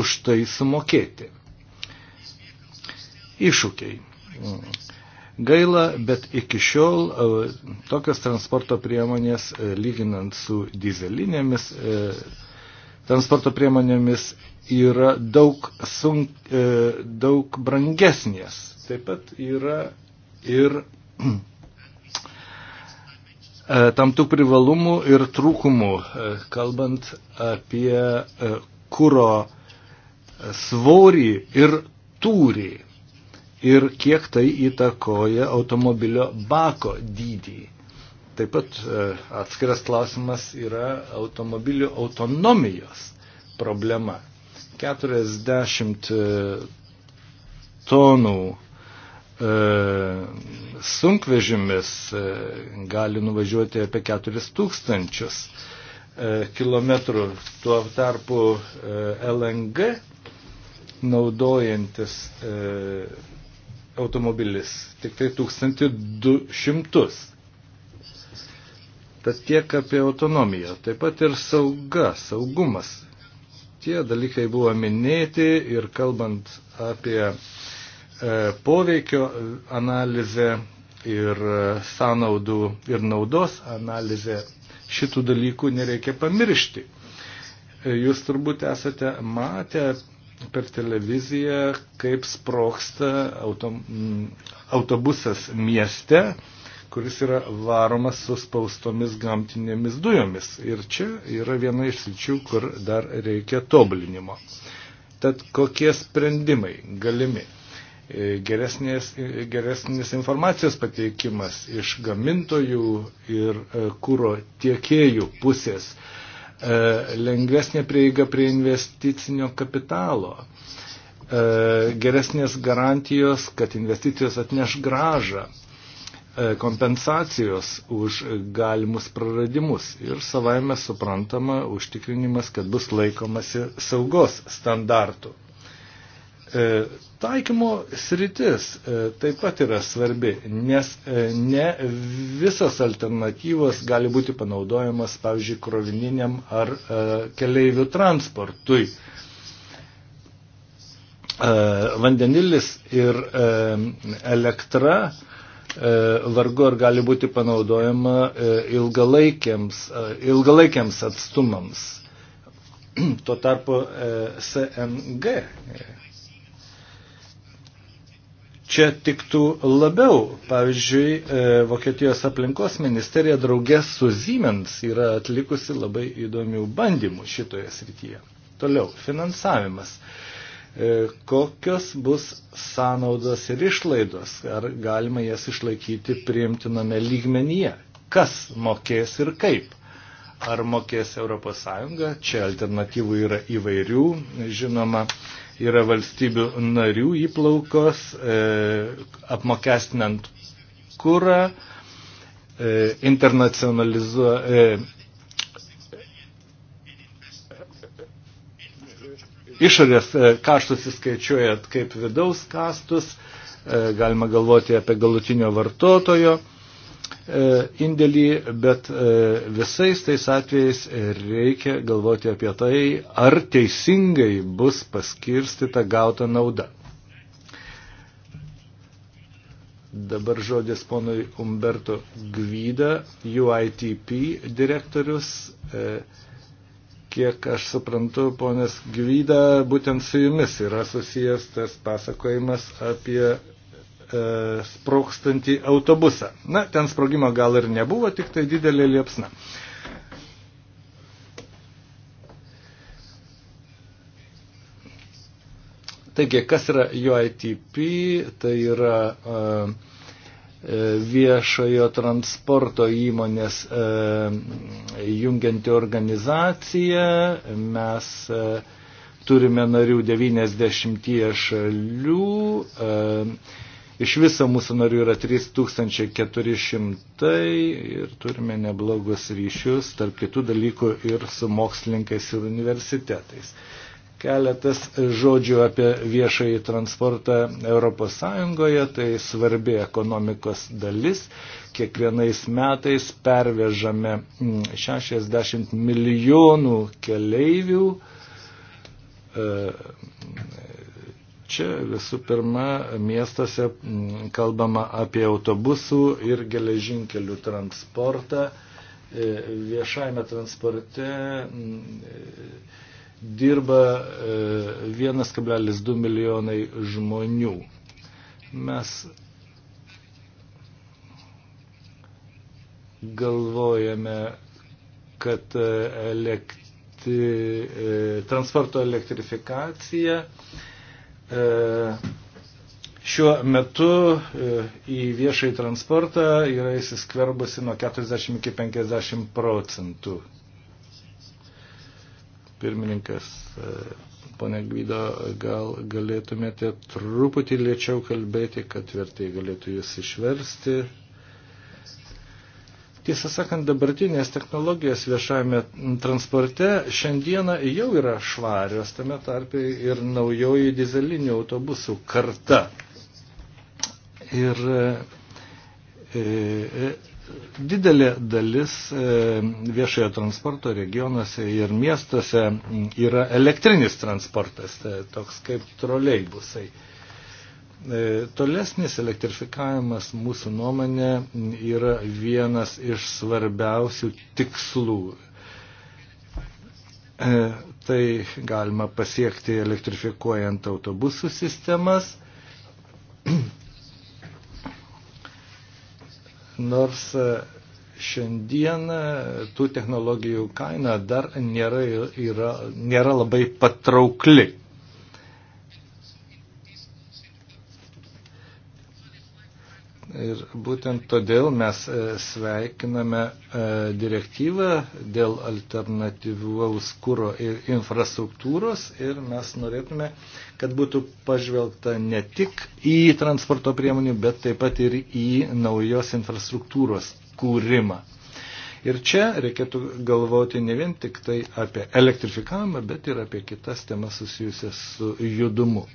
už tai sumokėti. Iššūkiai. Gaila, bet iki šiol e, tokios transporto priemonės, e, lyginant su dizelinėmis transporto priemonėmis, yra daug, sunk, e, daug brangesnės. Taip pat yra ir e, tam tų privalumų ir trūkumų, e, kalbant apie kūro svorį ir tūrį ir kiek tai įtakoja automobilio bako dydį. Taip pat atskiras klausimas yra automobilio autonomijos problema. 40 tonų e, sunkvežimis e, gali nuvažiuoti apie 4000 e, km. Tuo tarpu LNG naudojantis automobilis tik tai 1200. Tad tiek apie autonomiją. Taip pat ir sauga, saugumas Tie dalykai buvo minėti ir kalbant apie e, poveikio analizę ir e, sąnaudų ir naudos analizę, šitų dalykų nereikia pamiršti. E, jūs turbūt esate matę per televiziją, kaip sproksta auto, autobusas mieste, kuris yra varomas suspaustomis gamtinėmis dujomis. Ir čia yra viena iš sričių, kur dar reikia tobulinimo. Tad kokie sprendimai galimi? E, geresnės, e, geresnės informacijos pateikimas iš gamintojų ir e, kūro tiekėjų pusės, lengvesnė prieiga prie investicinio kapitalo, geresnės garantijos, kad investicijos atneš gražą, E, kompensacijos už galimus praradimus ir savaime suprantama užtikrinimas, kad bus laikomasi saugos standartų. E, taikymo sritis e, taip pat yra svarbi, nes ne visas alternatyvos gali būti panaudojamas, pavyzdžiui, krovininiam ar keleivių transportui vandenilis ir elektra E, vargu ar gali būti panaudojama e, ilgalaikiams, e, ilgalaikiams atstumams. Tuo tarpu SNG čia tiktų labiau. Pavyzdžiui, Vokietijos aplinkos ministerija draugė su Siemens yra atlikusi labai įdomių bandymų šitoje srityje. Toliau, finansavimas. E, E, kokios bus sąnaudos ir išlaidos, ar galima jas išlaikyti priimtiname lygmenyje, kas mokės ir kaip. Ar mokės ES, čia alternatyvų yra įvairių, žinoma, yra valstybių narių įplaukos, e, apmokestinant kurą, e, internacionalizuo, e, išorės e, kaštus įskaičiuojat kaip vidaus kastus, e, galima galvoti apie galutinio vartotojo e, indėlį, bet visais tais atvejais reikia galvoti apie tai, ar teisingai bus paskirstita gauta nauda. Dabar žodis ponui Umberto Gvyda, UITP direktorius. E, Kiek aš suprantu, ponas Gvyda, būtent su jumis yra susijęs tas pasakojimas apie e, sprokstantį autobusą. Na, ten sprogimo gal ir nebuvo, tik tai didelė liepsna. Taigi, kas yra UITP? Tai yra uh, e, E, viešojo transporto įmonės e, jungianti organizacija. Mes e, turime narių 90 šalių. Iš viso mūsų narių yra 3400 ir turime neblogus ryšius tarp kitų dalykų ir su mokslininkais ir universitetais. Keletas žodžių apie viešąjį transportą ES, tai svarbi ekonomikos dalis. Kiekvienais metais pervežame 60 mm, milijonų keleivių. E, čia visų pirma miestuose mm, kalbama apie autobusų ir geležinkelių transportą. E, viešajame transporte mm, dirba 1,2 e, milijonai žmonių. Mes galvojame, kad e, elektri, e, transporto elektrifikacija Šiuo metu į viešai transportą yra įsiskverbusi nuo 40 iki 50 procentų. Pirmininkas, e, pone Gvido, gal galėtumėte truputį lėčiau kalbėti, kad vertėjai galėtų jūs išversti. Tiesą sakant, dabartinės technologijos viešajame transporte šiandieną jau yra švarios, tame tarpe ir naujoji dizelinių autobusų karta. Ir e, e, Didelė dalis e, viešojo transporto regionuose ir miestuose yra elektrinis transportas, e, toks kaip troleibusai. E, tolesnis elektrifikavimas mūsų nuomonė yra vienas iš svarbiausių tikslų. Tai galima pasiekti elektrifikuojant autobusų sistemas nors e, šiandien e, tų technologijų kaina dar nėra, yra, nėra labai patraukli. Ir būtent todėl mes e, sveikiname e, direktyvą dėl alternatyvaus kūro ir infrastruktūros ir mes norėtume, kad būtų pažvelgta ne tik į transporto priemonių, bet taip pat ir į naujos infrastruktūros kūrimą. Ir čia reikėtų galvoti ne vien tik tai apie elektrifikavimą, bet ir apie kitas temas susijusias su judumu.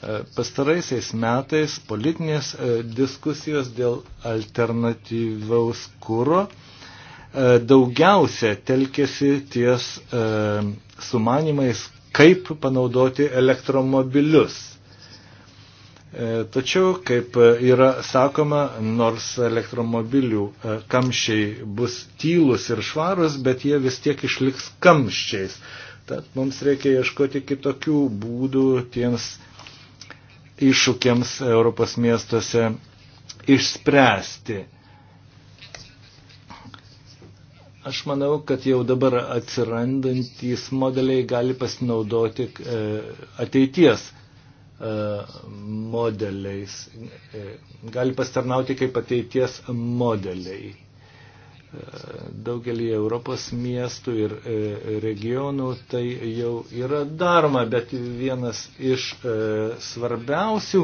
E, pastaraisiais metais politinės e, diskusijos dėl alternatyvaus kūro e, daugiausia telkėsi ties sumanimais, kaip panaudoti elektromobilius. Tačiau, kaip yra sakoma, nors elektromobilių kamščiai bus tylus ir švarus, bet jie vis tiek išliks kamščiais. Tad mums reikia ieškoti kitokių būdų tiems iššūkiams Europos miestuose išspręsti. Aš manau, kad jau dabar atsirandantys modeliai gali pasinaudoti e, ateities e, modeliais, e, gali pastarnauti kaip ateities modeliai daugelį Europos miestų ir e, regionų tai jau yra daroma, bet vienas iš e, svarbiausių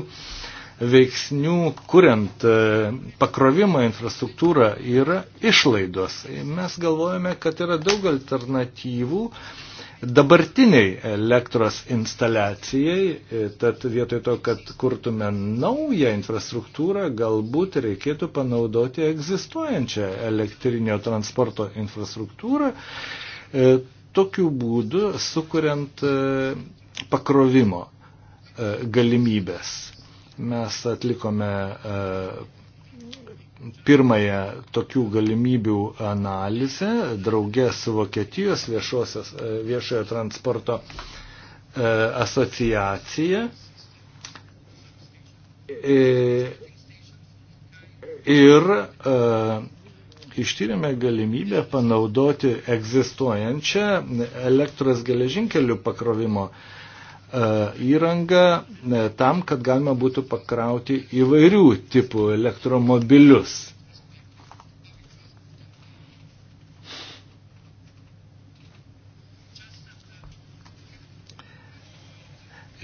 veiksnių, kuriant e, pakrovimo infrastruktūrą, yra išlaidos. Mes galvojame, kad yra daug alternatyvų, dabartiniai elektros instaliacijai, e, tad vietoj to, kad kurtume naują infrastruktūrą, galbūt reikėtų panaudoti egzistuojančią elektrinio transporto infrastruktūrą, e, tokiu būdu sukuriant e, pakrovimo galimybės. Mes atlikome pirmąją tokių galimybių analizę draugė su Vokietijos viešosios, e, viešojo transporto e, asociacija. E, ir ištyrėme galimybę panaudoti egzistuojančią elektros geležinkelių pakrovimo uh, E, įrangą e, tam, kad galima būtų pakrauti įvairių tipų elektromobilius.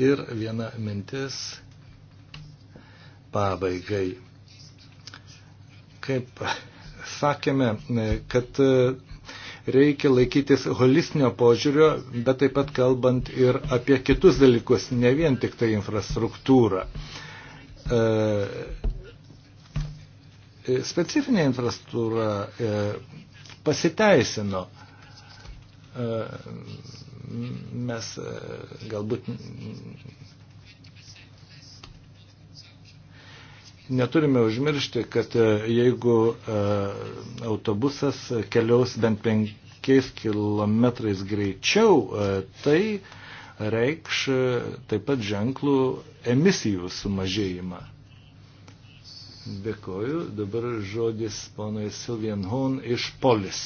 Ir viena mintis pabaigai. Kaip sakėme, e, kad reikia laikytis holistinio požiūrio, bet taip pat kalbant ir apie kitus dalykus, ne vien tik tai infrastruktūrą. E, e, specifinė infrastruktūra e, pasiteisino. Mes galbūt Neturime užmiršti, kad e, jeigu e, autobusas keliaus bent 5 km greičiau, e, tai reikš taip pat ženklų emisijų sumažėjimą. Dėkoju. Dabar žodis ponui Silvian Hon iš Polis.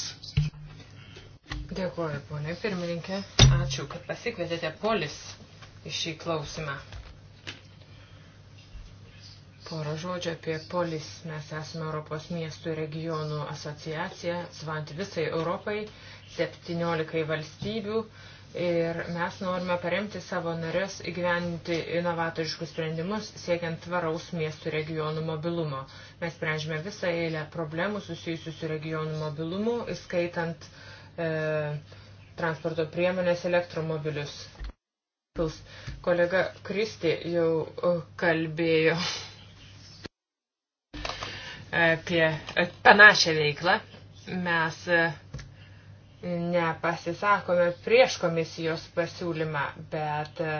Dėkoju, ponė pirmininkė. Ačiū, kad pasikvietėte Polis į šį klausimą. Porą žodžių apie polis. Mes esame Europos miestų ir regionų asociacija, svant visai Europai, 17 valstybių. Ir mes norime paremti savo narius įgyveninti inovatoriškus sprendimus, siekiant tvaraus miestų regionų mobilumo. Mes sprendžiame visą eilę problemų susijusių su regionų mobilumu, įskaitant e, transporto priemonės elektromobilius. Kolega Kristi jau e, kalbėjo apie panašią veiklą. Mes e, nepasisakome prieš komisijos pasiūlymą, bet e,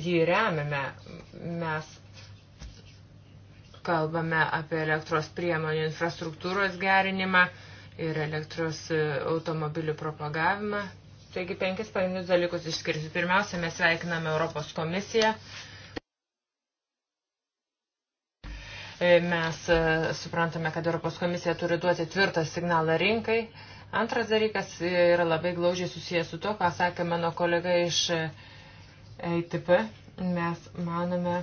jį remiame. Mes kalbame apie elektros priemonių infrastruktūros gerinimą ir elektros e, automobilių propagavimą. Taigi penkis pagrindinius dalykus išskirsiu. Pirmiausia, mes sveikiname Europos komisiją E, mes e, suprantame, kad Europos komisija turi duoti tvirtą signalą rinkai. Antras dalykas e, yra labai glaužiai susijęs su to, ką sakė mano kolega iš EITP. Mes manome,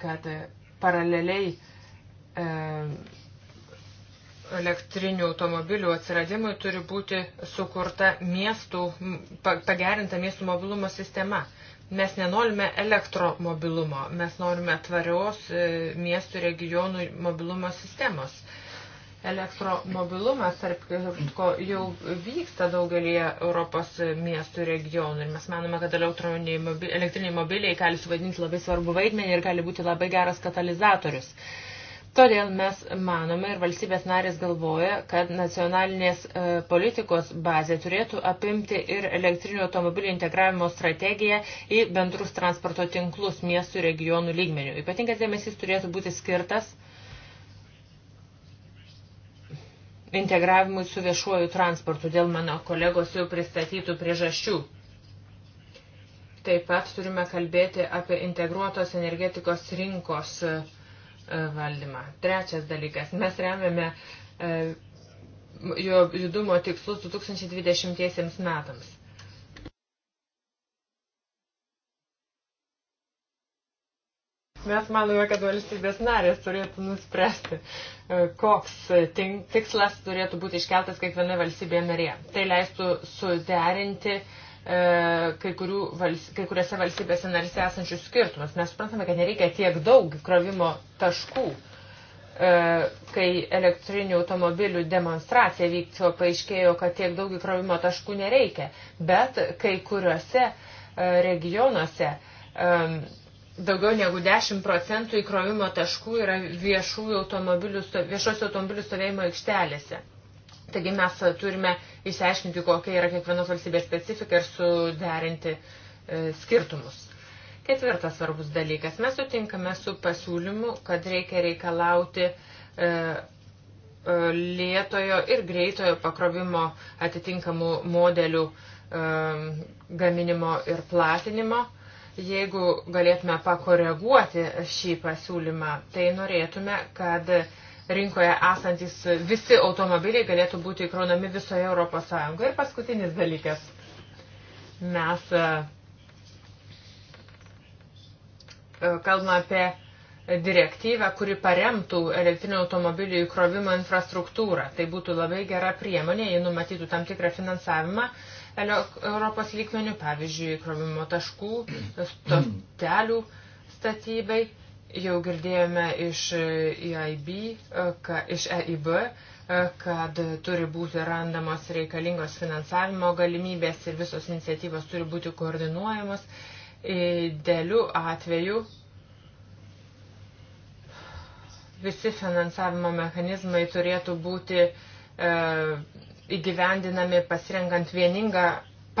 kad paraleliai elektrinių automobilių atsiradimui turi būti sukurta miestų, pagerinta miestų mobilumo sistema. Mes nenorime elektromobilumo, mes norime tvarios e, miestų regionų mobilumo sistemos. Elektromobilumas, tarp ko jau vyksta daugelį Europos miestų regionų ir mes manome, kad elektriniai mobiliai gali suvaidinti labai svarbu vaidmenį ir gali būti labai geras katalizatorius. Uh, Todėl mes manome ir valstybės narės galvoja, kad nacionalinės e, politikos bazė turėtų apimti ir elektrinio automobilio integravimo strategiją į bendrus transporto tinklus miestų ir regionų lygmenių. Ypatingas dėmesys turėtų būti skirtas integravimui su viešuoju transportu dėl mano kolegos jau pristatytų priežasčių. Taip pat turime kalbėti apie integruotos energetikos rinkos E, valdymą. Trečias dalykas. Mes remiame e, judumo tikslus 2020 metams. Mes manome, kad valstybės narės turėtų nuspręsti, e, koks tikslas turėtų būti iškeltas kiekviena valstybė narė. Tai leistų suderinti uh, E, kai, valst, kai kuriuose valstybėse narise esančius skirtumus. Mes suprantame, kad nereikia tiek daug krovimo taškų. E, kai elektrinių automobilių demonstracija vykčio, paaiškėjo, kad tiek daug įkrovimo taškų nereikia, bet kai kuriuose e, regionuose daugiau negu 10 procentų įkrovimo taškų yra viešųjų automobilių, viešos automobilių stovėjimo aikštelėse. Taigi mes turime išsiaiškinti, kokia yra kiekvienos valstybės specifika ir suderinti e, skirtumus. Ketvirtas svarbus dalykas. Mes sutinkame su pasiūlymu, kad reikia reikalauti e, e lietojo ir greitojo pakrovimo atitinkamų modelių e, gaminimo ir platinimo. Jeigu galėtume pakoreguoti šį pasiūlymą, tai norėtume, kad e, rinkoje esantis visi automobiliai galėtų būti įkraunami visoje Europos Sąjungoje. Ir paskutinis dalykas. Mes e, e, kalbame apie direktyvą, kuri paremtų elektrinio automobilių įkrovimo infrastruktūrą. Tai būtų labai gera priemonė, jei numatytų tam tikrą finansavimą Europos lygmenių, pavyzdžiui, įkrovimo taškų, stotelių statybai Jau girdėjome iš EIB, e, ka, iš EIB, e, kad turi būti randamos reikalingos finansavimo galimybės ir visos iniciatyvos turi būti koordinuojamos. Dėlių atveju visi finansavimo mechanizmai turėtų būti e, įgyvendinami pasirenkant vieningą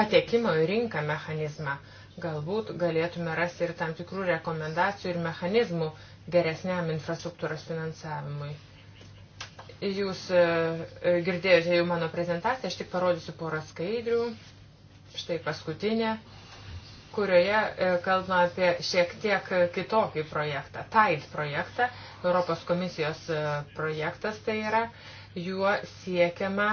patekimo į rinką mechanizmą. E, Galbūt galėtume rasti ir tam tikrų rekomendacijų ir mechanizmų geresniam infrastruktūros finansavimui. Jūs e, e, girdėjote jau mano prezentaciją, aš tik parodysiu porą skaidrių. Štai paskutinė kurioje e, kalbama apie šiek tiek kitokį projektą, TAID projektą, Europos komisijos projektas tai yra, juo siekiama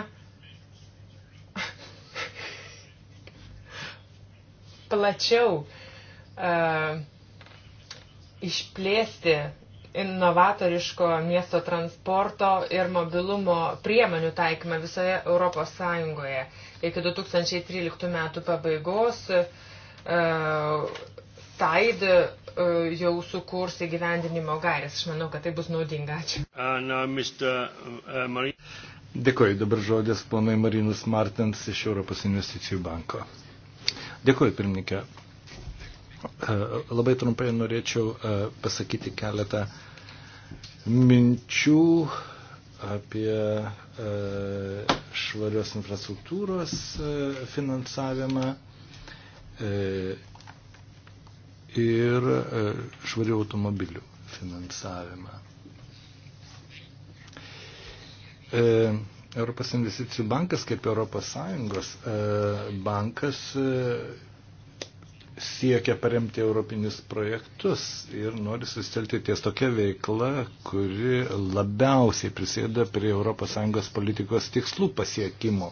plačiau uh, išplėsti inovatoriško miesto transporto ir mobilumo priemonių taikymą visoje Europos Sąjungoje. Iki 2013 metų pabaigos uh, TAID uh, jau sukurs įgyvendinimo gairės. Aš manau, kad tai bus naudinga. Ačiū. Uh, no, Mr. Uh, Marie... Dėkoju, dabar žodės ponai Marinus Martins iš Europos investicijų banko. Dėkuoju, pirmininkė. E, labai trumpai norėčiau e, pasakyti keletą minčių apie e, švarios infrastruktūros finansavimą ir švarių automobilių finansavimą. Europos investicijų bankas kaip Europos Sąjungos e, bankas e, siekia paremti europinius projektus ir nori susitelti ties tokia veikla, kuri labiausiai prisėda prie ES politikos tikslų pasiekimo.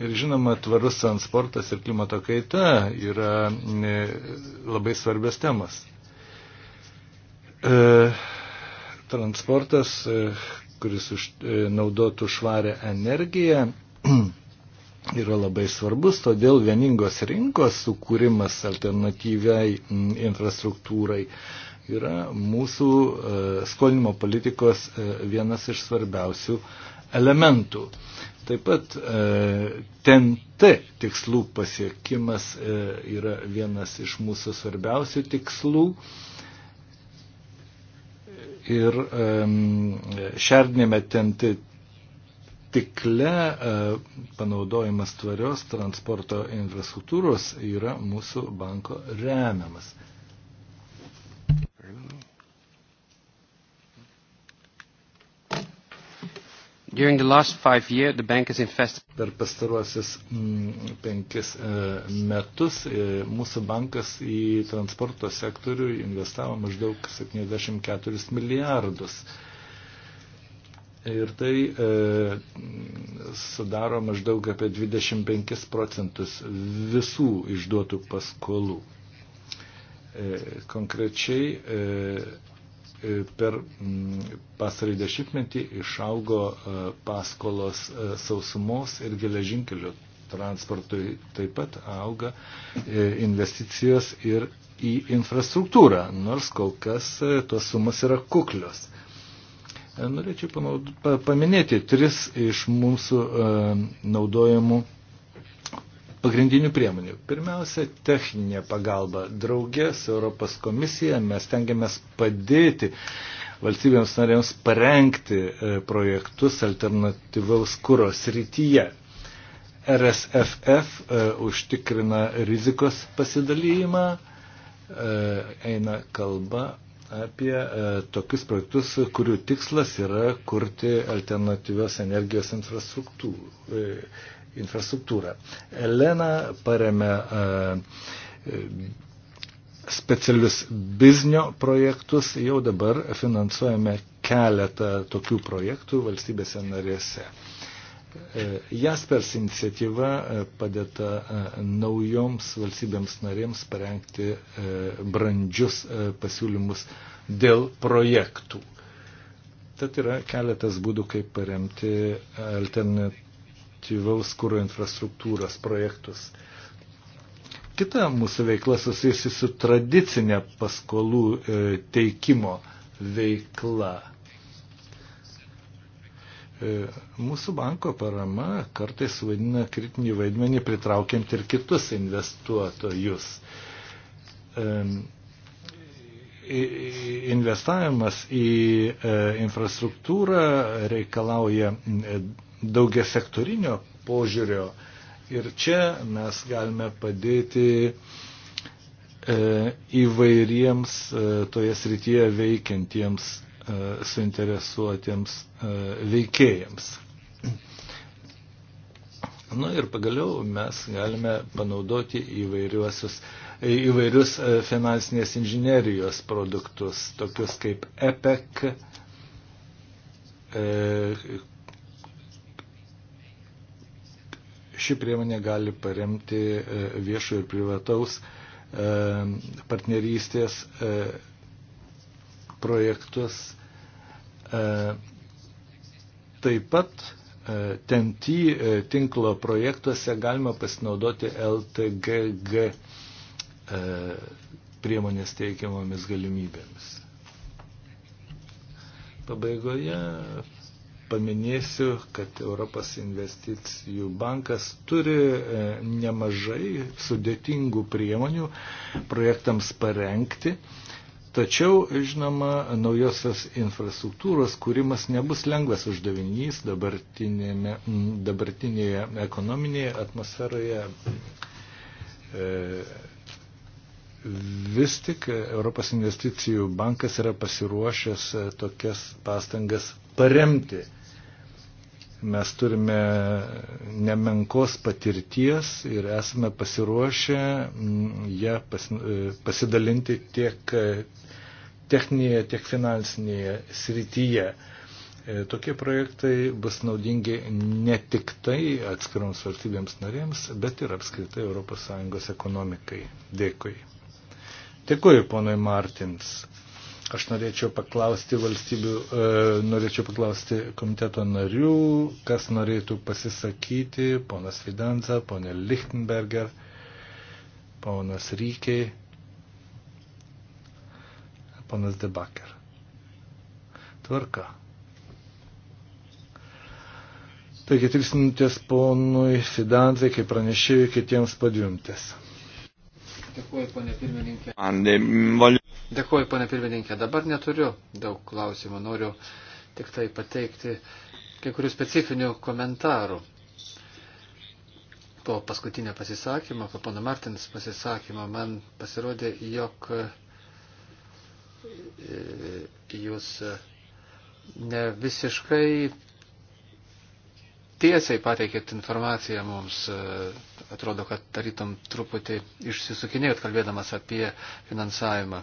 Ir žinoma, tvarus transportas ir klimato kaita yra e, labai svarbios temas. Transportas kuris už, e, naudotų švarę energiją, yra labai svarbus, todėl vieningos rinkos sukūrimas alternatyviai infrastruktūrai yra mūsų e, skolinimo politikos e, vienas iš svarbiausių elementų. Taip pat TNT tikslų pasiekimas yra vienas iš mūsų svarbiausių tikslų ir šernėme tenti tikle e, panaudojimas tvarios transporto infrastruktūros yra mūsų banko remiamas Year, per pastaruosius mm, penkis e, metus e, mūsų bankas į transporto sektorių investavo maždaug 74 milijardus. Ir tai e, sudaro maždaug apie 25 procentus visų išduotų paskolų. Konkrečiai per mm, pasarį dešimtmetį išaugo e, paskolos e, sausumos ir geležinkelių transportui taip pat auga e, investicijos ir į infrastruktūrą, nors kol kas tos sumos yra kuklios. Norėčiau paminėti tris iš mūsų naudojamų pagrindinių priemonių. Pirmiausia, techninė pagalba. Draugė su Europos komisija mes tengiamės padėti valstybėms narėms parengti e, projektus alternatyvaus kūros rytyje. RSFF e, užtikrina rizikos pasidalyjimą, e, eina kalba apie e, tokius projektus, kurių tikslas yra kurti alternatyvios energijos infrastruktūrų e, infrastruktūrą. Elena paremė e, e, specialius biznio projektus, jau dabar finansuojame keletą tokių projektų valstybėse narėse. E, Jaspers iniciatyva padėta naujoms valstybėms narėms parengti brandžius pasiūlymus dėl projektų. Tad yra keletas būdų, kaip paremti alternat, alternatyvaus kūro infrastruktūros projektus. Kita mūsų veikla susijusi su tradicinė paskolų e, teikimo veikla. E, mūsų banko parama kartais vadina kritinį vaidmenį pritraukiant ir kitus investuotojus e, investavimas į infrastruktūrą reikalauja daugia sektorinio požiūrio. Ir čia mes galime padėti e, įvairiems e, toje srityje veikiantiems e, suinteresuotiems veikėjams. Na nu ir pagaliau mes galime panaudoti įvairiuosius, įvairius finansinės inžinerijos produktus, tokius kaip EPEC, ši priemonė gali paremti e, viešo ir privataus e, partnerystės e, projektus. Taip pat TNT tinklo projektuose galima pasinaudoti LTGG priemonės teikiamomis galimybėmis. Pabaigoje paminėsiu, kad Europos investicijų bankas turi e, nemažai sudėtingų priemonių projektams parengti. Tačiau, žinoma, naujosios infrastruktūros kūrimas nebus lengvas uždavinys dabartinėje ekonominėje atmosferoje. E, vis tik Europos investicijų bankas yra pasiruošęs e, tokias pastangas paremti. Mes turime nemenkos patirties ir esame pasiruošę mm, ją e, pasidalinti tiek e, techninėje, tiek finansinėje srityje. E, tokie projektai bus naudingi ne tik tai atskiroms valstybėms narėms, bet ir apskritai ES ekonomikai. Dėkui. Dėkui, ponui Martins. Aš norėčiau paklausti valstybių, e, norėčiau paklausti komiteto narių, kas norėtų pasisakyti, ponas Fidanza, ponė Lichtenberger, ponas Rykiai, ponas Debaker. Tvarka. Taigi tris minutės ponui Fidanzai, kaip pranešėjai, kitiems po dvi minutės. Dėkuoju, ponė pirmininkė. Dėkuoju, pane pirmininkė. Dabar neturiu daug klausimų, noriu tik tai pateikti kai kurių specifinių komentarų. Po paskutinio pasisakymo, po pono Martins pasisakymo, man pasirodė, jog e, jūs e, ne visiškai tiesiai pateikėt informaciją mums. E, atrodo, kad tarytum truputį išsisukinėjot kalbėdamas apie finansavimą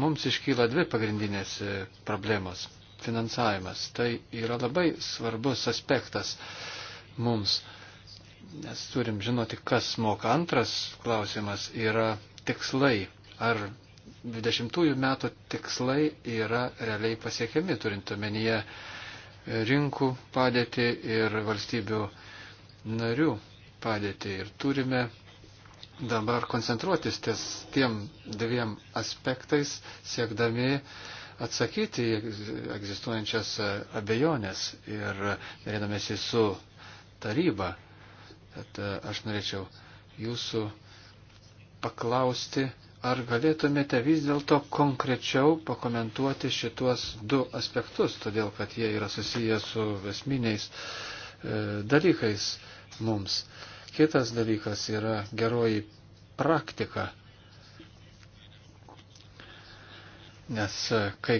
mums iškyla dvi pagrindinės e, problemos. Finansavimas. Tai yra labai svarbus aspektas mums, nes turim žinoti, kas moka. Antras klausimas yra tikslai. Ar 20 metų tikslai yra realiai pasiekiami, turint omenyje e, rinkų padėtį ir valstybių narių padėtį. Ir turime dabar koncentruotis ties tiem dviem aspektais, siekdami atsakyti į egzistuojančias abejonės ir derinamėsi su taryba. Tad e, aš norėčiau jūsų paklausti, ar galėtumėte vis dėlto konkrečiau pakomentuoti šituos du aspektus, todėl kad jie yra susiję su esminiais e, dalykais mums. E, Kitas dalykas yra geroji praktika. Nes e, kai,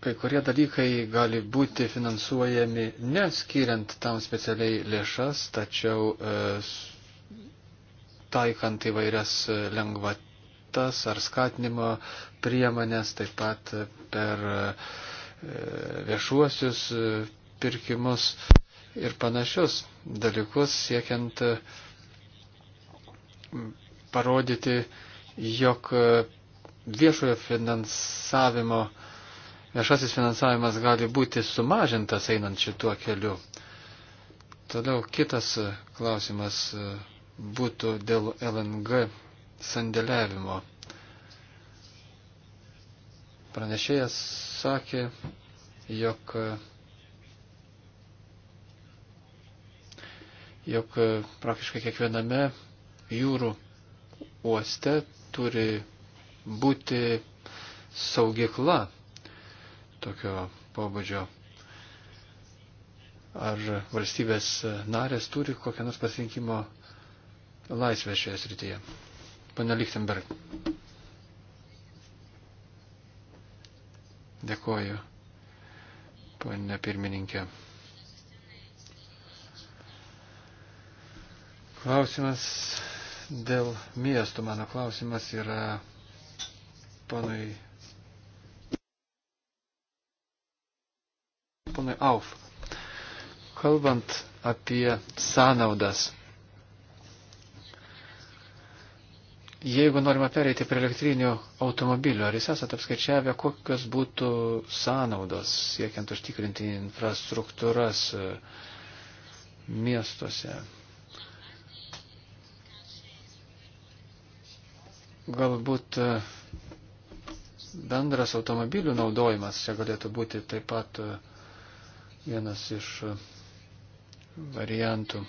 kai kurie dalykai gali būti finansuojami neskiriant tam specialiai lėšas, tačiau e, taikant įvairias e, lengvatas ar skatinimo priemonės, taip pat e, per viešuosius pirkimus ir panašius dalykus, siekiant e, parodyti, jog e, viešojo finansavimo, viešasis finansavimas gali būti sumažintas einant šituo keliu. Toliau kitas e, klausimas būtų dėl LNG sandėliavimo. Pranešėjas sakė, jog jog e, praktiškai kiekviename jūrų uoste turi būti saugikla tokio pobūdžio. Ar valstybės narės turi kokią nors pasirinkimo laisvę šioje srityje? Pane Lichtenberg. Dėkuoju, pane pirmininkė. Klausimas dėl miestų. Mano klausimas yra ponui. Ponui Auf. Kalbant apie sąnaudas. Jeigu norima pereiti prie elektrinių automobilių, ar jūs esate apskaičiavę, kokios būtų sąnaudos siekiant užtikrinti infrastruktūras miestuose? Galbūt e, bendras automobilių naudojimas čia galėtų būti taip pat e, vienas iš e, variantų.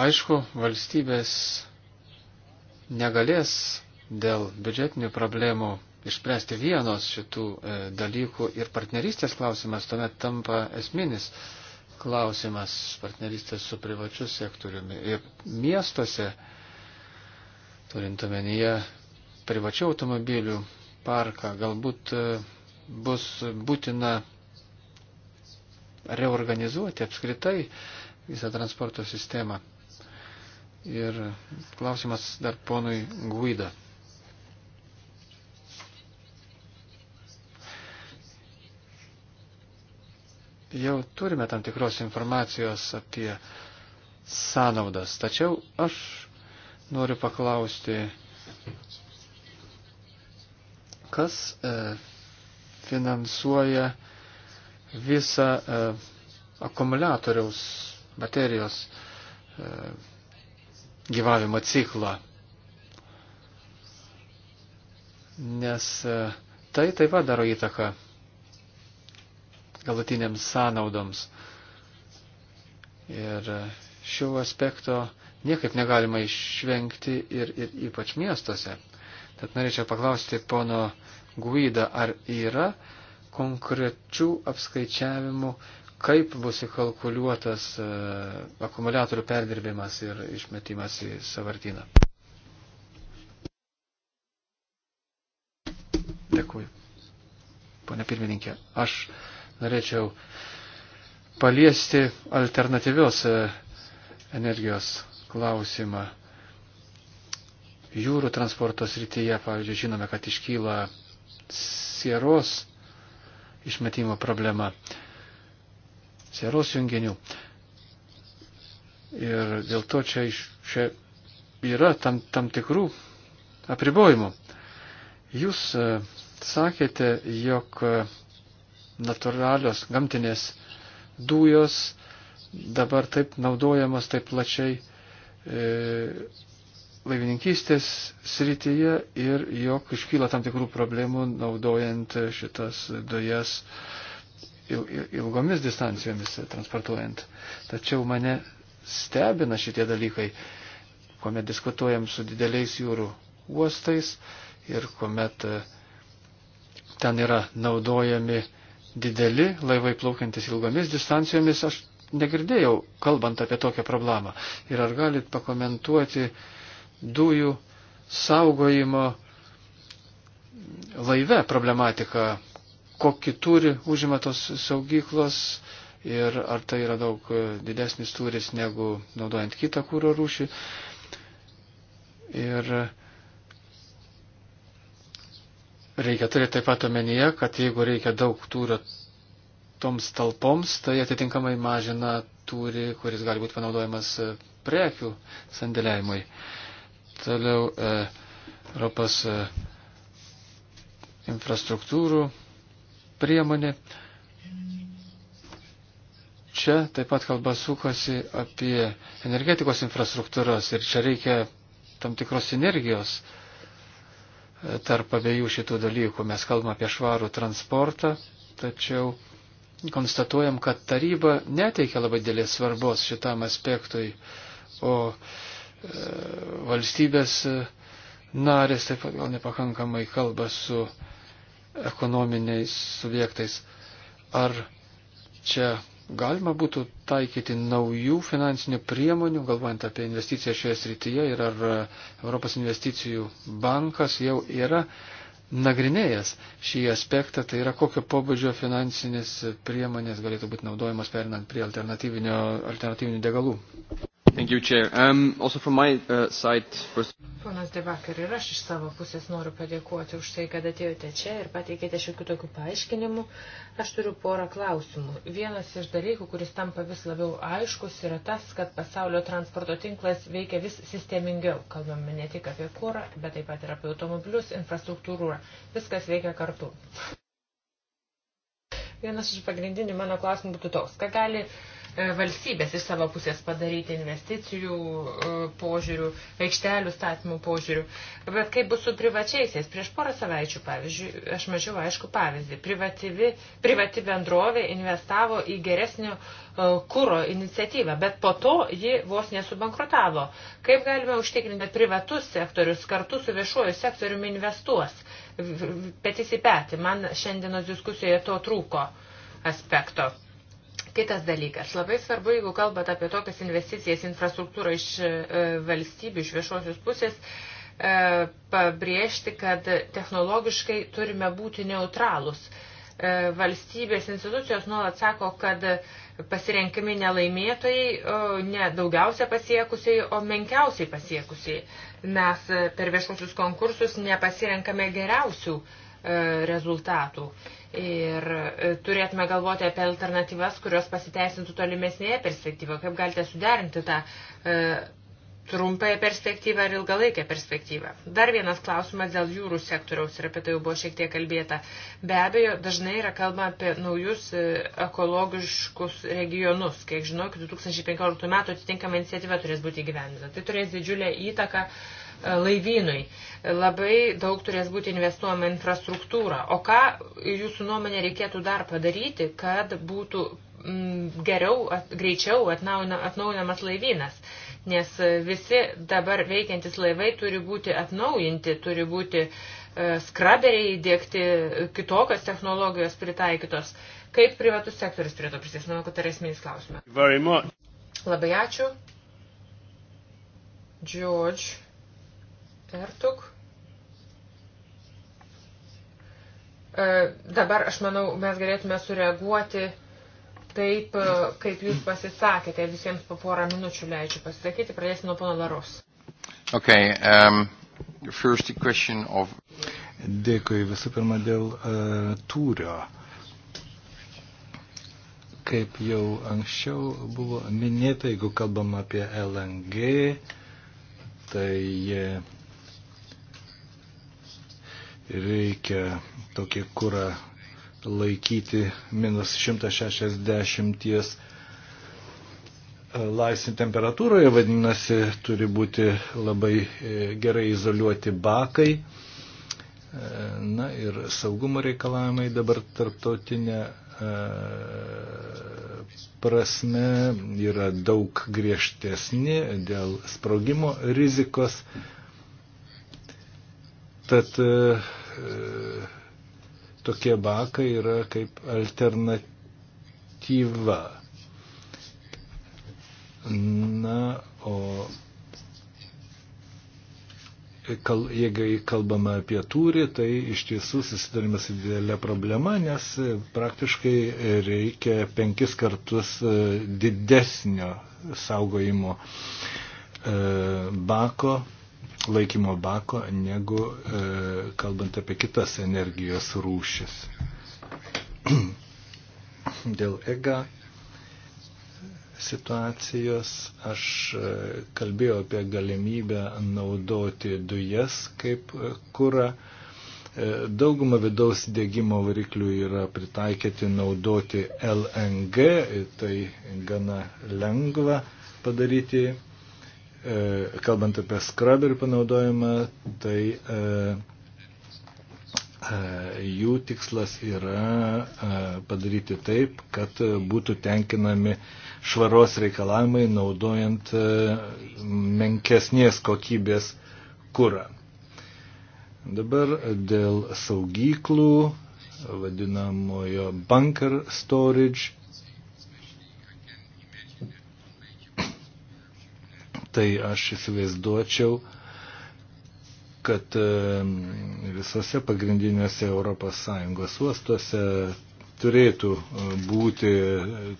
Aišku, valstybės negalės dėl biudžetinių problemų išspręsti vienos šitų dalykų ir partnerystės klausimas tuomet tampa esminis. E, klausimas partnerystės su privačiu sektoriumi. Ir miestuose, turint omenyje privačių automobilių parką, galbūt e, bus būtina reorganizuoti apskritai visą transporto sistemą. Ir klausimas dar ponui Guida. jau turime tam tikros informacijos apie sąnaudas. Tačiau aš noriu paklausti, kas e, finansuoja visą e, akumuliatoriaus baterijos e, gyvavimo ciklą. Nes e, tai taip pat daro įtaką galutinėms sąnaudoms. Ir šio aspekto niekaip negalima išvengti ir, ir ypač miestuose. Tad norėčiau paklausti pono Guida, ar yra konkrečių apskaičiavimų, kaip bus įkalkuliuotas e, akumuliatorių perdirbimas ir išmetimas į savartyną. Dėkui. Pone pirmininkė, aš norėčiau paliesti alternatyvios e, energijos klausimą. Jūrų transporto srityje, pavyzdžiui, žinome, kad iškyla sieros išmetimo problema, sieros junginių. Ir dėl to čia, čia yra tam, tam tikrų apribojimų. Jūs e, sakėte, jog naturalios gamtinės dujos dabar taip naudojamos taip plačiai e, laivininkystės srityje ir jog iškyla tam tikrų problemų naudojant šitas dujas ilgomis distancijomis transportuojant. Tačiau mane stebina šitie dalykai, kuomet diskutuojam su dideliais jūrų uostais ir kuomet e, ten yra naudojami e, dideli laivai plaukiantis ilgomis distancijomis, aš negirdėjau, kalbant apie tokią problemą. Ir ar galit pakomentuoti dujų saugojimo laive problematiką, kokį turi užima tos saugyklos ir ar tai yra daug didesnis turis negu naudojant kitą kūro rūšį. Ir Reikia turėti taip pat omenyje, kad jeigu reikia daug tūrio toms talpoms, tai atitinkamai mažina tūrį, kuris gali būti panaudojamas e, prekių sandėliavimui. Toliau e, Europos e, infrastruktūrų priemonė. Čia taip pat kalba sukasi apie energetikos infrastruktūras ir čia reikia tam tikros sinergijos. E, tarp abiejų šitų dalykų. Mes kalbame apie švarų transportą, tačiau konstatuojam, kad taryba neteikia labai dėlės svarbos šitam aspektui, o e, valstybės e, narės taip pat gal nepakankamai kalba su ekonominiais subjektais. Ar čia galima būtų taikyti naujų finansinių priemonių, galvojant apie investiciją šioje srityje ir ar e, Europos investicijų bankas jau yra nagrinėjęs šį aspektą, tai yra kokio pobūdžio finansinės priemonės galėtų būti naudojamos perinant prie alternatyvinių degalų. Thank you, Chair. Um, also from my uh, side, first... Ponas Debakar ir aš iš savo pusės noriu padėkoti už tai, kad atėjote čia ir pateikėte šiokių tokių paaiškinimų. Aš turiu porą klausimų. Vienas iš dalykų, kuris tampa vis labiau aiškus, yra tas, kad pasaulio transporto tinklas veikia vis sistemingiau. Kalbame ne tik apie kūrą, bet taip pat ir apie automobilius, infrastruktūrą. Viskas veikia kartu. Vienas iš pagrindinių mano klausimų būtų toks, ką gali E, valstybės iš savo pusės padaryti investicijų e, požiūrių, aikštelių statymų požiūrių. Bet kaip bus su privačiaisiais? Prieš porą savaičių, pavyzdžiui, aš mačiau aišku pavyzdį. Privatyvi, privati bendrovė investavo į geresnio e, kūro iniciatyvą, bet po to ji vos nesubankrutavo. Kaip galime užtikrinti, kad privatus sektorius kartu su viešuoju sektoriumi investuos? Petis į petį, man šiandienos diskusijoje to trūko aspekto. Kitas dalykas, labai svarbu, jeigu kalbat apie tokias investicijas infrastruktūrą iš e, valstybių, iš viešosios pusės, e, pabrėžti, kad technologiškai turime būti neutralus. E, valstybės institucijos nuolat sako, kad pasirenkami nelaimėtojai, ne daugiausia pasiekusiai, o menkiausiai pasiekusiai. Mes per viešuosius konkursus nepasirenkame geriausių uh, E, rezultatų. Ir e, turėtume galvoti apie alternatyvas, kurios pasiteisintų tolimesnėje perspektyvoje. Kaip galite suderinti tą e, trumpąją perspektyvą ir ilgalaikę perspektyvą. Dar vienas klausimas dėl jūrų sektoriaus ir apie tai jau buvo šiek tiek kalbėta. Be abejo, dažnai yra kalba apie naujus ekologiškus regionus. Kiek žinau, iki 2015 metų atitinkama iniciatyva turės būti įgyvendinta. Tai turės didžiulę įtaką uh, E, laivynui. Labai daug turės būti investuojama infrastruktūra. O ką jūsų nuomonė reikėtų dar padaryti, kad būtų mm, geriau, at, greičiau atnaujinamas laivynas? Nes e, visi dabar veikiantis laivai turi būti atnaujinti, turi būti e, skraberiai įdėkti, kitokios technologijos pritaikytos. Kaip privatus sektorius prie to prisidės? Manau, kad tai yra esminis klausimas. Labai ačiū. George. Ertuk. E, dabar, aš manau, mes galėtume sureaguoti taip, e, kaip jūs pasisakėte. Visiems po porą minučių leidžiu pasisakyti. Pradėsime nuo pono Laros. Okay, um, first question of... Dėkui visų pirma dėl uh, tūrio. Kaip jau anksčiau buvo minėta, jeigu kalbam apie LNG, tai uh, reikia tokį kurą laikyti minus 160 laipsnių temperatūroje, vadinasi, turi būti labai e, gerai izoliuoti bakai. E, na ir saugumo reikalavimai dabar tarptautinė e, prasme yra daug griežtesni dėl sprogimo rizikos. Tad e, e, tokie bakai yra kaip alternatyva. Na, o kal, jeigu kalbame apie tūrį, tai iš tiesų susidarime su didelė problema, nes praktiškai reikia penkis kartus e, didesnio saugojimo bako laikymo bako, negu e, kalbant apie kitas energijos rūšis. Dėl EGA situacijos aš e, kalbėjau apie galimybę naudoti dujas kaip e, kūrą. E, dauguma vidaus dėgymo variklių yra pritaikyti naudoti LNG, tai gana lengva padaryti E, kalbant apie skraberių panaudojimą, tai e, e, jų tikslas yra padaryti taip, kad būtų tenkinami švaros reikalavimai naudojant menkesnės kokybės kurą. Dabar dėl saugyklų, vadinamojo bunker storage, tai aš įsivaizduočiau, kad visose pagrindinėse ES uostuose turėtų e, būti e,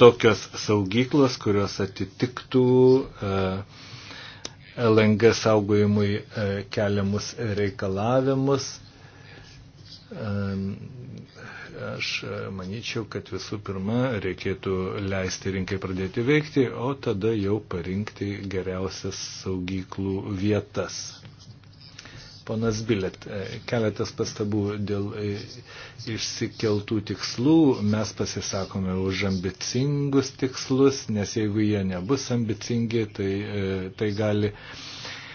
tokios saugyklos, kurios atitiktų e, LNG saugojimui keliamus reikalavimus aš e, manyčiau, kad visų pirma reikėtų leisti rinkai pradėti veikti, o tada jau parinkti geriausias saugyklų vietas. Ponas Bilet, e, keletas pastabų dėl e, išsikeltų tikslų. Mes pasisakome už ambicingus tikslus, nes jeigu jie nebus ambicingi, tai, tai gali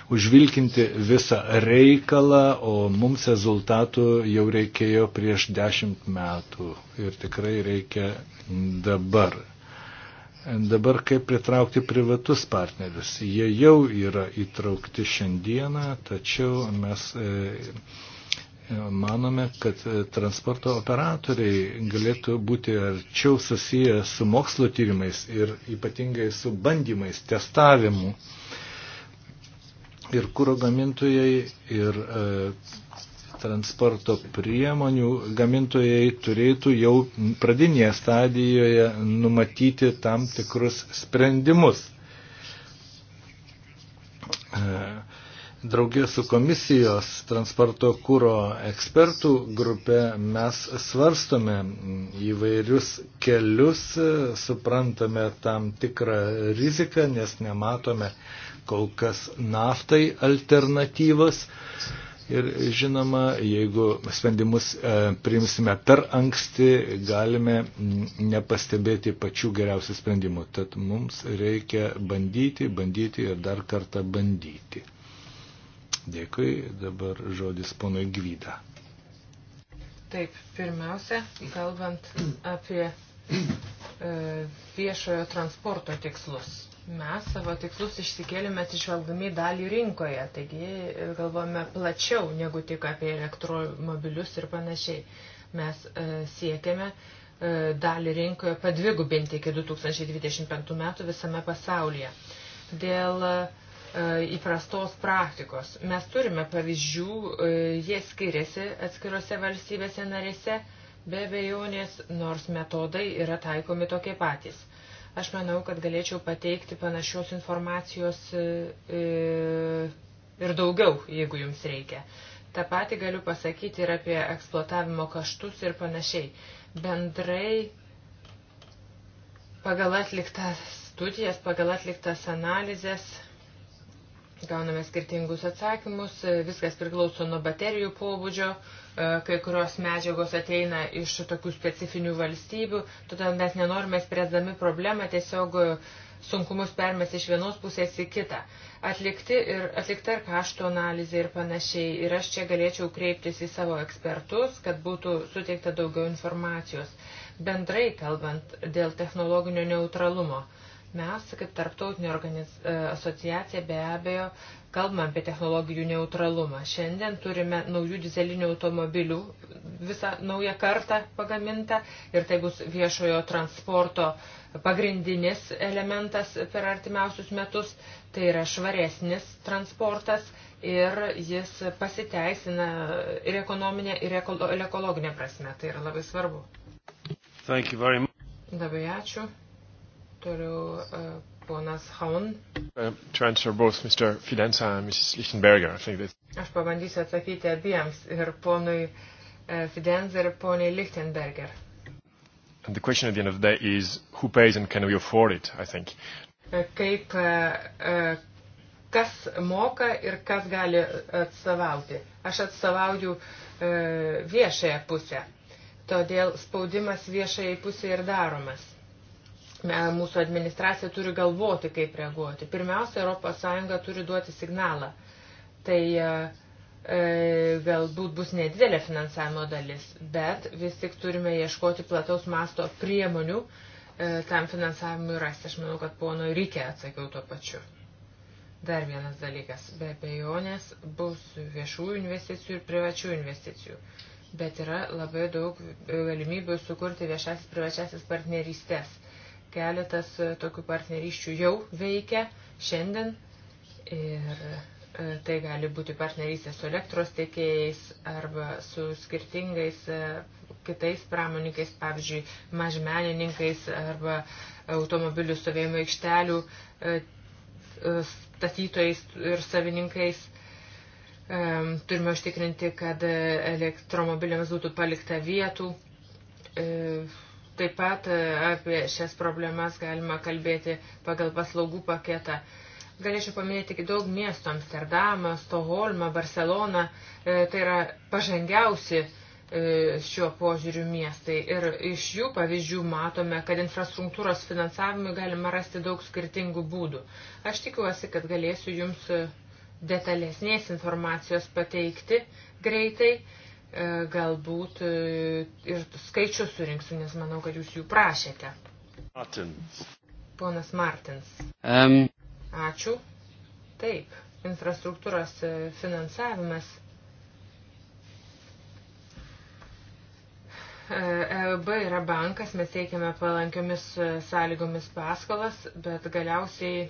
užvilkinti visą reikalą, o mums rezultatų jau reikėjo prieš dešimt metų ir tikrai reikia dabar. Dabar kaip pritraukti privatus partnerius. Jie jau yra įtraukti šiandieną, tačiau mes. E, manome, kad e, transporto operatoriai galėtų būti arčiau susiję su mokslo tyrimais ir ypatingai su bandymais, testavimu ir kūro gamintojai, ir e, transporto priemonių gamintojai turėtų jau pradinėje stadijoje numatyti tam tikrus sprendimus. E, Draugė su komisijos transporto kūro ekspertų grupė mes svarstome įvairius kelius, suprantame tam tikrą riziką, nes nematome uh, kol kas naftai alternatyvas. Ir žinoma, jeigu sprendimus e, priimsime per anksti, galime nepastebėti pačių geriausių sprendimų. Tad mums reikia bandyti, bandyti ir dar kartą bandyti. Dėkui, dabar žodis ponui Gvyda. Taip, pirmiausia, kalbant apie e, viešojo transporto tikslus Mes savo tikslus išsikėlėme atsižvelgdami dalį rinkoje, taigi e, galvojame plačiau negu tik apie elektromobilius ir panašiai. Mes e, siekiame e, dalį rinkoje padvigubinti iki 2025 metų visame pasaulyje. Dėl e, įprastos praktikos. Mes turime pavyzdžių, e, jie skiriasi atskirose valstybėse narėse, be abejonės, nors metodai yra taikomi tokie patys Aš manau, kad galėčiau pateikti panašios informacijos e, e, ir daugiau, jeigu jums reikia. Ta pati galiu pasakyti ir apie eksploatavimo kaštus ir panašiai. Bendrai pagal atliktas studijas, pagal atliktas analizės gauname skirtingus atsakymus, viskas priklauso nuo baterijų pobūdžio, E, kai kurios medžiagos ateina iš tokių specifinių valstybių, todėl mes nenorime spręsdami problemą tiesiog e, sunkumus permesti iš vienos pusės į kitą. Atlikti ir, atlikta ir kaštų analizė ir panašiai. Ir aš čia galėčiau kreiptis į savo ekspertus, kad būtų suteikta daugiau informacijos. Bendrai kalbant dėl technologinio neutralumo. Uh, Mes, kaip tarptautinė organiz... E, asociacija, be abejo, kalbame apie technologijų neutralumą. Šiandien turime naujų dizelinių automobilių, visą naują kartą pagamintą ir tai bus viešojo transporto pagrindinis elementas per artimiausius metus. Tai yra švaresnis transportas ir jis pasiteisina ir ekonominė, ir, ekolo, ir ekologinė prasme. Tai yra labai svarbu. Labai ačiū. Toliau e, ponas Haun. Uh, Aš pabandysiu atsakyti abiems ir ponui e, Fidenza ir poniai Lichtenberger. And the question at the end of the day is who pays and can we afford it, I think. E, kaip, kas moka ir kas gali atstovauti. Aš atstovauju viešąją pusę. Todėl spaudimas viešai pusė ir daromas mūsų administracija turi galvoti, kaip reaguoti. Pirmiausia, ES turi duoti signalą. Tai e, e, galbūt bus nedidelė finansavimo dalis, bet vis tik turime ieškoti plataus masto priemonių e, tam finansavimui rasti. Aš manau, kad pono Rykė atsakiau tuo pačiu. Dar vienas dalykas. Be abejonės bus viešųjų investicijų ir privačių investicijų bet yra labai daug galimybių sukurti viešasis privačiasis partnerystės. Keletas e, tokių partnerysčių jau veikia šiandien ir e, tai gali būti partnerystė su elektros tiekėjais arba su skirtingais e, kitais pramoninkais, pavyzdžiui, mažmenininkais arba automobilių stovėjimo aikštelių statytojais ir savininkais. Turime užtikrinti, kad elektromobiliams būtų palikta vietų Taip pat e, apie šias problemas galima kalbėti pagal paslaugų paketą. Galėčiau paminėti tik daug miestų - Amsterdamą, Stoholmą, Barceloną. E, tai yra pažangiausi e, šiuo požiūriu miestai. Ir iš jų pavyzdžių matome, kad infrastruktūros finansavimui galima rasti daug skirtingų būdų. Aš tikiuosi, kad galėsiu jums detalesnės informacijos pateikti greitai E, galbūt e, ir skaičius surinksiu, nes manau, kad jūs jų prašėte. Martins. Ponas Martins. Um. Ačiū. Taip, infrastruktūros e, finansavimas. EB yra bankas, mes teikiame palankiomis sąlygomis paskolas, bet galiausiai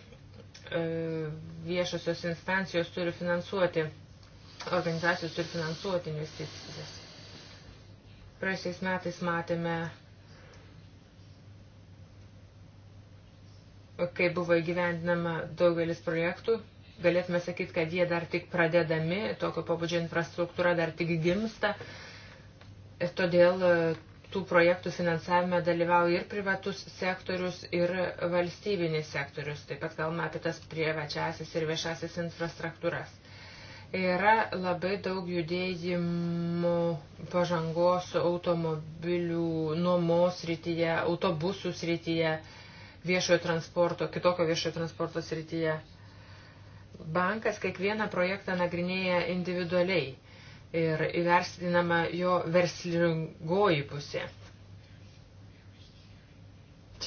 viešosios instancijos turi finansuoti organizacijos turi finansuoti investicijas. Praėjusiais metais matėme, kai buvo įgyvendinama daugelis projektų, galėtume sakyti, kad jie dar tik pradedami, tokio pabudžio infrastruktūra dar tik gimsta. Ir todėl e, tų projektų finansavime dalyvauja ir privatus sektorius, ir valstybinis sektorius. Taip pat kalbame apie tas privačiasis ir viešasis infrastruktūras. Yra labai daug judėjimų pažangos automobilių nuomos srityje, autobusų srityje, viešojo transporto, kitokio viešojo transporto srityje. Bankas kiekvieną projektą nagrinėja individualiai ir įvertinama jo verslingoji pusė.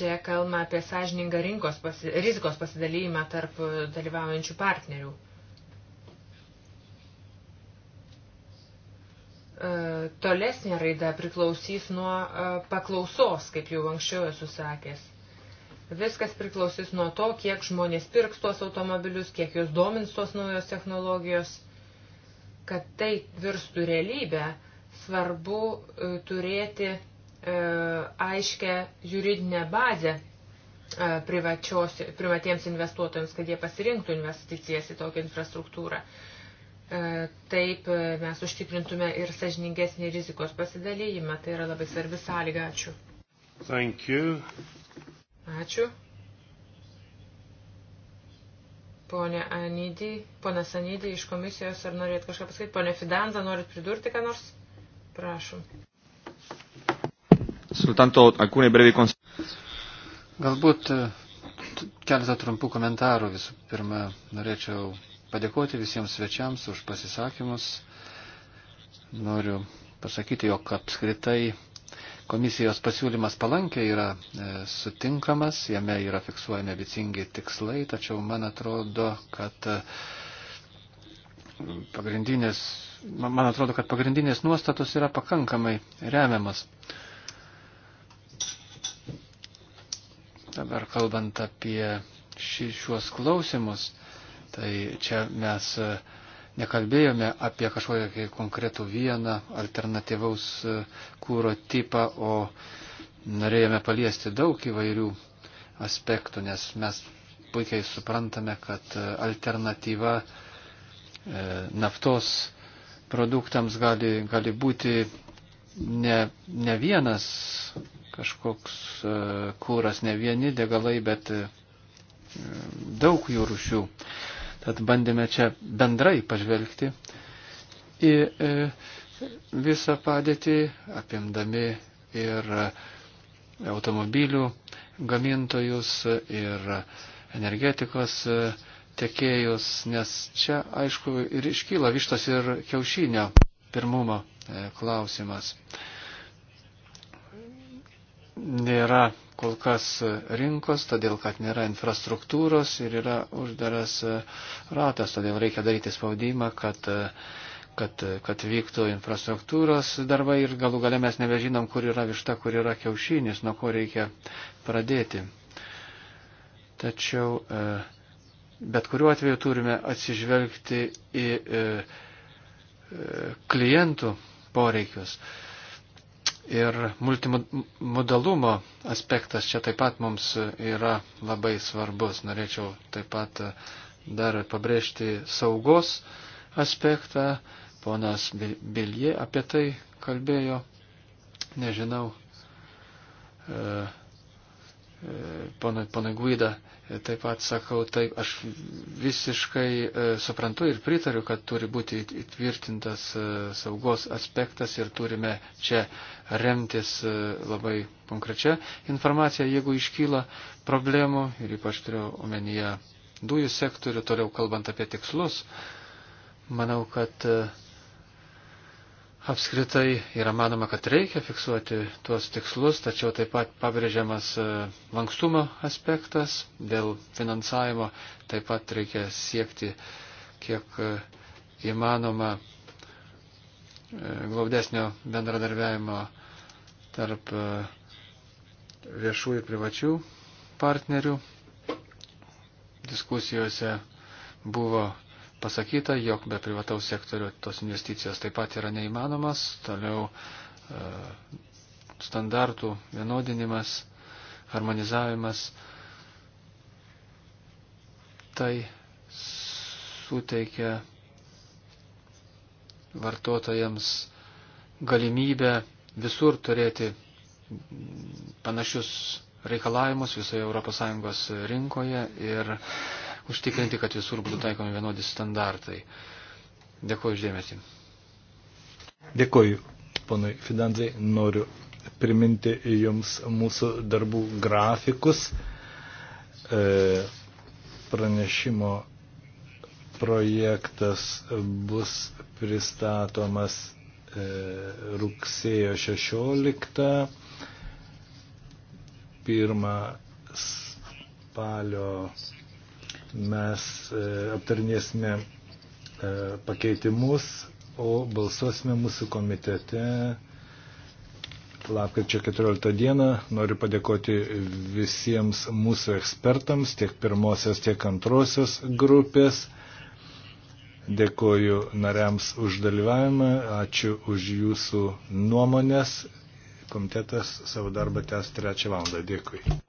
Čia kalba apie sąžiningą rinkos pasi, rizikos pasidalymą tarp dalyvaujančių partnerių. E, tolesnė raida priklausys nuo e, paklausos, kaip jau anksčiau esu sakęs. Viskas priklausys nuo to, kiek žmonės pirks tuos automobilius, kiek jos domins tos naujos technologijos. Kad tai virstų realybę, svarbu e, turėti aiškę juridinę bazę privatiems investuotojams, kad jie pasirinktų investicijas į tokią infrastruktūrą. E, taip e, mes užtikrintume ir sažiningesnį rizikos pasidalėjimą. Tai yra labai svarbi sąlyga. Ačiū. Thank you. Ačiū. Pone Anidį, ponas Anidį iš komisijos, ar norėt kažką pasakyti? Pone Fidanza, norit pridurti ką nors? Prašom. Sultanto, alcune brevi Galbūt e, keletą trumpų komentarų. Visų pirma, norėčiau padėkoti visiems svečiams už pasisakymus. Noriu pasakyti, jog apskritai komisijos pasiūlymas palankiai yra e, sutinkamas, jame yra fiksuojami ambicingi tikslai, tačiau man atrodo, kad e, pagrindinės, man atrodo, kad pagrindinės nuostatos yra pakankamai remiamas. Dabar kalbant apie ši, šiuos klausimus, Tai čia mes e, nekalbėjome apie kažkokį konkretų vieną alternatyvaus e, kūro tipą, o norėjome paliesti daug įvairių aspektų, nes mes puikiai suprantame, kad e, alternatyva naftos produktams gali, gali būti ne, ne vienas kažkoks kūras, ne vieni degalai, bet daug jų rušių. Tad bandėme čia bendrai pažvelgti į e, visą padėtį, apimdami ir automobilių gamintojus, ir energetikos e, tekėjus, nes čia, aišku, ir iškyla vištos ir kiaušinio pirmumo e, klausimas. Nėra kol kas e, rinkos, todėl kad nėra infrastruktūros ir yra uždaras e, ratas, todėl reikia daryti spaudimą, kad, e, kad, kad vyktų infrastruktūros darbai ir galų gale mes nebežinom, kur yra višta, kur yra kiaušinis, nuo ko reikia pradėti. Tačiau bet kuriuo atveju turime atsižvelgti į klientų poreikius. Ir multimodalumo aspektas čia taip pat mums yra labai svarbus. Norėčiau taip pat e, dar pabrėžti saugos aspektą. Ponas Bilie apie tai kalbėjo. Nežinau, e, Pana Guida, e, taip pat sakau, taip, aš visiškai e, suprantu ir pritariu, kad turi būti įtvirtintas e, saugos aspektas ir turime čia remtis e, labai konkrečia informacija, jeigu iškyla problemų ir ypač turiu omenyje dujų sektorių, toliau kalbant apie tikslus, manau, kad e, Apskritai yra manoma, kad reikia fiksuoti tuos tikslus, tačiau taip pat pabrėžiamas e, lankstumo aspektas dėl finansavimo, taip pat reikia siekti kiek e, įmanoma e, glaudesnio bendradarbiavimo tarp viešų ir privačių partnerių. Diskusijose buvo pasakyta, jog be privataus sektorių tos investicijos taip pat yra neįmanomas. Toliau e, standartų vienodinimas, harmonizavimas. Tai suteikia vartotojams galimybę visur turėti panašius reikalavimus visoje ES rinkoje ir uh, užtikrinti, kad visur būtų taikomi vienodi standartai. Dėkuoju uždėmesi. Dėkuoju, ponui Fidanzai. Noriu priminti jums mūsų darbų grafikus. E, pranešimo projektas bus pristatomas e, rugsėjo 16, pirmą spalio Mes e, aptarinėsime e, pakeitimus, o balsuosime mūsų komitete lapkričio 14 dieną. Noriu padėkoti visiems mūsų ekspertams, tiek pirmosios, tiek antrosios grupės. Dėkoju nariams už dalyvavimą, ačiū už jūsų nuomonės. Komitetas savo darbą tęs trečią valandą. Dėkui.